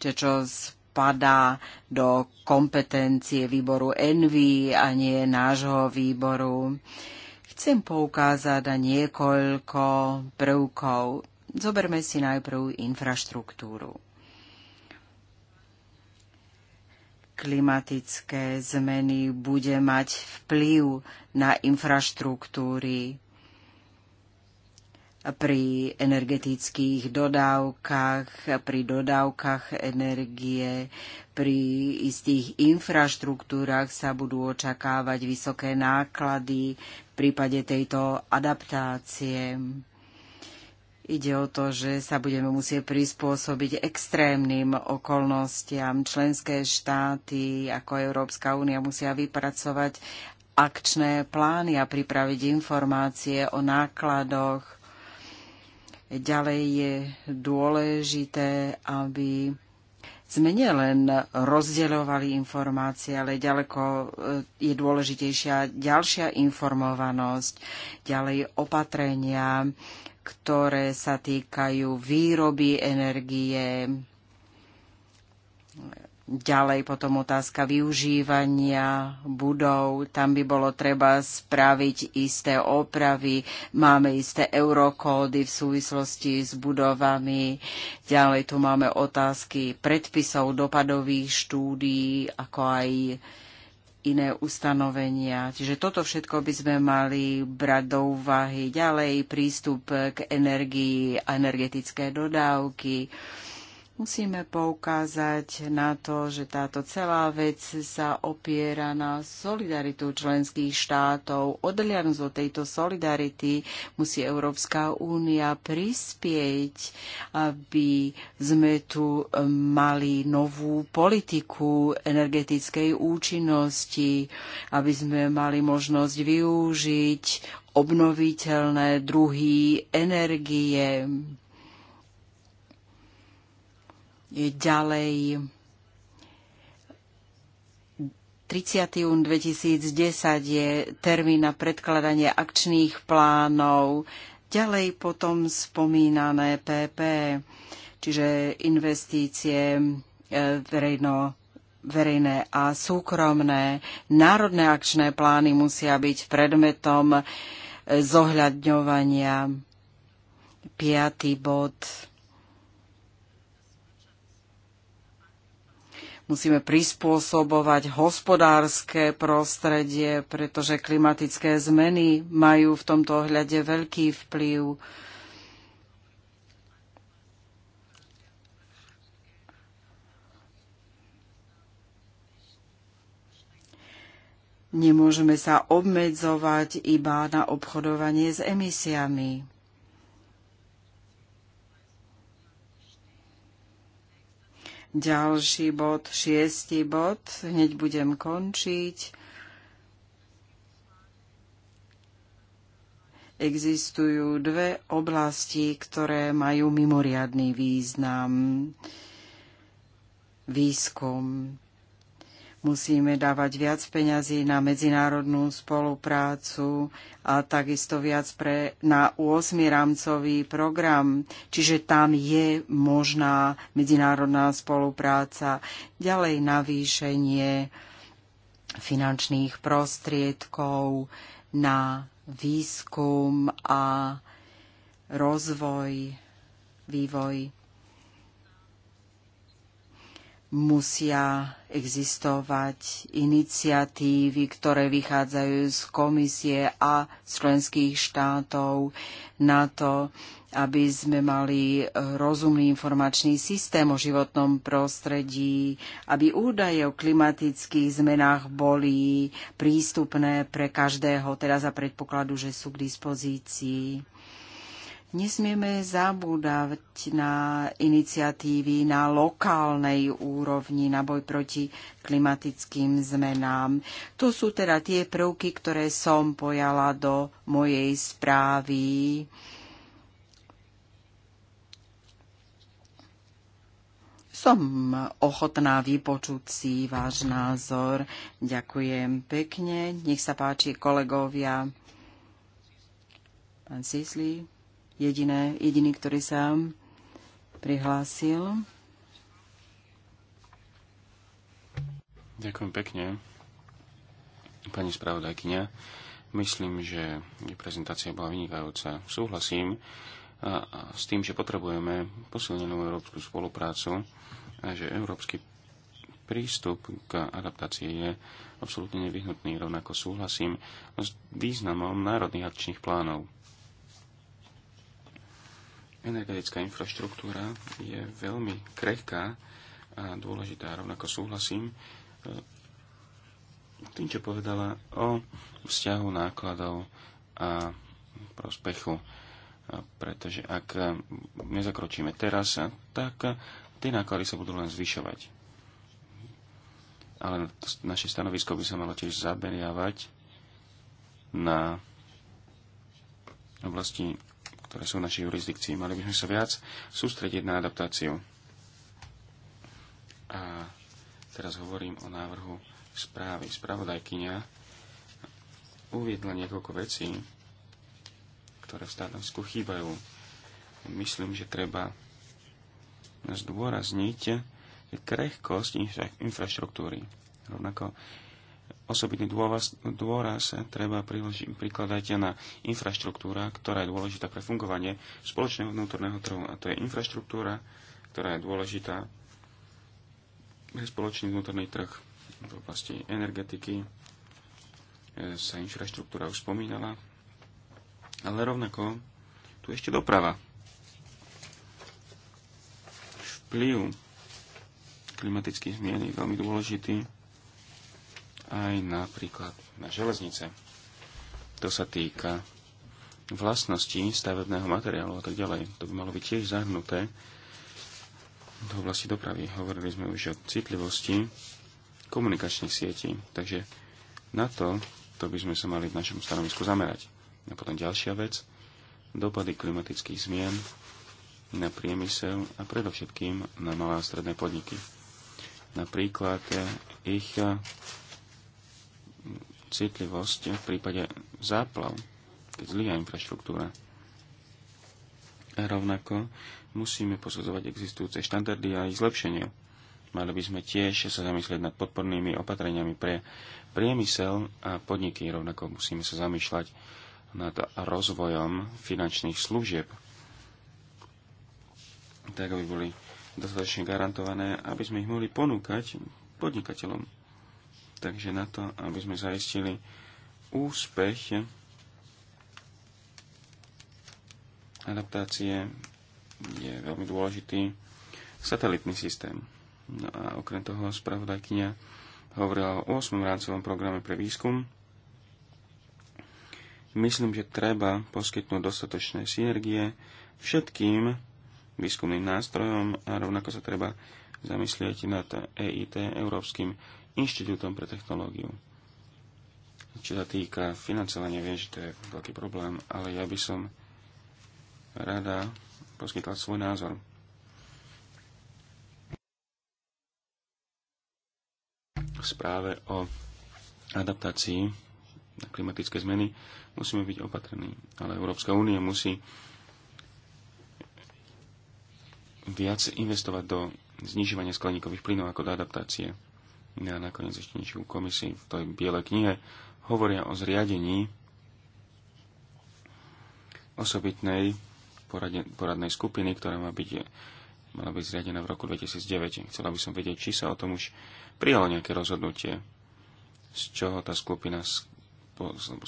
čo spadá do kompetencie výboru Envy a nie nášho výboru. Chcem poukázať na niekoľko prvkov. Zoberme si najprv infraštruktúru. Klimatické zmeny bude mať vplyv na infraštruktúry pri energetických dodávkach, pri dodávkach energie, pri istých infraštruktúrach sa budú očakávať vysoké náklady v prípade tejto adaptácie. Ide o to, že sa budeme musieť prispôsobiť extrémnym okolnostiam. Členské štáty ako Európska únia musia vypracovať akčné plány a pripraviť informácie o nákladoch Ďalej je dôležité, aby sme nielen rozdeľovali informácie, ale ďaleko e, je dôležitejšia ďalšia informovanosť, ďalej opatrenia, ktoré sa týkajú výroby energie, Ďalej potom otázka využívania budov, tam by bolo treba spraviť isté opravy, máme isté eurokódy v súvislosti s budovami, ďalej tu máme otázky predpisov dopadových štúdií, ako aj iné ustanovenia. Čiže toto všetko by sme mali brať do úvahy. Ďalej prístup k energii, energetické dodávky. Uh, Musíme poukázať na to, že táto celá vec sa opiera na solidaritu členských štátov. Odliadnúť od tejto solidarity musí Európska únia prispieť, aby sme tu mali novú politiku energetickej účinnosti, aby sme mali možnosť využiť obnoviteľné druhy energie ďalej 30. jún 2010 je termín na predkladanie akčných plánov, ďalej potom spomínané PP, čiže investície e, verejno verejné a súkromné. Národné akčné plány musia byť predmetom e, zohľadňovania. Piatý bod Musíme prispôsobovať hospodárske prostredie, pretože klimatické zmeny majú v tomto ohľade veľký vplyv. Nemôžeme sa obmedzovať iba na obchodovanie s emisiami. ďalší bod, šiestý bod. Hneď budem končiť. Existujú dve oblasti, ktoré majú mimoriadný význam. Výskum Musíme dávať viac peňazí na medzinárodnú spoluprácu a takisto viac pre, na 8 rámcový program, čiže tam je možná medzinárodná spolupráca. Ďalej navýšenie finančných prostriedkov na výskum a rozvoj, vývoj musia existovať iniciatívy, ktoré vychádzajú z komisie a z členských štátov na to, aby sme mali rozumný informačný systém o životnom prostredí, aby údaje o klimatických zmenách boli prístupné pre každého, teda za predpokladu, že sú k dispozícii. Nesmieme zabúdať na iniciatívy na lokálnej úrovni, na boj proti klimatickým zmenám. To sú teda tie prvky, ktoré som pojala do mojej správy. Som ochotná vypočuť si váš názor. Ďakujem pekne. Nech sa páči kolegovia. Pán Sisli jediné, jediný, ktorý sa prihlásil. Ďakujem pekne, pani spravodajkynia. Myslím, že prezentácia bola vynikajúca. Súhlasím a, a s tým, že potrebujeme posilnenú európsku spoluprácu a že európsky prístup k adaptácii je absolútne nevyhnutný. Rovnako súhlasím s významom národných akčných plánov energetická infraštruktúra je veľmi krehká a dôležitá. Rovnako súhlasím eh, tým, čo povedala o vzťahu nákladov a prospechu. Pretože ak eh, nezakročíme teraz, tak eh, tie náklady sa budú len zvyšovať. Ale naše stanovisko by sa malo tiež zaberiavať na oblasti ktoré sú v našej jurisdikcii. Mali by sme sa viac sústrediť na adaptáciu. A teraz hovorím o návrhu správy. Spravodajkynia uviedla niekoľko vecí, ktoré v Stárnovsku chýbajú. Myslím, že treba zdôrazniť krehkosť infraštruktúry. Rovnako Osobitný dôraz, dôraz treba prikladať na infraštruktúra, ktorá je dôležitá pre fungovanie spoločného vnútorného trhu. A to je infraštruktúra, ktorá je dôležitá pre spoločný vnútorný trh v oblasti energetiky. E, sa infraštruktúra už spomínala. Ale rovnako tu ešte doprava. Vplyv klimatických zmien je veľmi dôležitý aj napríklad na železnice. To sa týka vlastnosti stavebného materiálu a tak ďalej. To by malo byť tiež zahrnuté do oblasti dopravy. Hovorili sme už o citlivosti komunikačných sietí, takže na to, to by sme sa mali v našom stanovisku zamerať. A potom ďalšia vec, dopady klimatických zmien na priemysel a predovšetkým na malé a stredné podniky. Napríklad ich citlivosť v prípade záplav, keď zlyha infraštruktúra. A rovnako musíme posudzovať existujúce štandardy a ich zlepšenie. Mali by sme tiež sa zamyslieť nad podpornými opatreniami pre priemysel a podniky. Rovnako musíme sa zamýšľať nad rozvojom finančných služieb, tak aby boli dostatočne garantované, aby sme ich mohli ponúkať podnikateľom Takže na to, aby sme zaistili úspech adaptácie, je veľmi dôležitý satelitný systém. No a okrem toho spravodajkynia hovorila o 8. rámcovom programe pre výskum. Myslím, že treba poskytnúť dostatočné synergie všetkým výskumným nástrojom a rovnako sa treba zamyslieť nad EIT, Európskym Inštitútom pre technológiu. Čo sa týka financovania, viem, že to je veľký problém, ale ja by som rada poskytla svoj názor. V správe o adaptácii na klimatické zmeny musíme byť opatrní, ale Európska únia musí viac investovať do znižovania skleníkových plynov ako do adaptácie a nakoniec ešte niečo u komisii v tej bielej knihe, hovoria o zriadení osobitnej poradne, poradnej skupiny, ktorá má byť, mala byť zriadená v roku 2009. Chcela by som vedieť, či sa o tom už prijalo nejaké rozhodnutie, z čoho tá skupina, z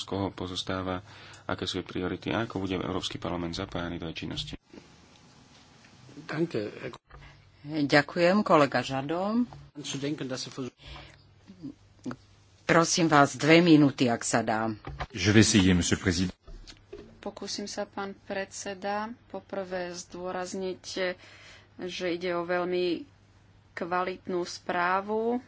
koho pozostáva, aké sú jej priority a ako bude Európsky parlament zapájany do jej činnosti. Ďakujem, kolega Žadom. Prosím vás, dve minúty, ak sa dá. Pokúsim sa, pán predseda, poprvé zdôrazniť, že ide o veľmi kvalitnú správu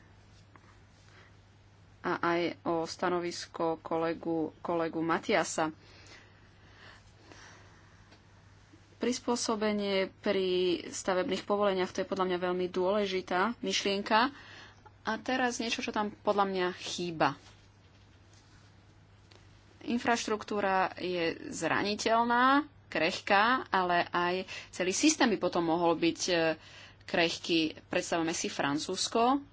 a aj o stanovisko kolegu, kolegu Matiasa. Prispôsobenie pri stavebných povoleniach, to je podľa mňa veľmi dôležitá myšlienka. A teraz niečo, čo tam podľa mňa chýba. Infraštruktúra je zraniteľná, krehká, ale aj celý systém by potom mohol byť e, krehký. Predstavujeme si Francúzsko.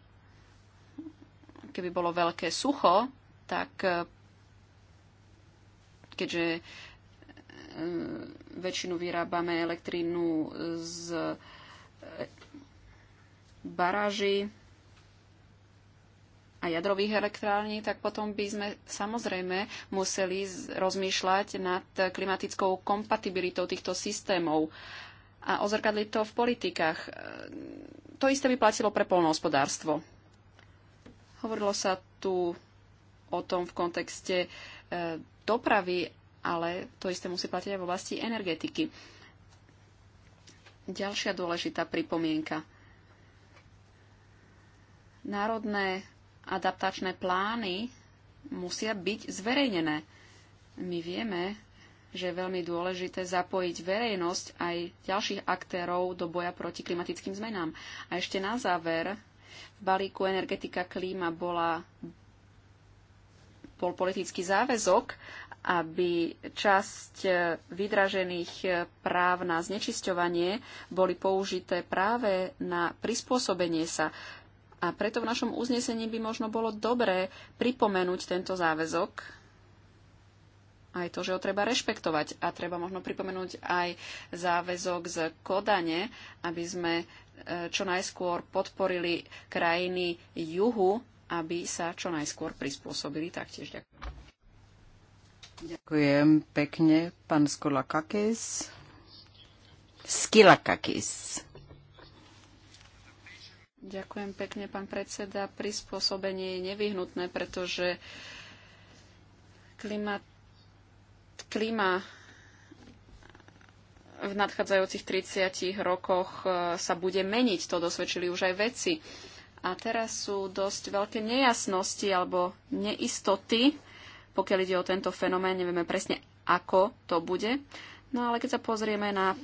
Keby bolo veľké sucho, tak e, keďže E, väčšinu vyrábame elektrínu z e, baráží a jadrových elektrární, tak potom by sme samozrejme museli rozmýšľať nad klimatickou kompatibilitou týchto systémov a ozrkadliť to v politikách. E, to isté by platilo pre polnohospodárstvo. Hovorilo sa tu o tom v kontexte dopravy ale to isté musí platiť aj v oblasti energetiky. Ďalšia dôležitá pripomienka. Národné adaptačné plány musia byť zverejnené. My vieme, že je veľmi dôležité zapojiť verejnosť aj ďalších aktérov do boja proti klimatickým zmenám. A ešte na záver, v balíku energetika klíma bola, bol politický záväzok aby časť e, vydražených e, práv na znečisťovanie boli použité práve na prispôsobenie sa. A preto v našom uznesení by možno bolo dobré pripomenúť tento záväzok, aj to, že ho treba rešpektovať. A treba možno pripomenúť aj záväzok z Kodane, aby sme e, čo najskôr podporili krajiny juhu, aby sa čo najskôr prispôsobili. Taktiež ďakujem. Ďakujem pekne, pán Skolakakis. Skilakakis. Ďakujem pekne, pán predseda. Prispôsobenie je nevyhnutné, pretože klima, klima v nadchádzajúcich 30 rokoch e, sa bude meniť. To dosvedčili už aj veci. A teraz sú dosť veľké nejasnosti alebo neistoty, pokiaľ ide o tento fenomén, nevieme presne, ako to bude. No ale keď sa pozrieme na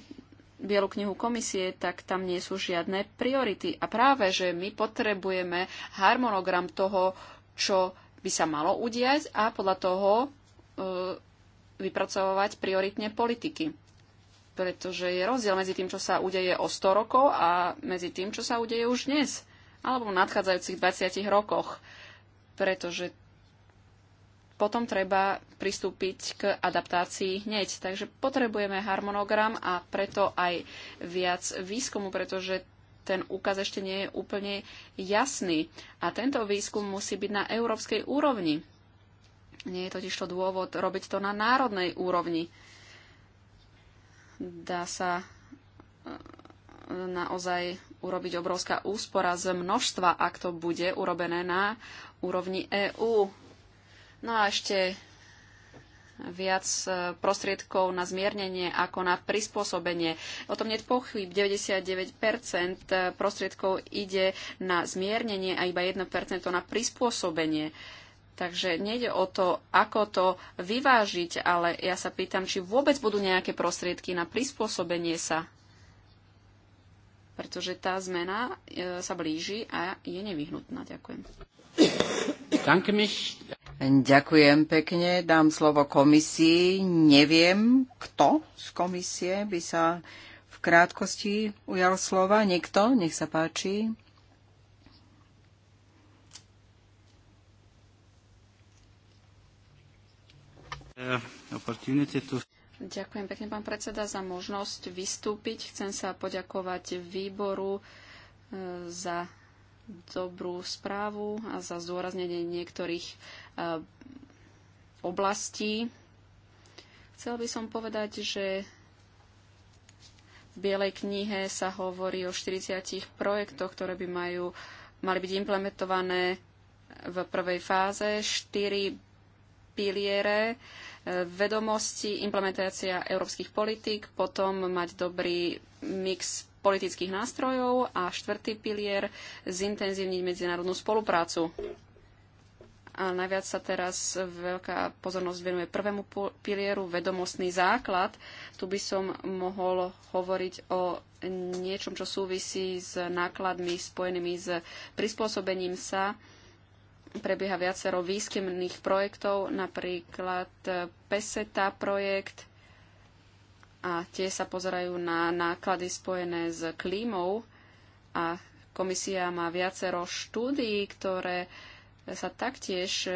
Bielu knihu komisie, tak tam nie sú žiadne priority. A práve, že my potrebujeme harmonogram toho, čo by sa malo udiať a podľa toho e, vypracovať prioritne politiky. Pretože je rozdiel medzi tým, čo sa udeje o 100 rokov a medzi tým, čo sa udeje už dnes alebo v nadchádzajúcich 20 rokoch. Pretože potom treba pristúpiť k adaptácii hneď. Takže potrebujeme harmonogram a preto aj viac výskumu, pretože ten úkaz ešte nie je úplne jasný. A tento výskum musí byť na európskej úrovni. Nie je totiž to dôvod robiť to na národnej úrovni. Dá sa e, naozaj urobiť obrovská úspora z množstva, ak to bude urobené na úrovni EÚ No a ešte viac e, prostriedkov na zmiernenie ako na prispôsobenie. O tom net pochyb. 99% prostriedkov ide na zmiernenie a iba 1% na prispôsobenie. Takže nejde o to, ako to vyvážiť, ale ja sa pýtam, či vôbec budú nejaké prostriedky na prispôsobenie sa. Pretože tá zmena e, sa blíži a je nevyhnutná. Ďakujem. Ďakujem pekne. Dám slovo komisii. Neviem, kto z komisie by sa v krátkosti ujal slova. Niekto? Nech sa páči. Ďakujem pekne, pán predseda, za možnosť vystúpiť. Chcem sa poďakovať výboru eh, za dobrú správu a za zdôraznenie niektorých eh, oblastí. Chcel by som povedať, že v Bielej knihe sa hovorí o 40 projektoch, ktoré by majú, mali byť implementované v prvej fáze. štyri piliere eh, vedomosti, implementácia európskych politík, potom mať dobrý mix politických nástrojov a štvrtý pilier zintenzívniť medzinárodnú spoluprácu. A najviac sa teraz veľká pozornosť venuje prvému pilieru, vedomostný základ. Tu by som mohol hovoriť o niečom, čo súvisí s nákladmi spojenými s prispôsobením sa prebieha viacero výskumných projektov, napríklad PESETA projekt, a tie sa pozerajú na náklady spojené s klímou a komisia má viacero štúdií, ktoré sa taktiež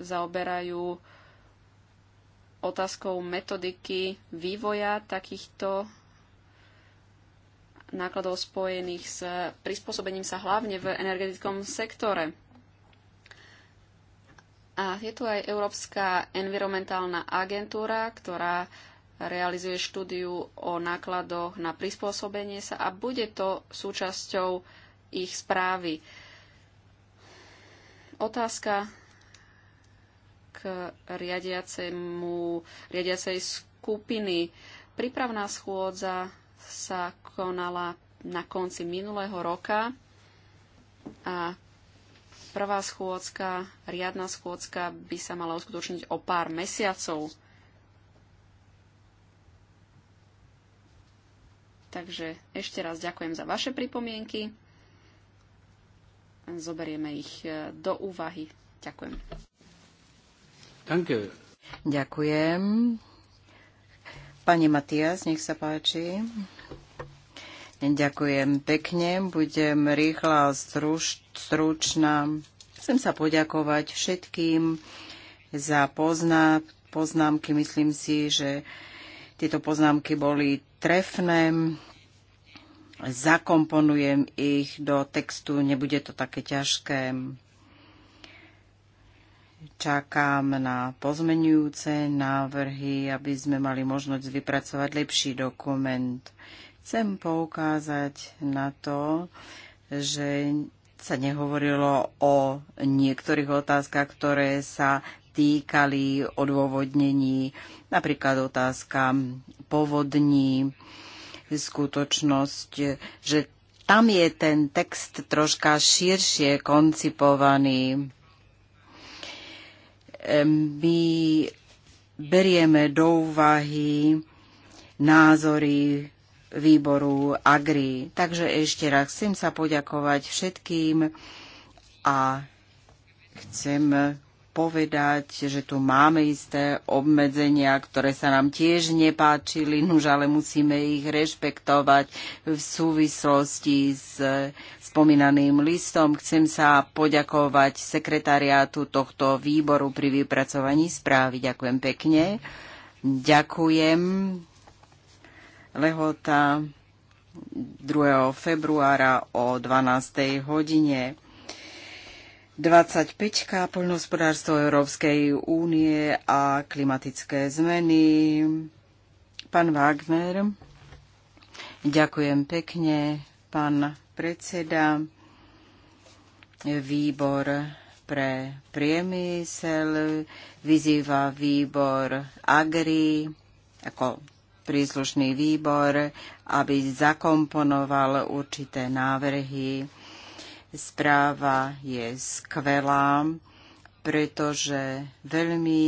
zaoberajú otázkou metodiky vývoja takýchto nákladov spojených s prispôsobením sa hlavne v energetickom sektore. A je tu aj Európska environmentálna agentúra, ktorá realizuje štúdiu o nákladoch na prispôsobenie sa a bude to súčasťou ich správy. Otázka k riadiacemu, riadiacej skupiny. Prípravná schôdza sa konala na konci minulého roka a prvá schôdzka, riadna schôdzka by sa mala uskutočniť o pár mesiacov. Takže ešte raz ďakujem za vaše pripomienky. Zoberieme ich e, do úvahy. Ďakujem. Danke. Ďakujem. Pani Matias, nech sa páči. Ďakujem pekne, budem rýchla a struč, stručná. Chcem sa poďakovať všetkým za pozná, poznámky. Myslím si, že tieto poznámky boli trefné, zakomponujem ich do textu, nebude to také ťažké. Čakám na pozmenujúce návrhy, aby sme mali možnosť vypracovať lepší dokument. Chcem poukázať na to, že sa nehovorilo o niektorých otázkach, ktoré sa týkali odôvodnení, napríklad otázka povodní, skutočnosť, že tam je ten text troška širšie koncipovaný. My berieme do úvahy názory výboru Agri. Takže ešte raz chcem sa poďakovať všetkým a chcem povedať, že tu máme isté obmedzenia, ktoré sa nám tiež nepáčili, nuž ale musíme ich rešpektovať v súvislosti s e, spomínaným listom. Chcem sa poďakovať sekretariátu tohto výboru pri vypracovaní správy. Ďakujem pekne. Ďakujem. Lehota 2. februára o 12. hodine 25. poľnohospodárstvo Európskej únie a klimatické zmeny. Pán Wagner. Ďakujem pekne, pán predseda. Výbor pre priemysel vyzýva výbor Agri ako príslušný výbor, aby zakomponoval určité návrhy Správa je skvelá, pretože veľmi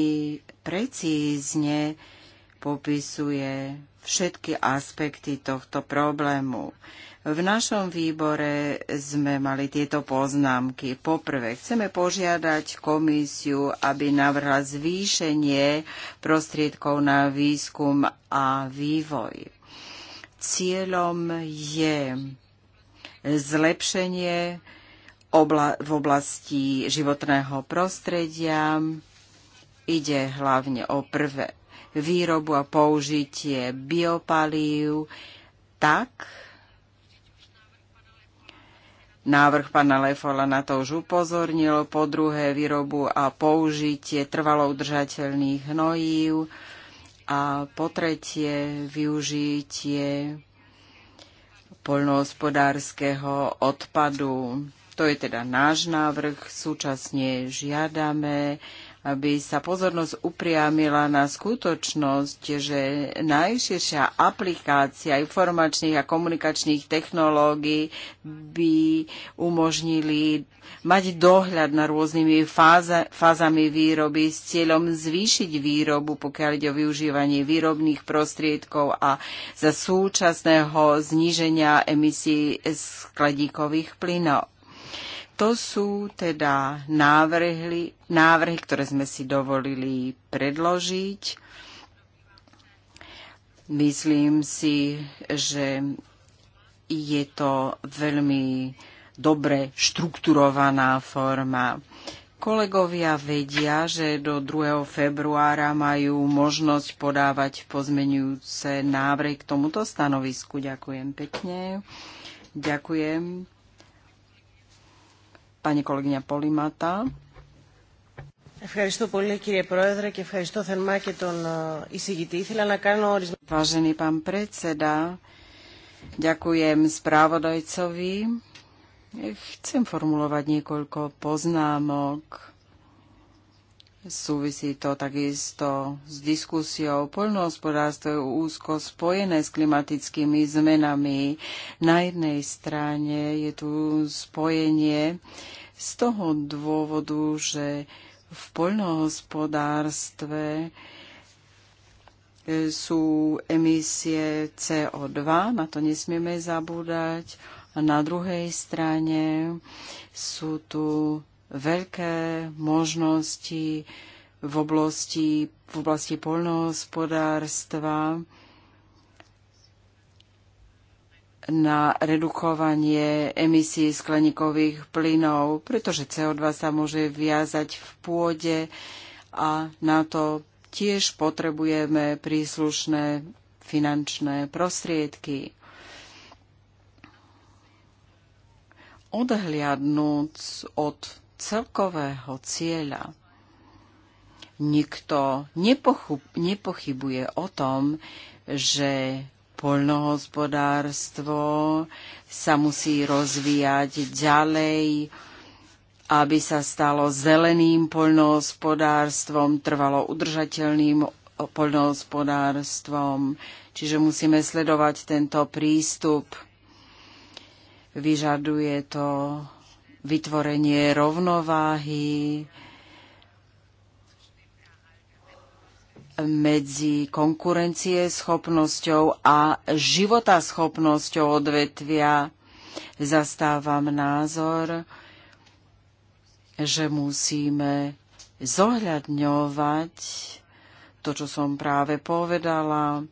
precízne popisuje všetky aspekty tohto problému. V našom výbore sme mali tieto poznámky. Poprvé, chceme požiadať komisiu, aby navrhla zvýšenie prostriedkov na výskum a vývoj. Cieľom je zlepšenie v oblasti životného prostredia. Ide hlavne o prvé výrobu a použitie biopalív tak, Návrh pana Lefola na to už upozornil, po druhé výrobu a použitie trvalo udržateľných hnojív a po tretie využitie poľnohospodárskeho odpadu. To je teda náš návrh. Súčasne žiadame aby sa pozornosť upriamila na skutočnosť, že najširšia aplikácia informačných a komunikačných technológií by umožnili mať dohľad na rôznymi fáza, fázami výroby s cieľom zvýšiť výrobu, pokiaľ ide o využívanie výrobných prostriedkov a za súčasného zníženia emisí skladíkových plynov. To sú teda návrhy, návrhy, ktoré sme si dovolili predložiť. Myslím si, že je to veľmi dobre štrukturovaná forma. Kolegovia vedia, že do 2. februára majú možnosť podávať pozmenujúce návrhy k tomuto stanovisku. Ďakujem pekne. Ďakujem. Pani kolegyňa Polimata. Vážený pán predseda, ďakujem správodajcovi. Chcem formulovať niekoľko poznámok Súvisí to takisto s diskusiou. Poľnohospodárstvo je úzko spojené s klimatickými zmenami. Na jednej strane je tu spojenie z toho dôvodu, že v poľnohospodárstve sú emisie CO2, na to nesmieme zabúdať. A na druhej strane sú tu veľké možnosti v oblasti, v oblasti poľnohospodárstva na redukovanie emisí skleníkových plynov, pretože CO2 sa môže viazať v pôde a na to tiež potrebujeme príslušné finančné prostriedky. Odhliadnúc od celkového cieľa. Nikto nepochybuje o tom, že poľnohospodárstvo sa musí rozvíjať ďalej, aby sa stalo zeleným poľnohospodárstvom, trvalo udržateľným poľnohospodárstvom. Čiže musíme sledovať tento prístup. Vyžaduje to vytvorenie rovnováhy medzi schopnosťou a schopnosťou odvetvia. Zastávam názor, že musíme zohľadňovať to, čo som práve povedala,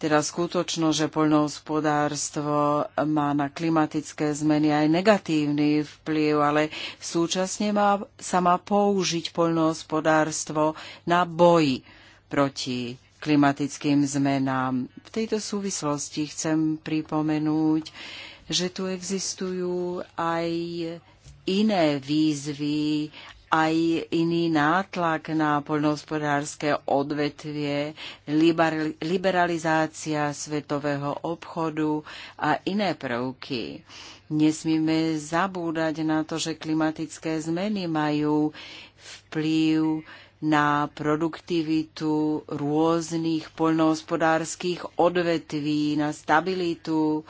teda skutočno, že poľnohospodárstvo má na klimatické zmeny aj negatívny vplyv, ale súčasne má, sa má použiť poľnohospodárstvo na boj proti klimatickým zmenám. V tejto súvislosti chcem pripomenúť, že tu existujú aj iné výzvy, aj iný nátlak na poľnohospodárske odvetvie, liberalizácia svetového obchodu a iné prvky. Nesmíme zabúdať na to, že klimatické zmeny majú vplyv na produktivitu rôznych poľnohospodárskych odvetví, na stabilitu uh,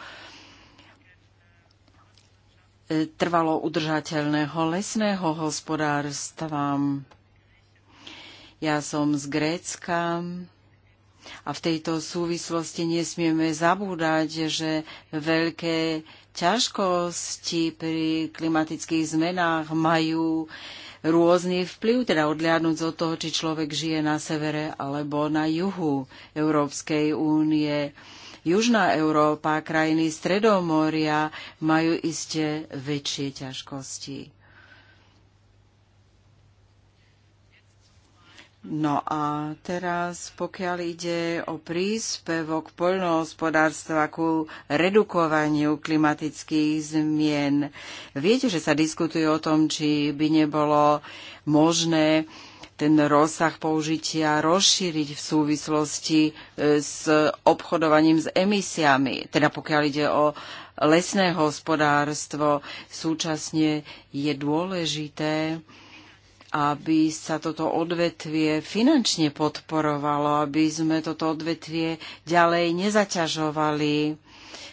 trvalo udržateľného lesného hospodárstva. Ja som z Grécka a v tejto súvislosti nesmieme zabúdať, že veľké ťažkosti pri klimatických zmenách majú rôzny vplyv, teda odliadnúť od toho, či človek žije na severe alebo na juhu Európskej únie. Južná Európa, krajiny Stredomoria majú iste väčšie ťažkosti. No a teraz, pokiaľ ide o príspevok poľnohospodárstva ku redukovaniu klimatických zmien, viete, že sa diskutuje o tom, či by nebolo možné ten rozsah použitia rozšíriť v súvislosti e, s obchodovaním s emisiami, teda pokiaľ ide o lesné hospodárstvo. Súčasne je dôležité, aby sa toto odvetvie finančne podporovalo, aby sme toto odvetvie ďalej nezaťažovali.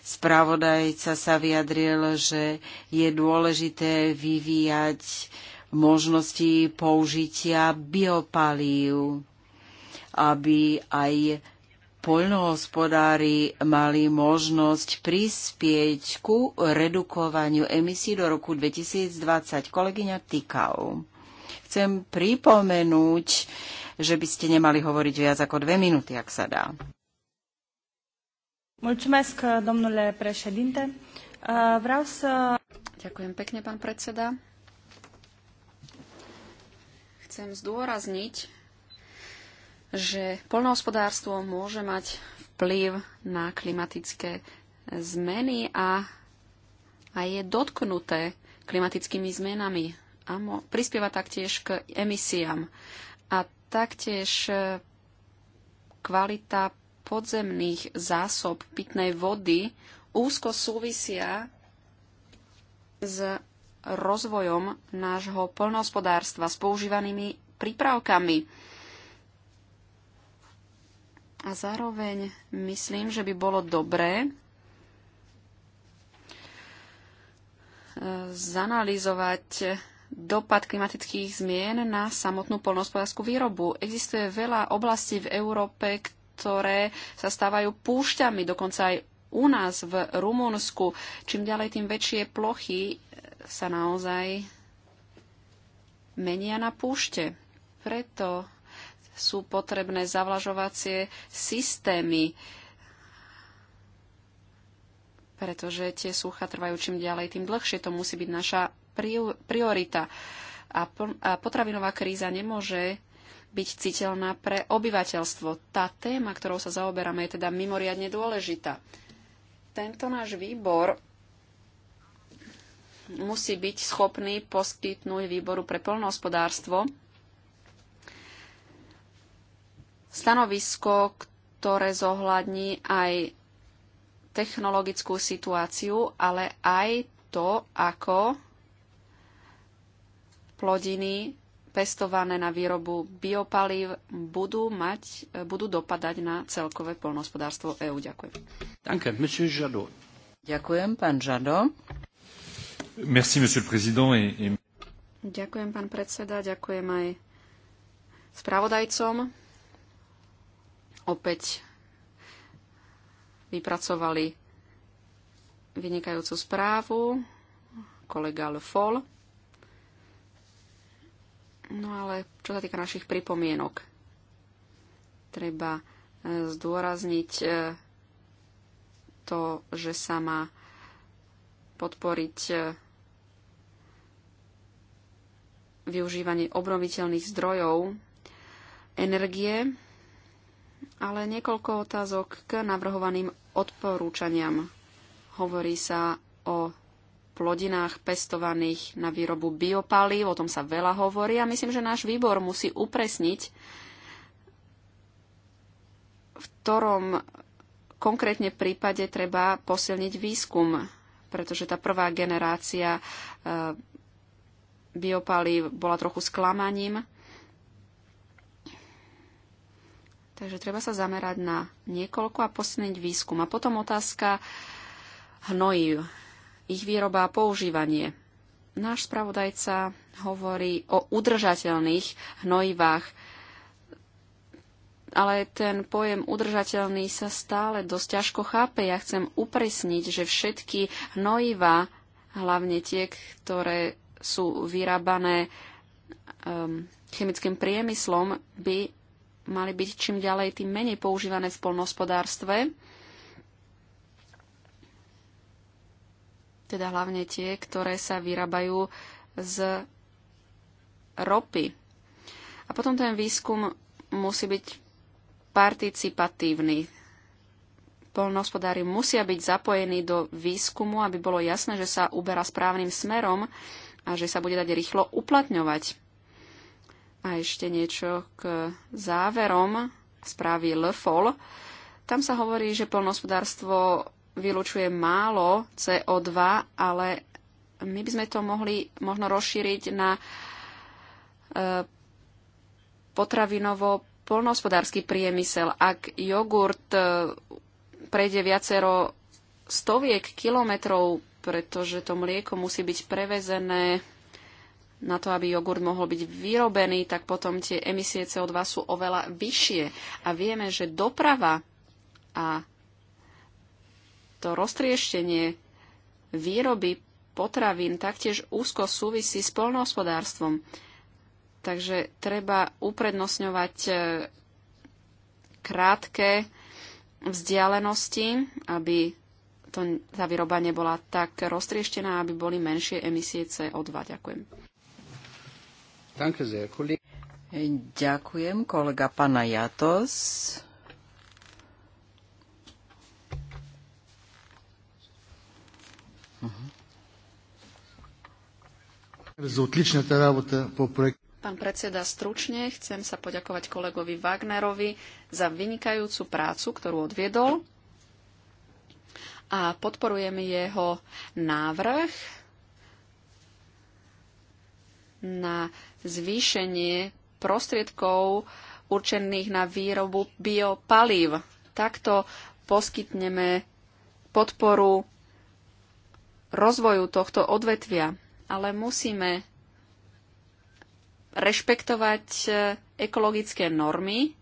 Spravodajca sa vyjadril, že je dôležité vyvíjať možnosti použitia biopalív, aby aj poľnohospodári mali možnosť prispieť ku redukovaniu emisí do roku 2020. Kolegyňa Tikau, chcem pripomenúť, že by ste nemali hovoriť viac ako dve minúty, ak sa dá. Uh, Ďakujem pekne, pán predseda chcem zdôrazniť, že poľnohospodárstvo môže mať vplyv na klimatické zmeny a, a je dotknuté klimatickými zmenami a prispieva taktiež k emisiám. A taktiež e, kvalita podzemných zásob pitnej vody úzko súvisia s rozvojom nášho plnohospodárstva s používanými prípravkami. A zároveň myslím, že by bolo dobré e, zanalizovať dopad klimatických zmien na samotnú polnohospodárskú výrobu. Existuje veľa oblastí v Európe, ktoré sa stávajú púšťami, dokonca aj u nás v Rumunsku. Čím ďalej, tým väčšie plochy sa naozaj menia na púšte. Preto sú potrebné zavlažovacie systémy, pretože tie sucha trvajú čím ďalej, tým dlhšie. To musí byť naša priorita. A, potravinová kríza nemôže byť citeľná pre obyvateľstvo. Tá téma, ktorou sa zaoberáme, je teda mimoriadne dôležitá. Tento náš výbor musí byť schopný poskytnúť výboru pre plnohospodárstvo stanovisko, ktoré zohľadní aj technologickú situáciu, ale aj to, ako plodiny pestované na výrobu biopalív budú, mať, budú dopadať na celkové poľnohospodárstvo EÚ. Ďakujem. Ďakujem, pán Žado. Merci, monsieur le président. Et, Ďakujem, pán predseda, ďakujem aj spravodajcom. Opäť vypracovali vynikajúcu správu kolega Le Foll. No ale čo sa týka našich pripomienok, treba e, zdôrazniť e, to, že sa má podporiť e, využívanie obnoviteľných zdrojov energie, ale niekoľko otázok k navrhovaným odporúčaniam. Hovorí sa o plodinách pestovaných na výrobu biopalív, o tom sa veľa hovorí a myslím, že náš výbor musí upresniť, v ktorom konkrétne prípade treba posilniť výskum, pretože tá prvá generácia eh, biopaly bola trochu sklamaním. Takže treba sa zamerať na niekoľko a posneť výskum. A potom otázka hnojiv, ich výroba a používanie. Náš spravodajca hovorí o udržateľných hnojivách, ale ten pojem udržateľný sa stále dosť ťažko chápe. Ja chcem upresniť, že všetky hnojiva, hlavne tie, ktoré sú vyrábané um, chemickým priemyslom, by mali byť čím ďalej tým menej používané v polnospodárstve. Teda hlavne tie, ktoré sa vyrábajú z ropy. A potom ten výskum musí byť participatívny. Polnohospodári musia byť zapojení do výskumu, aby bolo jasné, že sa uberá správnym smerom a že sa bude dať rýchlo uplatňovať. A ešte niečo k záverom správy LFOL. Tam sa hovorí, že polnospodárstvo vylučuje málo CO2, ale my by sme to mohli možno rozšíriť na e, potravinovo polnohospodársky priemysel. Ak jogurt e, prejde viacero stoviek kilometrov pretože to mlieko musí byť prevezené na to, aby jogurt mohol byť vyrobený, tak potom tie emisie CO2 sú oveľa vyššie. A vieme, že doprava a to roztrieštenie výroby potravín taktiež úzko súvisí s polnohospodárstvom. Takže treba uprednostňovať e, krátke vzdialenosti, aby to, tá výroba nebola tak roztrieštená, aby boli menšie emisie CO2. Ďakujem. Ďakujem, kolega pana Jatos. Mhm. Pán predseda, stručne chcem sa poďakovať kolegovi Wagnerovi za vynikajúcu prácu, ktorú odviedol a podporujeme jeho návrh na zvýšenie prostriedkov určených na výrobu biopalív. Takto poskytneme podporu rozvoju tohto odvetvia, ale musíme rešpektovať e, ekologické normy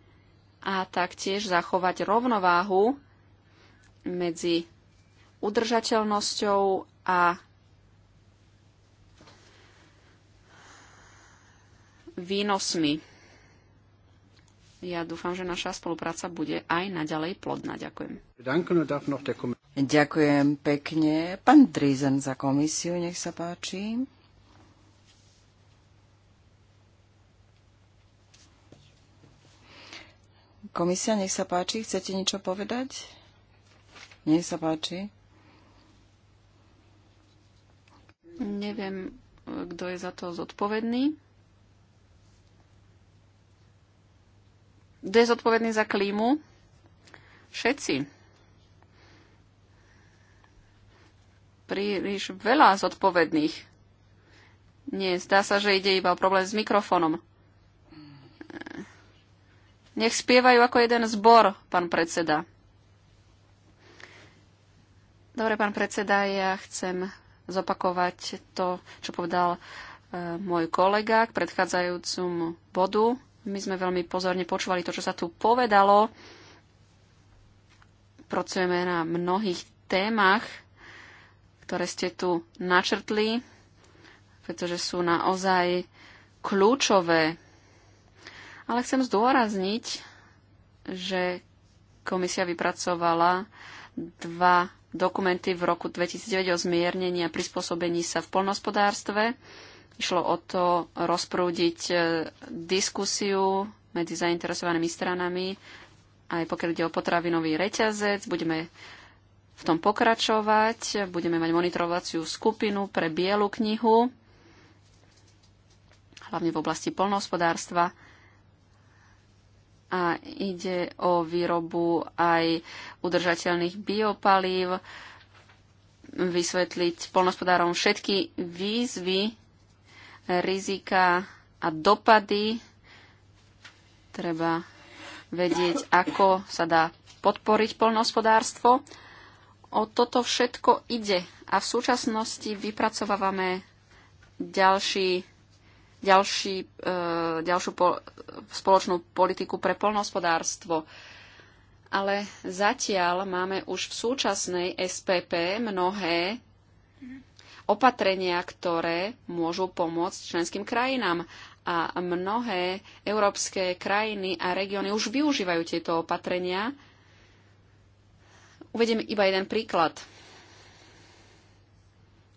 a taktiež zachovať rovnováhu medzi udržateľnosťou a výnosmi. Ja dúfam, že naša spolupráca bude aj naďalej plodná. Ďakujem. Ďakujem pekne. Pán Drizen za komisiu, nech sa páči. Komisia, nech sa páči, chcete niečo povedať? Nech sa páči. Neviem, kto je za to zodpovedný. Kto je zodpovedný za klímu? Všetci. Príliš veľa zodpovedných. Nie, zdá sa, že ide iba o problém s mikrofónom. Nech spievajú ako jeden zbor, pán predseda. Dobre, pán predseda, ja chcem zopakovať to, čo povedal e, môj kolega k predchádzajúcom bodu. My sme veľmi pozorne počúvali to, čo sa tu povedalo. Pracujeme na mnohých témach, ktoré ste tu načrtli, pretože sú naozaj kľúčové. Ale chcem zdôrazniť, že komisia vypracovala dva dokumenty v roku 2009 o zmiernení a prispôsobení sa v polnospodárstve. Išlo o to rozprúdiť e, diskusiu medzi zainteresovanými stranami, aj pokiaľ ide o potravinový reťazec. Budeme v tom pokračovať, budeme mať monitorovaciu skupinu pre bielu knihu, hlavne v oblasti polnohospodárstva a ide o výrobu aj udržateľných biopalív, vysvetliť polnospodárom všetky výzvy, rizika a dopady. Treba vedieť, ako sa dá podporiť polnospodárstvo. O toto všetko ide a v súčasnosti vypracovávame ďalší ďalší, e, ďalšiu po, spoločnú politiku pre polnohospodárstvo. Ale zatiaľ máme už v súčasnej SPP mnohé opatrenia, ktoré môžu pomôcť členským krajinám. A mnohé európske krajiny a regióny už využívajú tieto opatrenia. Uvediem iba jeden príklad.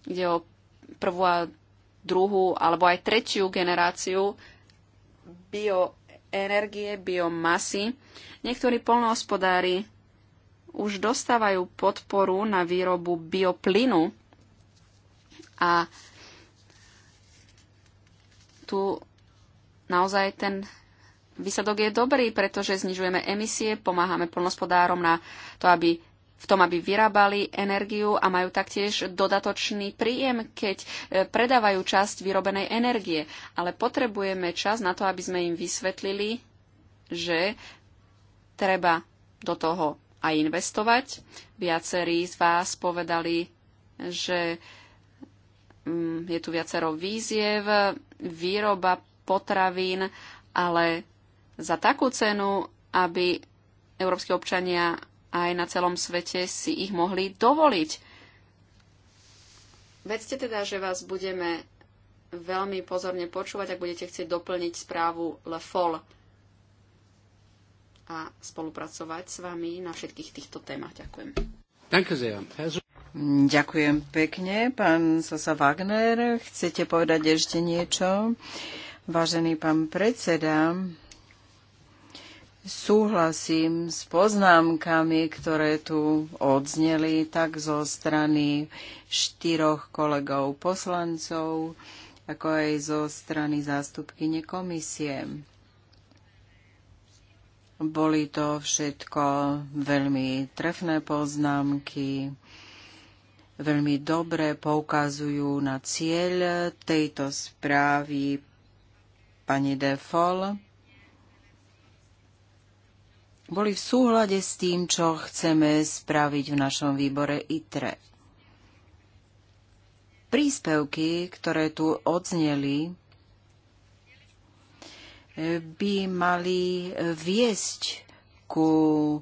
Ide o prvú a druhú alebo aj tretiu generáciu bioenergie, biomasy. Niektorí polnohospodári už dostávajú podporu na výrobu bioplynu a tu naozaj ten výsledok je dobrý, pretože znižujeme emisie, pomáhame plnospodárom na to, aby v tom, aby vyrábali energiu a majú taktiež dodatočný príjem, keď e, predávajú časť vyrobenej energie. Ale potrebujeme čas na to, aby sme im vysvetlili, že treba do toho aj investovať. Viacerí z vás povedali, že mm, je tu viacero víziev, výroba potravín, ale za takú cenu, aby európsky občania aj na celom svete si ich mohli dovoliť. Vedzte teda, že vás budeme veľmi pozorne počúvať, ak budete chcieť doplniť správu Le Fol a spolupracovať s vami na všetkých týchto témach. Ďakujem. Ďakujem pekne. Pán Sosa Wagner, chcete povedať ešte niečo? Vážený pán predseda, súhlasím s poznámkami, ktoré tu odzneli tak zo strany štyroch kolegov poslancov, ako aj zo strany zástupkyne komisie. Boli to všetko veľmi trefné poznámky, veľmi dobre poukazujú na cieľ tejto správy pani Defol boli v súhľade s tým, čo chceme spraviť v našom výbore ITRE. Príspevky, ktoré tu odzneli, by mali viesť ku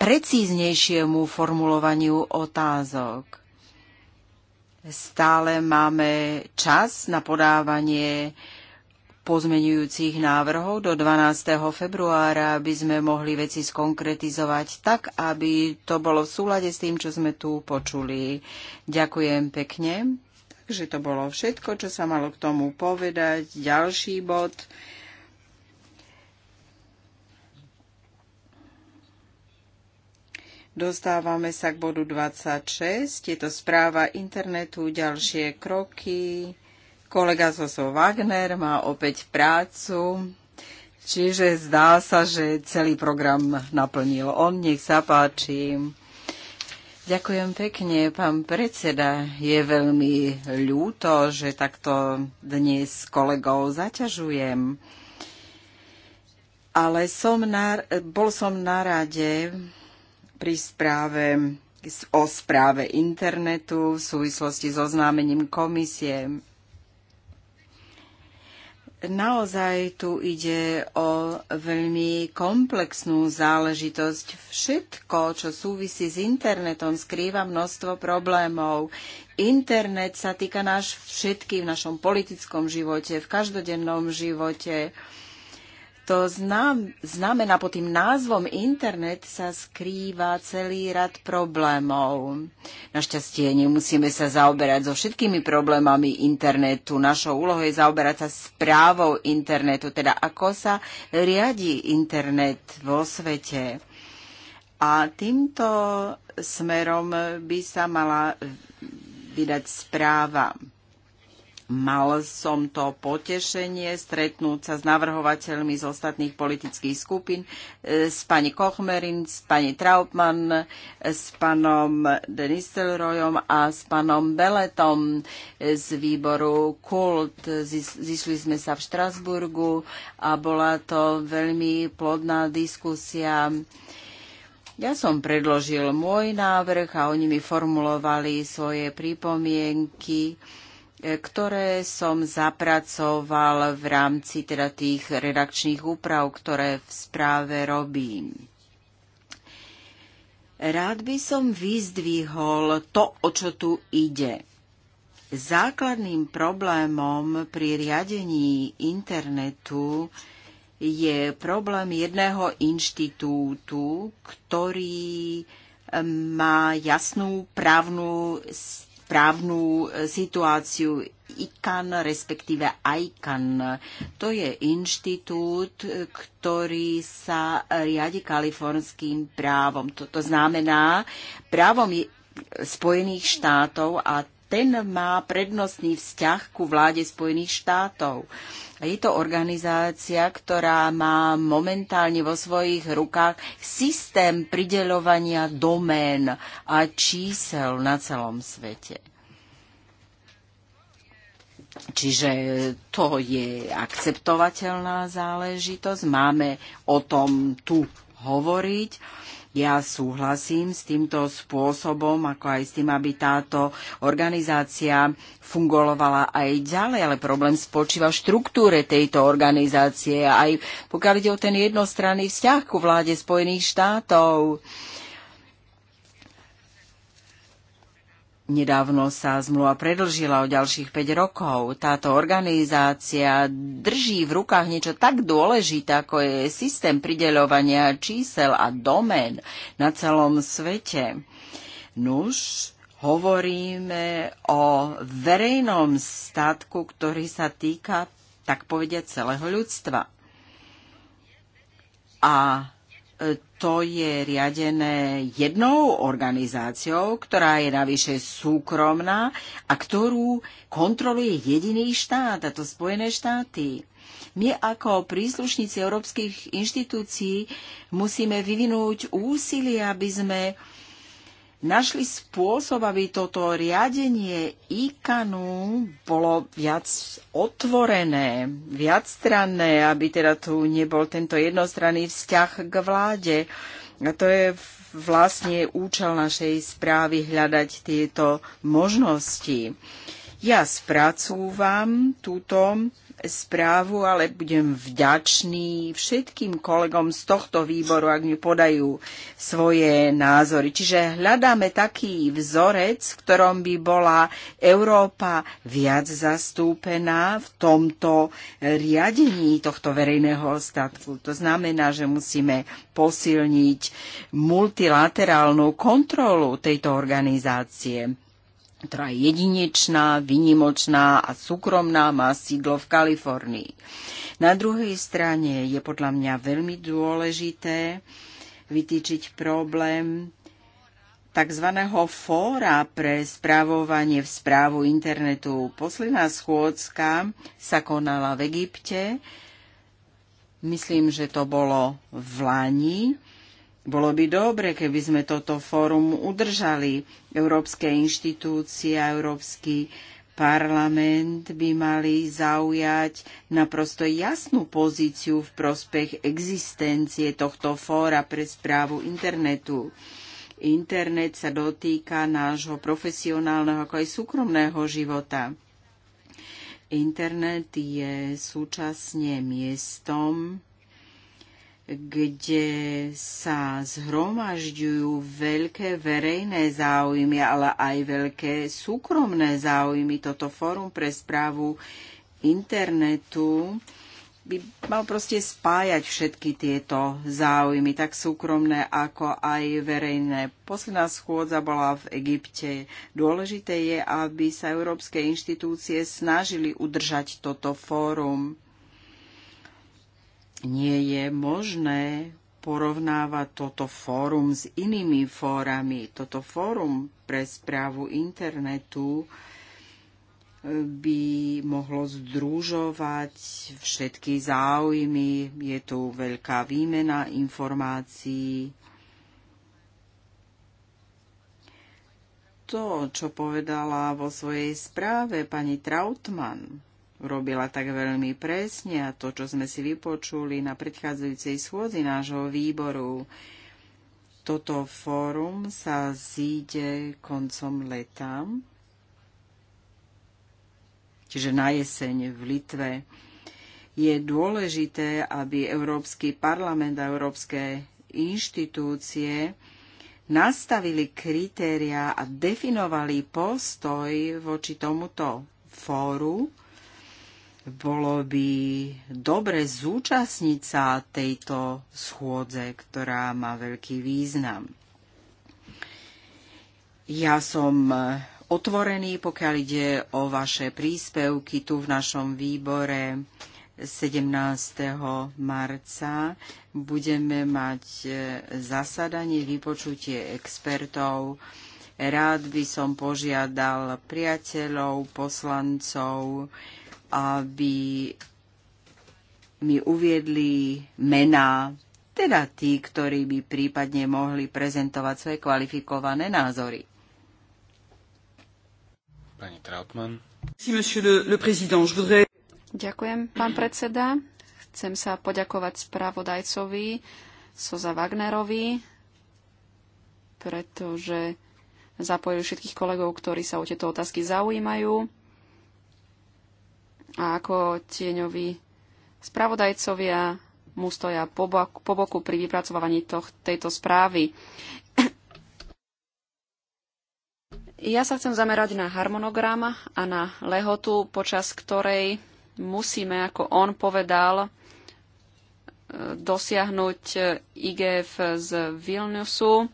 precíznejšiemu formulovaniu otázok. Stále máme čas na podávanie pozmenujúcich návrhov do 12. februára, aby sme mohli veci skonkretizovať tak, aby to bolo v súlade s tým, čo sme tu počuli. Ďakujem pekne. Takže to bolo všetko, čo sa malo k tomu povedať. Ďalší bod. Dostávame sa k bodu 26. Je to správa internetu, ďalšie kroky. Kolega Soso Wagner má opäť prácu, čiže zdá sa, že celý program naplnil on. Nech sa páči. Ďakujem pekne, pán predseda. Je veľmi ľúto, že takto dnes kolegov zaťažujem. Ale som na, bol som na rade pri správe o správe internetu v súvislosti s so oznámením komisie. Naozaj tu ide o veľmi komplexnú záležitosť. Všetko, čo súvisí s internetom, skrýva množstvo problémov. Internet sa týka náš všetkých v našom politickom živote, v každodennom živote. Uh, to znamená pod tým názvom internet sa skrýva celý rad problémov. Našťastie nemusíme sa zaoberať so všetkými problémami internetu. Našou úlohou je zaoberať sa správou internetu, teda ako sa riadi internet vo svete. A týmto smerom by sa mala vydať správa. Mal som to potešenie stretnúť sa s navrhovateľmi z ostatných politických skupín, e, s pani Kochmerin, s pani Trautmann, s panom Denistelrojom a s panom Beletom z výboru Kult. Zišli sme sa v Štrasburgu a bola to veľmi plodná diskusia. Ja som predložil môj návrh a oni mi formulovali svoje pripomienky ktoré som zapracoval v rámci teda tých redakčných úprav, ktoré v správe robím. Rád by som vyzdvihol to, o čo tu ide. Základným problémom pri riadení internetu je problém jedného inštitútu, ktorý má jasnú právnu právnu e, situáciu ICAN, respektíve ICAN. To je inštitút, e, ktorý sa riadi kalifornským právom. Toto znamená právom Spojených štátov a ten má prednostný vzťah ku vláde Spojených štátov. Je to organizácia, ktorá má momentálne vo svojich rukách systém prideľovania domén a čísel na celom svete. Čiže to je akceptovateľná záležitosť. Máme o tom tu hovoriť ja súhlasím s týmto spôsobom, ako aj s tým, aby táto organizácia fungovala aj ďalej, ale problém spočíva v štruktúre tejto organizácie, aj pokiaľ ide o ten jednostranný vzťah ku vláde Spojených štátov. Uh, Nedávno sa zmluva predlžila o ďalších 5 rokov. Táto organizácia drží v rukách niečo tak dôležité, ako je systém prideľovania čísel a domén na celom svete. Nuž, hovoríme o verejnom statku, ktorý sa týka, tak povedia, celého ľudstva. A e, to je riadené jednou organizáciou, ktorá je navyše súkromná a ktorú kontroluje jediný štát, a to Spojené štáty. My ako príslušníci európskych inštitúcií musíme vyvinúť úsilie, aby sme našli spôsob, aby toto riadenie IKANu bolo viac otvorené, viac stranné, aby teda tu nebol tento jednostranný vzťah k vláde. A to je vlastne účel našej správy hľadať tieto možnosti. Ja spracúvam túto správu, ale budem vďačný všetkým kolegom z tohto výboru, ak mi podajú svoje názory. Čiže hľadáme taký vzorec, v ktorom by bola Európa viac zastúpená v tomto riadení tohto verejného statku. To znamená, že musíme posilniť multilaterálnu kontrolu tejto organizácie ktorá je jedinečná, vynimočná a súkromná, má sídlo v Kalifornii. Na druhej strane je podľa mňa veľmi dôležité vytýčiť problém tzv. fóra pre správovanie v správu internetu. Posledná schôdzka sa konala v Egypte. Myslím, že to bolo v Lani bolo by dobre, keby sme toto fórum udržali. Európske inštitúcie, Európsky parlament by mali zaujať naprosto jasnú pozíciu v prospech existencie tohto fóra pre správu internetu. Internet sa dotýka nášho profesionálneho ako aj súkromného života. Internet je súčasne miestom, kde sa zhromažďujú veľké verejné záujmy, ale aj veľké súkromné záujmy. Toto fórum pre správu internetu by mal proste spájať všetky tieto záujmy, tak súkromné ako aj verejné. Posledná schôdza bola v Egypte. Dôležité je, aby sa európske inštitúcie snažili udržať toto fórum nie je možné porovnávať toto fórum s inými fórami. Toto fórum pre správu internetu eh, by mohlo združovať všetky záujmy. Je tu veľká výmena informácií. To, čo povedala vo svojej správe pani Trautmann, robila tak veľmi presne a to, čo sme si vypočuli na predchádzajúcej schôdzi nášho výboru, toto fórum sa zíde koncom leta, čiže na jeseň v Litve. Je dôležité, aby Európsky parlament a európske inštitúcie nastavili kritéria a definovali postoj voči tomuto fóru, bolo by dobre zúčastniť sa tejto schôdze, ktorá má veľký význam. Ja som otvorený, pokiaľ ide o vaše príspevky tu v našom výbore. 17. marca budeme mať e, zasadanie, vypočutie expertov. Rád by som požiadal priateľov, poslancov, aby mi uviedli mená, teda tí, ktorí by prípadne mohli prezentovať svoje kvalifikované názory. Pani Trautmann. Ďakujem, pán predseda. Chcem sa poďakovať spravodajcovi Soza Wagnerovi, pretože zapojil všetkých kolegov, ktorí sa o tieto otázky zaujímajú a ako tieňoví spravodajcovia mu stoja po boku, po boku pri vypracovávaní toh, tejto správy. Ja sa chcem zamerať na harmonogram a na lehotu, počas ktorej musíme, ako on povedal, e, dosiahnuť IGF z Vilniusu.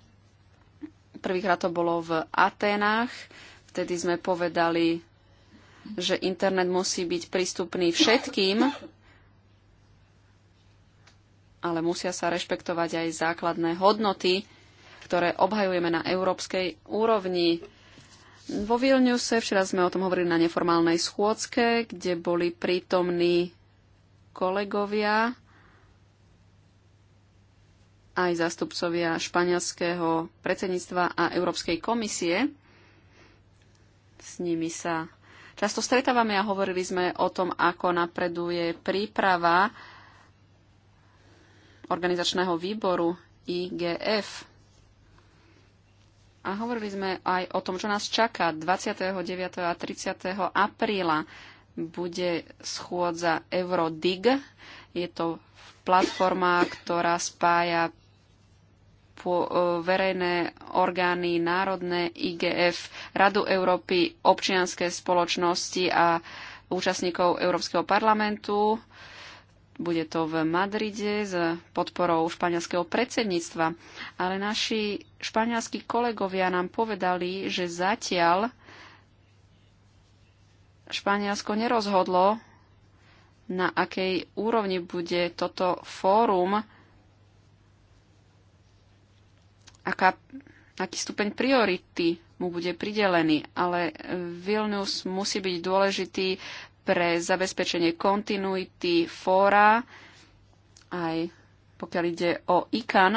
Prvýkrát to bolo v Aténách. Vtedy sme povedali že internet musí byť prístupný všetkým, ale musia sa rešpektovať aj základné hodnoty, ktoré obhajujeme na európskej úrovni. Vo Vilniuse včera sme o tom hovorili na neformálnej schôdzke, kde boli prítomní kolegovia aj zástupcovia španielského predsedníctva a Európskej komisie. S nimi sa často stretávame a hovorili sme o tom, ako napreduje príprava organizačného výboru IGF. A hovorili sme aj o tom, čo nás čaká 29. a 30. apríla bude schôdza Eurodig. Je to platforma, ktorá spája E, verejné orgány, národné IGF, Radu Európy, občianské spoločnosti a účastníkov Európskeho parlamentu. Bude to v Madride s podporou španielského predsedníctva. Ale naši španielskí kolegovia nám povedali, že zatiaľ Španielsko nerozhodlo, na akej úrovni bude toto fórum aká, aký stupeň priority mu bude pridelený, ale Vilnius musí byť dôležitý pre zabezpečenie kontinuity fóra, aj pokiaľ ide o ICAN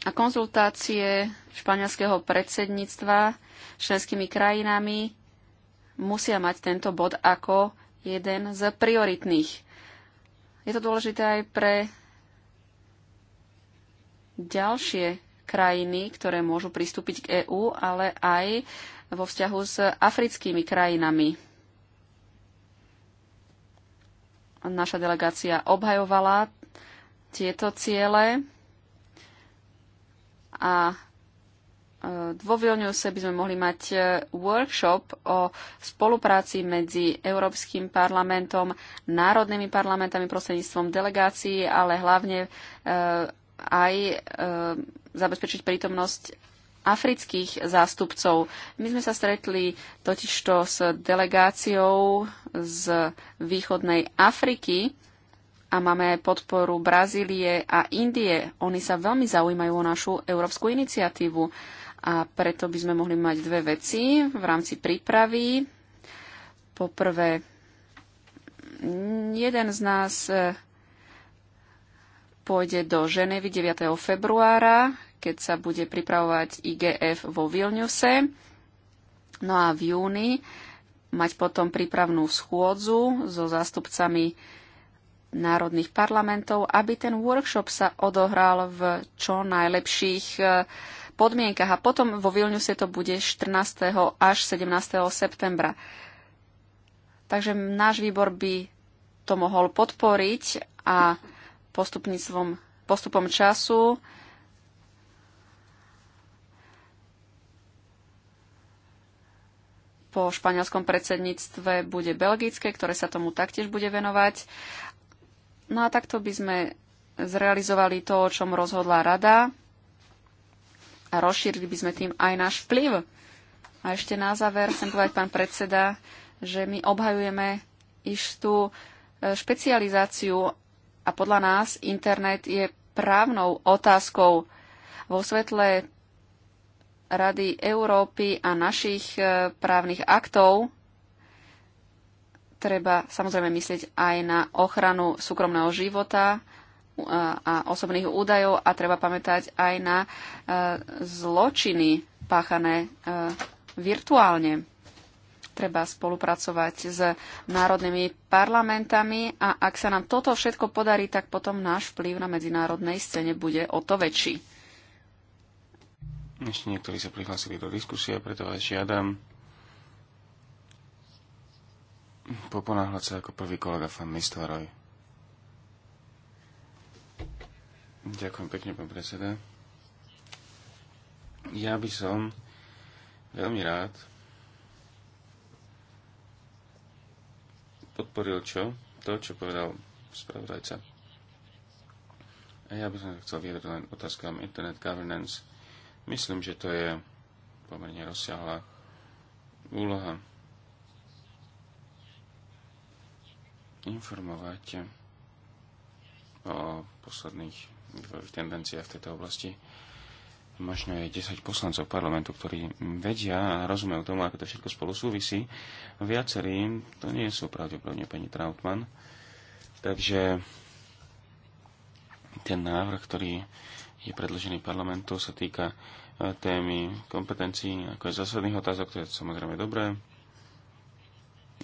a konzultácie španielského predsedníctva členskými krajinami musia mať tento bod ako jeden z prioritných. Je to dôležité aj pre ďalšie krajiny, ktoré môžu pristúpiť k EÚ, ale aj vo vzťahu s africkými krajinami. Naša delegácia obhajovala tieto ciele a vo Vilniuse by sme mohli mať e, workshop o spolupráci medzi Európskym parlamentom, národnými parlamentami prostredníctvom delegácií, ale hlavne e, aj e, zabezpečiť prítomnosť afrických zástupcov. My sme sa stretli totižto s delegáciou z východnej Afriky a máme podporu Brazílie a Indie. Oni sa veľmi zaujímajú o našu európsku iniciatívu a preto by sme mohli mať dve veci v rámci prípravy. Poprvé, jeden z nás e, pôjde do Ženevy 9. februára, keď sa bude pripravovať IGF vo Vilniuse. No a v júni mať potom prípravnú schôdzu so zástupcami národných parlamentov, aby ten workshop sa odohral v čo najlepších e, podmienkach. A potom vo Vilniuse to bude 14. až 17. septembra. Takže náš výbor by to mohol podporiť a postupníctvom, postupom času po španielskom predsedníctve bude belgické, ktoré sa tomu taktiež bude venovať. No a takto by sme zrealizovali to, o čom rozhodla rada a rozšírili by sme tým aj náš vplyv. A ešte na záver chcem povedať, pán predseda, že my obhajujeme istú e, špecializáciu a podľa nás internet je právnou otázkou. Vo svetle Rady Európy a našich e, právnych aktov treba samozrejme myslieť aj na ochranu súkromného života a osobných údajov a treba pamätať aj na e, zločiny páchané e, virtuálne. Treba spolupracovať s národnými parlamentami a ak sa nám toto všetko podarí, tak potom náš vplyv na medzinárodnej scéne bude o to väčší. Ešte niektorí sa prihlásili do diskusie, preto vás žiadam poponáhľať sa ako prvý kolega fan Mistoroj. Ďakujem pekne, pán predseda. Ja by som veľmi rád podporil čo? To, čo povedal spravodajca. A ja by som chcel vyjadriť len otázkam Internet Governance. Myslím, že to je pomerne rozsiahla úloha informovať o posledných tendenciách v tejto oblasti možno je 10 poslancov parlamentu, ktorí vedia a rozumejú tomu, ako to všetko spolu súvisí. Viacerí to nie sú pravdepodobne pani Trautmann. Takže ten návrh, ktorý je predložený parlamentu, sa týka e, témy kompetencií, ako je zásadných otázok, to je samozrejme dobré.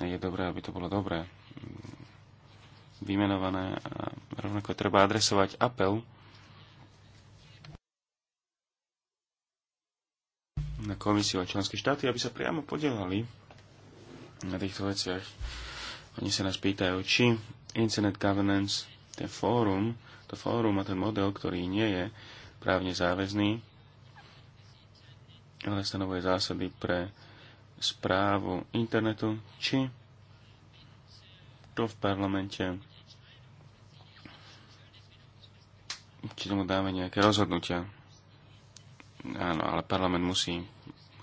Je dobré, aby to bolo dobré mm, vymenované a rovnako treba adresovať apel na komisiu a členské štáty, aby sa priamo podielali na týchto veciach. Oni sa nás pýtajú, či Internet Governance, ten fórum, to fórum a ten model, ktorý nie je právne záväzný, ale stanovuje zásady pre správu internetu, či to v parlamente či tomu dáme nejaké rozhodnutia. Áno, ale parlament musí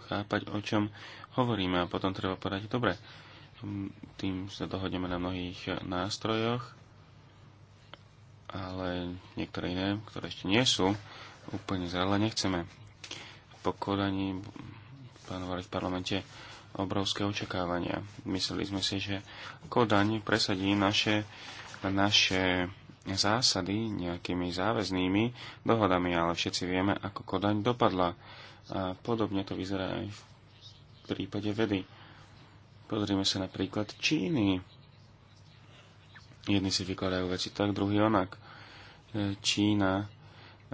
chápať, o čom hovoríme a potom treba povedať, dobre, tým sa dohodneme na mnohých nástrojoch, ale niektoré iné, ktoré ešte nie sú úplne zrele nechceme. Po kodaní panovali v parlamente obrovské očakávania. Mysleli sme si, že Kodaň presadí naše, naše zásady nejakými záväznými dohodami, ale všetci vieme, ako Kodaň dopadla. A podobne to vyzerá aj v prípade vedy. Pozrieme sa napríklad Číny. Jedni si vykladajú veci tak, druhý onak. E, Čína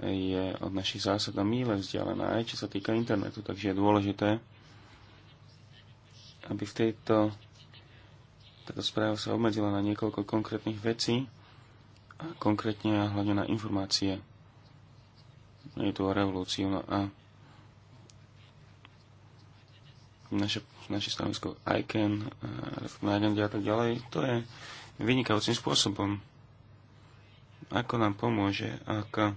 je od našich zásad na míle vzdialená, aj čo sa týka internetu, takže je dôležité, aby v tejto táto správa sa obmedzila na niekoľko konkrétnych vecí a konkrétne hlavne na informácie. Je tu o revolúciu. No a naše, naše stanovisko ICAN, nájdem a tak ďalej, to je vynikajúcim spôsobom. Ako nám pomôže, ak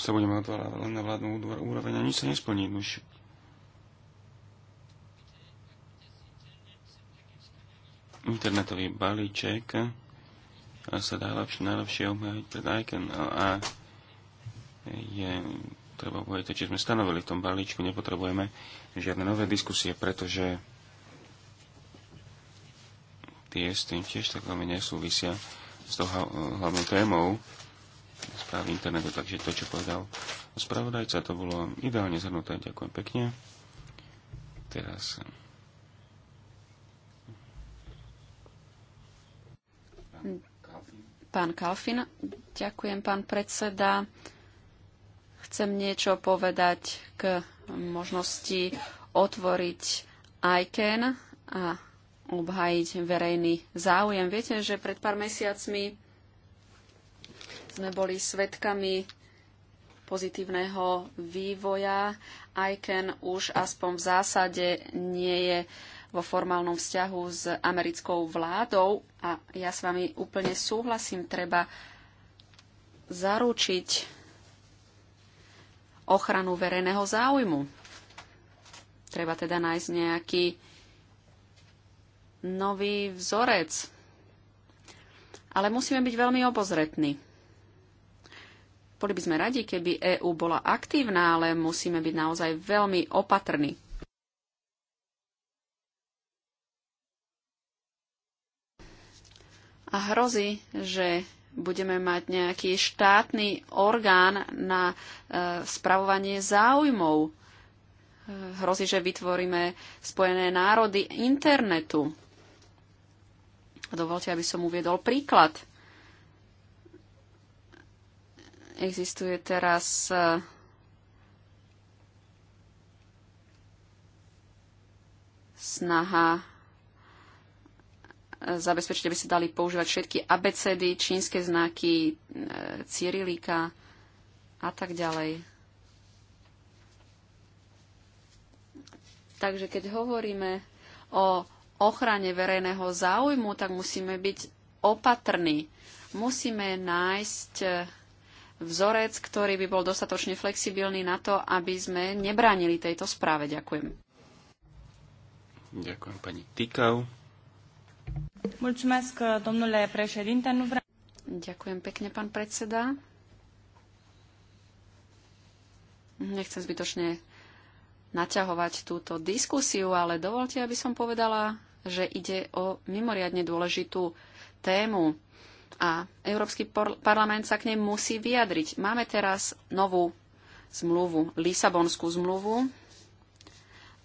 sa budeme odvolávať len na vládnu úroveň a nič sa nesplní. Už internetový balíček sa dá lepšie, najlepšie obhajiť pred ICAN a je treba povedať, či sme stanovili v tom balíčku, nepotrebujeme žiadne nové diskusie, pretože tie s tým tiež tak veľmi nesúvisia s tou hlavnou témou správy internetu, takže to, čo povedal spravodajca, to bolo ideálne zhrnuté. Ďakujem pekne. Teraz... Pán Kalfin, ďakujem, pán predseda chcem niečo povedať k možnosti otvoriť ICANN a obhajiť verejný záujem. Viete, že pred pár mesiacmi sme boli svetkami pozitívneho vývoja. ICANN už aspoň v zásade nie je vo formálnom vzťahu s americkou vládou a ja s vami úplne súhlasím, treba zaručiť ochranu verejného záujmu. Treba teda nájsť nejaký nový vzorec. Ale musíme byť veľmi obozretní. Boli by sme radi, keby EÚ bola aktívna, ale musíme byť naozaj veľmi opatrní. A hrozí, že budeme mať nejaký štátny orgán na e, spravovanie záujmov. E, hrozí, že vytvoríme Spojené národy internetu. Dovolte, aby som uviedol príklad. Existuje teraz e, snaha zabezpečiť, aby sa dali používať všetky abecedy, čínske znaky, e, cyrilika a tak ďalej. Takže keď hovoríme o ochrane verejného záujmu, tak musíme byť opatrní. Musíme nájsť e, vzorec, ktorý by bol dostatočne flexibilný na to, aby sme nebránili tejto správe. Ďakujem. Ďakujem pani Tikau. Ďakujem pekne, pán predseda. Nechcem zbytočne naťahovať túto diskusiu, ale dovolte, aby som povedala, že ide o mimoriadne dôležitú tému a Európsky parlament sa k nej musí vyjadriť. Máme teraz novú zmluvu, Lisabonskú zmluvu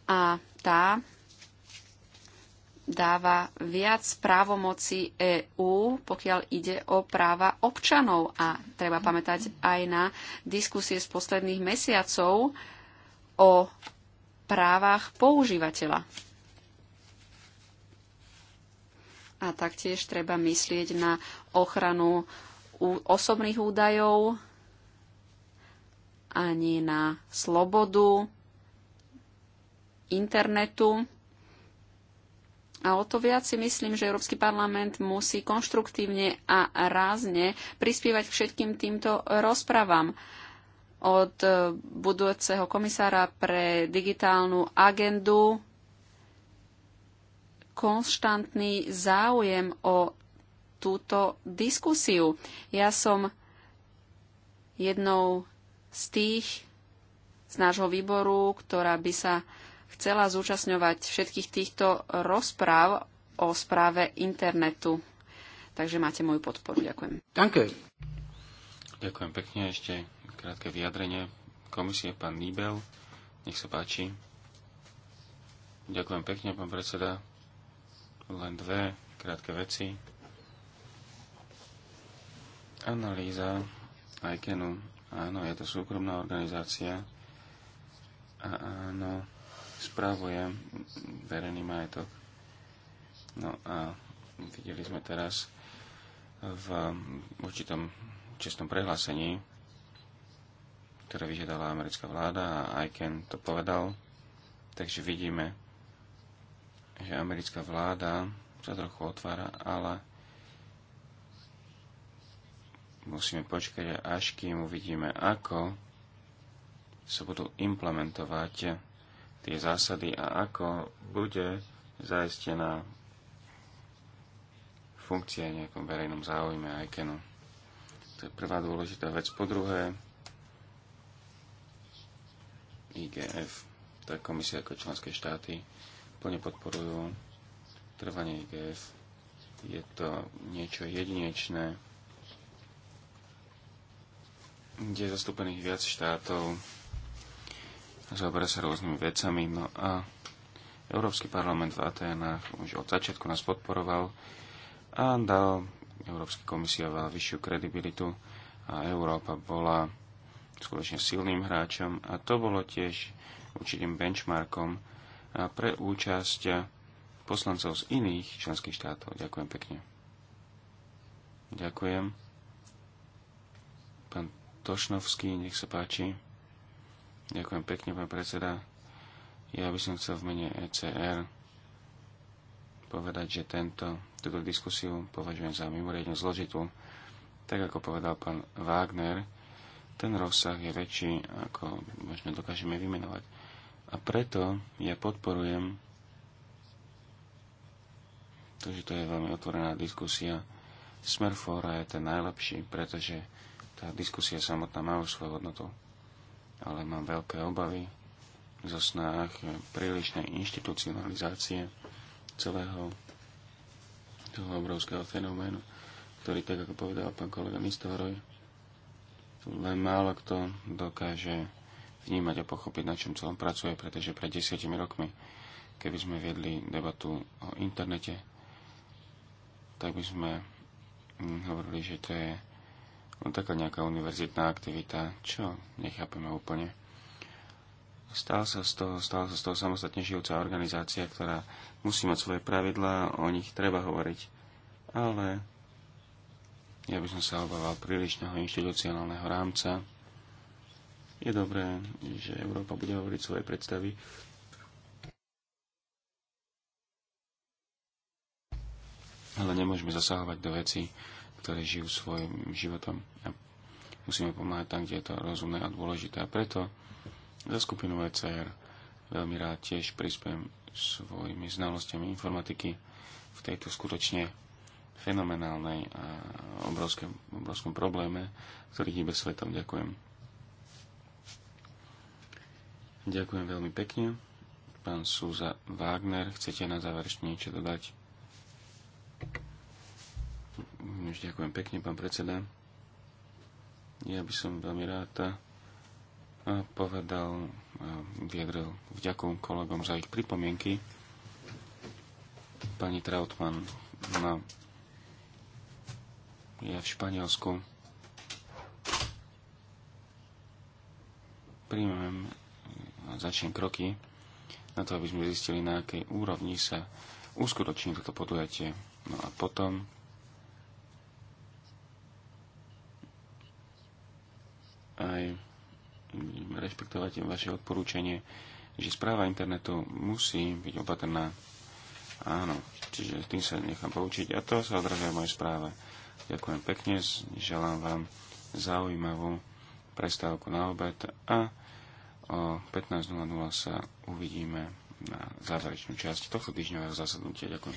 a tá dáva viac právomoci EÚ, pokiaľ ide o práva občanov. A treba pamätať aj na diskusie z posledných mesiacov o právach používateľa. A taktiež treba myslieť na ochranu osobných údajov, ani na slobodu internetu a o to viac si myslím, že Európsky parlament musí konštruktívne a rázne prispievať k všetkým týmto rozprávam od e, budúceho komisára pre digitálnu agendu konštantný záujem o túto diskusiu. Ja som jednou z tých z nášho výboru, ktorá by sa chcela zúčastňovať všetkých týchto rozpráv o správe internetu. Takže máte moju podporu. Ďakujem. Danke. Ďakujem pekne. Ešte krátke vyjadrenie komisie, pán Nibel. Nech sa páči. Ďakujem pekne, pán predseda. Len dve krátke veci. Analýza ICANNu. Áno, je to súkromná organizácia. A áno, správuje verejný majetok. No a videli sme teraz v určitom čestnom prehlásení, ktoré vyžiadala americká vláda a Iken to povedal. Takže vidíme, že americká vláda sa trochu otvára, ale musíme počkať, až kým uvidíme, ako sa budú implementovať tie zásady a ako bude zaistená funkcia v nejakom verejnom záujme aj ekenu. To je prvá dôležitá vec. Po druhé, IGF, tak komisia ako členské štáty plne podporujú trvanie IGF. Je to niečo jedinečné, kde je zastúpených viac štátov, zaoberá sa rôznymi vecami. No a Európsky parlament v Atenách už od začiatku nás podporoval a dal Európskej komisia veľa vyššiu kredibilitu a Európa bola skutočne silným hráčom a to bolo tiež určitým benchmarkom pre účasť poslancov z iných členských štátov. Ďakujem pekne. Ďakujem. Pán Tošnovský, nech sa páči. Ďakujem pekne, pán predseda. Ja by som chcel v mene ECR povedať, že tento, túto diskusiu považujem za mimoriadne zložitú. Tak ako povedal pán Wagner, ten rozsah je väčší, ako možno dokážeme vymenovať. A preto ja podporujem to, že to je veľmi otvorená diskusia. Smer fóra je ten najlepší, pretože tá diskusia samotná má už svoju hodnotu ale mám veľké obavy zo snách prílišnej inštitucionalizácie celého toho obrovského fenoménu, ktorý, tak ako povedal pán kolega Nistoroj, len málo kto dokáže vnímať a pochopiť, na čom celom pracuje, pretože pred desiatimi rokmi, keby sme viedli debatu o internete, tak by sme hm, hovorili, že to je taká nejaká univerzitná aktivita, čo nechápeme úplne. Stala sa z toho, stala sa z toho samostatne žijúca organizácia, ktorá musí mať svoje pravidlá, o nich treba hovoriť. Ale ja by som sa obával prílišného inštitucionálneho rámca. Je dobré, že Európa bude hovoriť svoje predstavy. Ale nemôžeme zasahovať do veci ktoré žijú svojim životom. A musíme pomáhať tam, kde je to rozumné a dôležité. A preto za skupinu ECR veľmi rád tiež prispiem svojimi znalostiami informatiky v tejto skutočne fenomenálnej a obrovském, obrovskom probléme, ktorý hýbe svetom. Ďakujem. Ďakujem veľmi pekne. Pán Súza Wagner, chcete na záver ešte niečo dodať? Hm, ďakujem pekne, pán predseda. Ja by som veľmi rád eh, povedal, eh, vyjadril vďaku kolegom za ich pripomienky. Pani Trautmann, no, je v Španielsku. Príjmem eh, začnem kroky na to, aby sme zistili, na akej úrovni sa uskutoční toto podujatie. No a potom aj rešpektovať vaše odporúčanie, že správa internetu musí byť opatrná. Áno, čiže tým sa nechám poučiť a to sa odrazuje v mojej správe. Ďakujem pekne, želám vám zaujímavú prestávku na obed a o 15.00 sa uvidíme na záverečnú časť tohto týždňového zasadnutia. Ďakujem.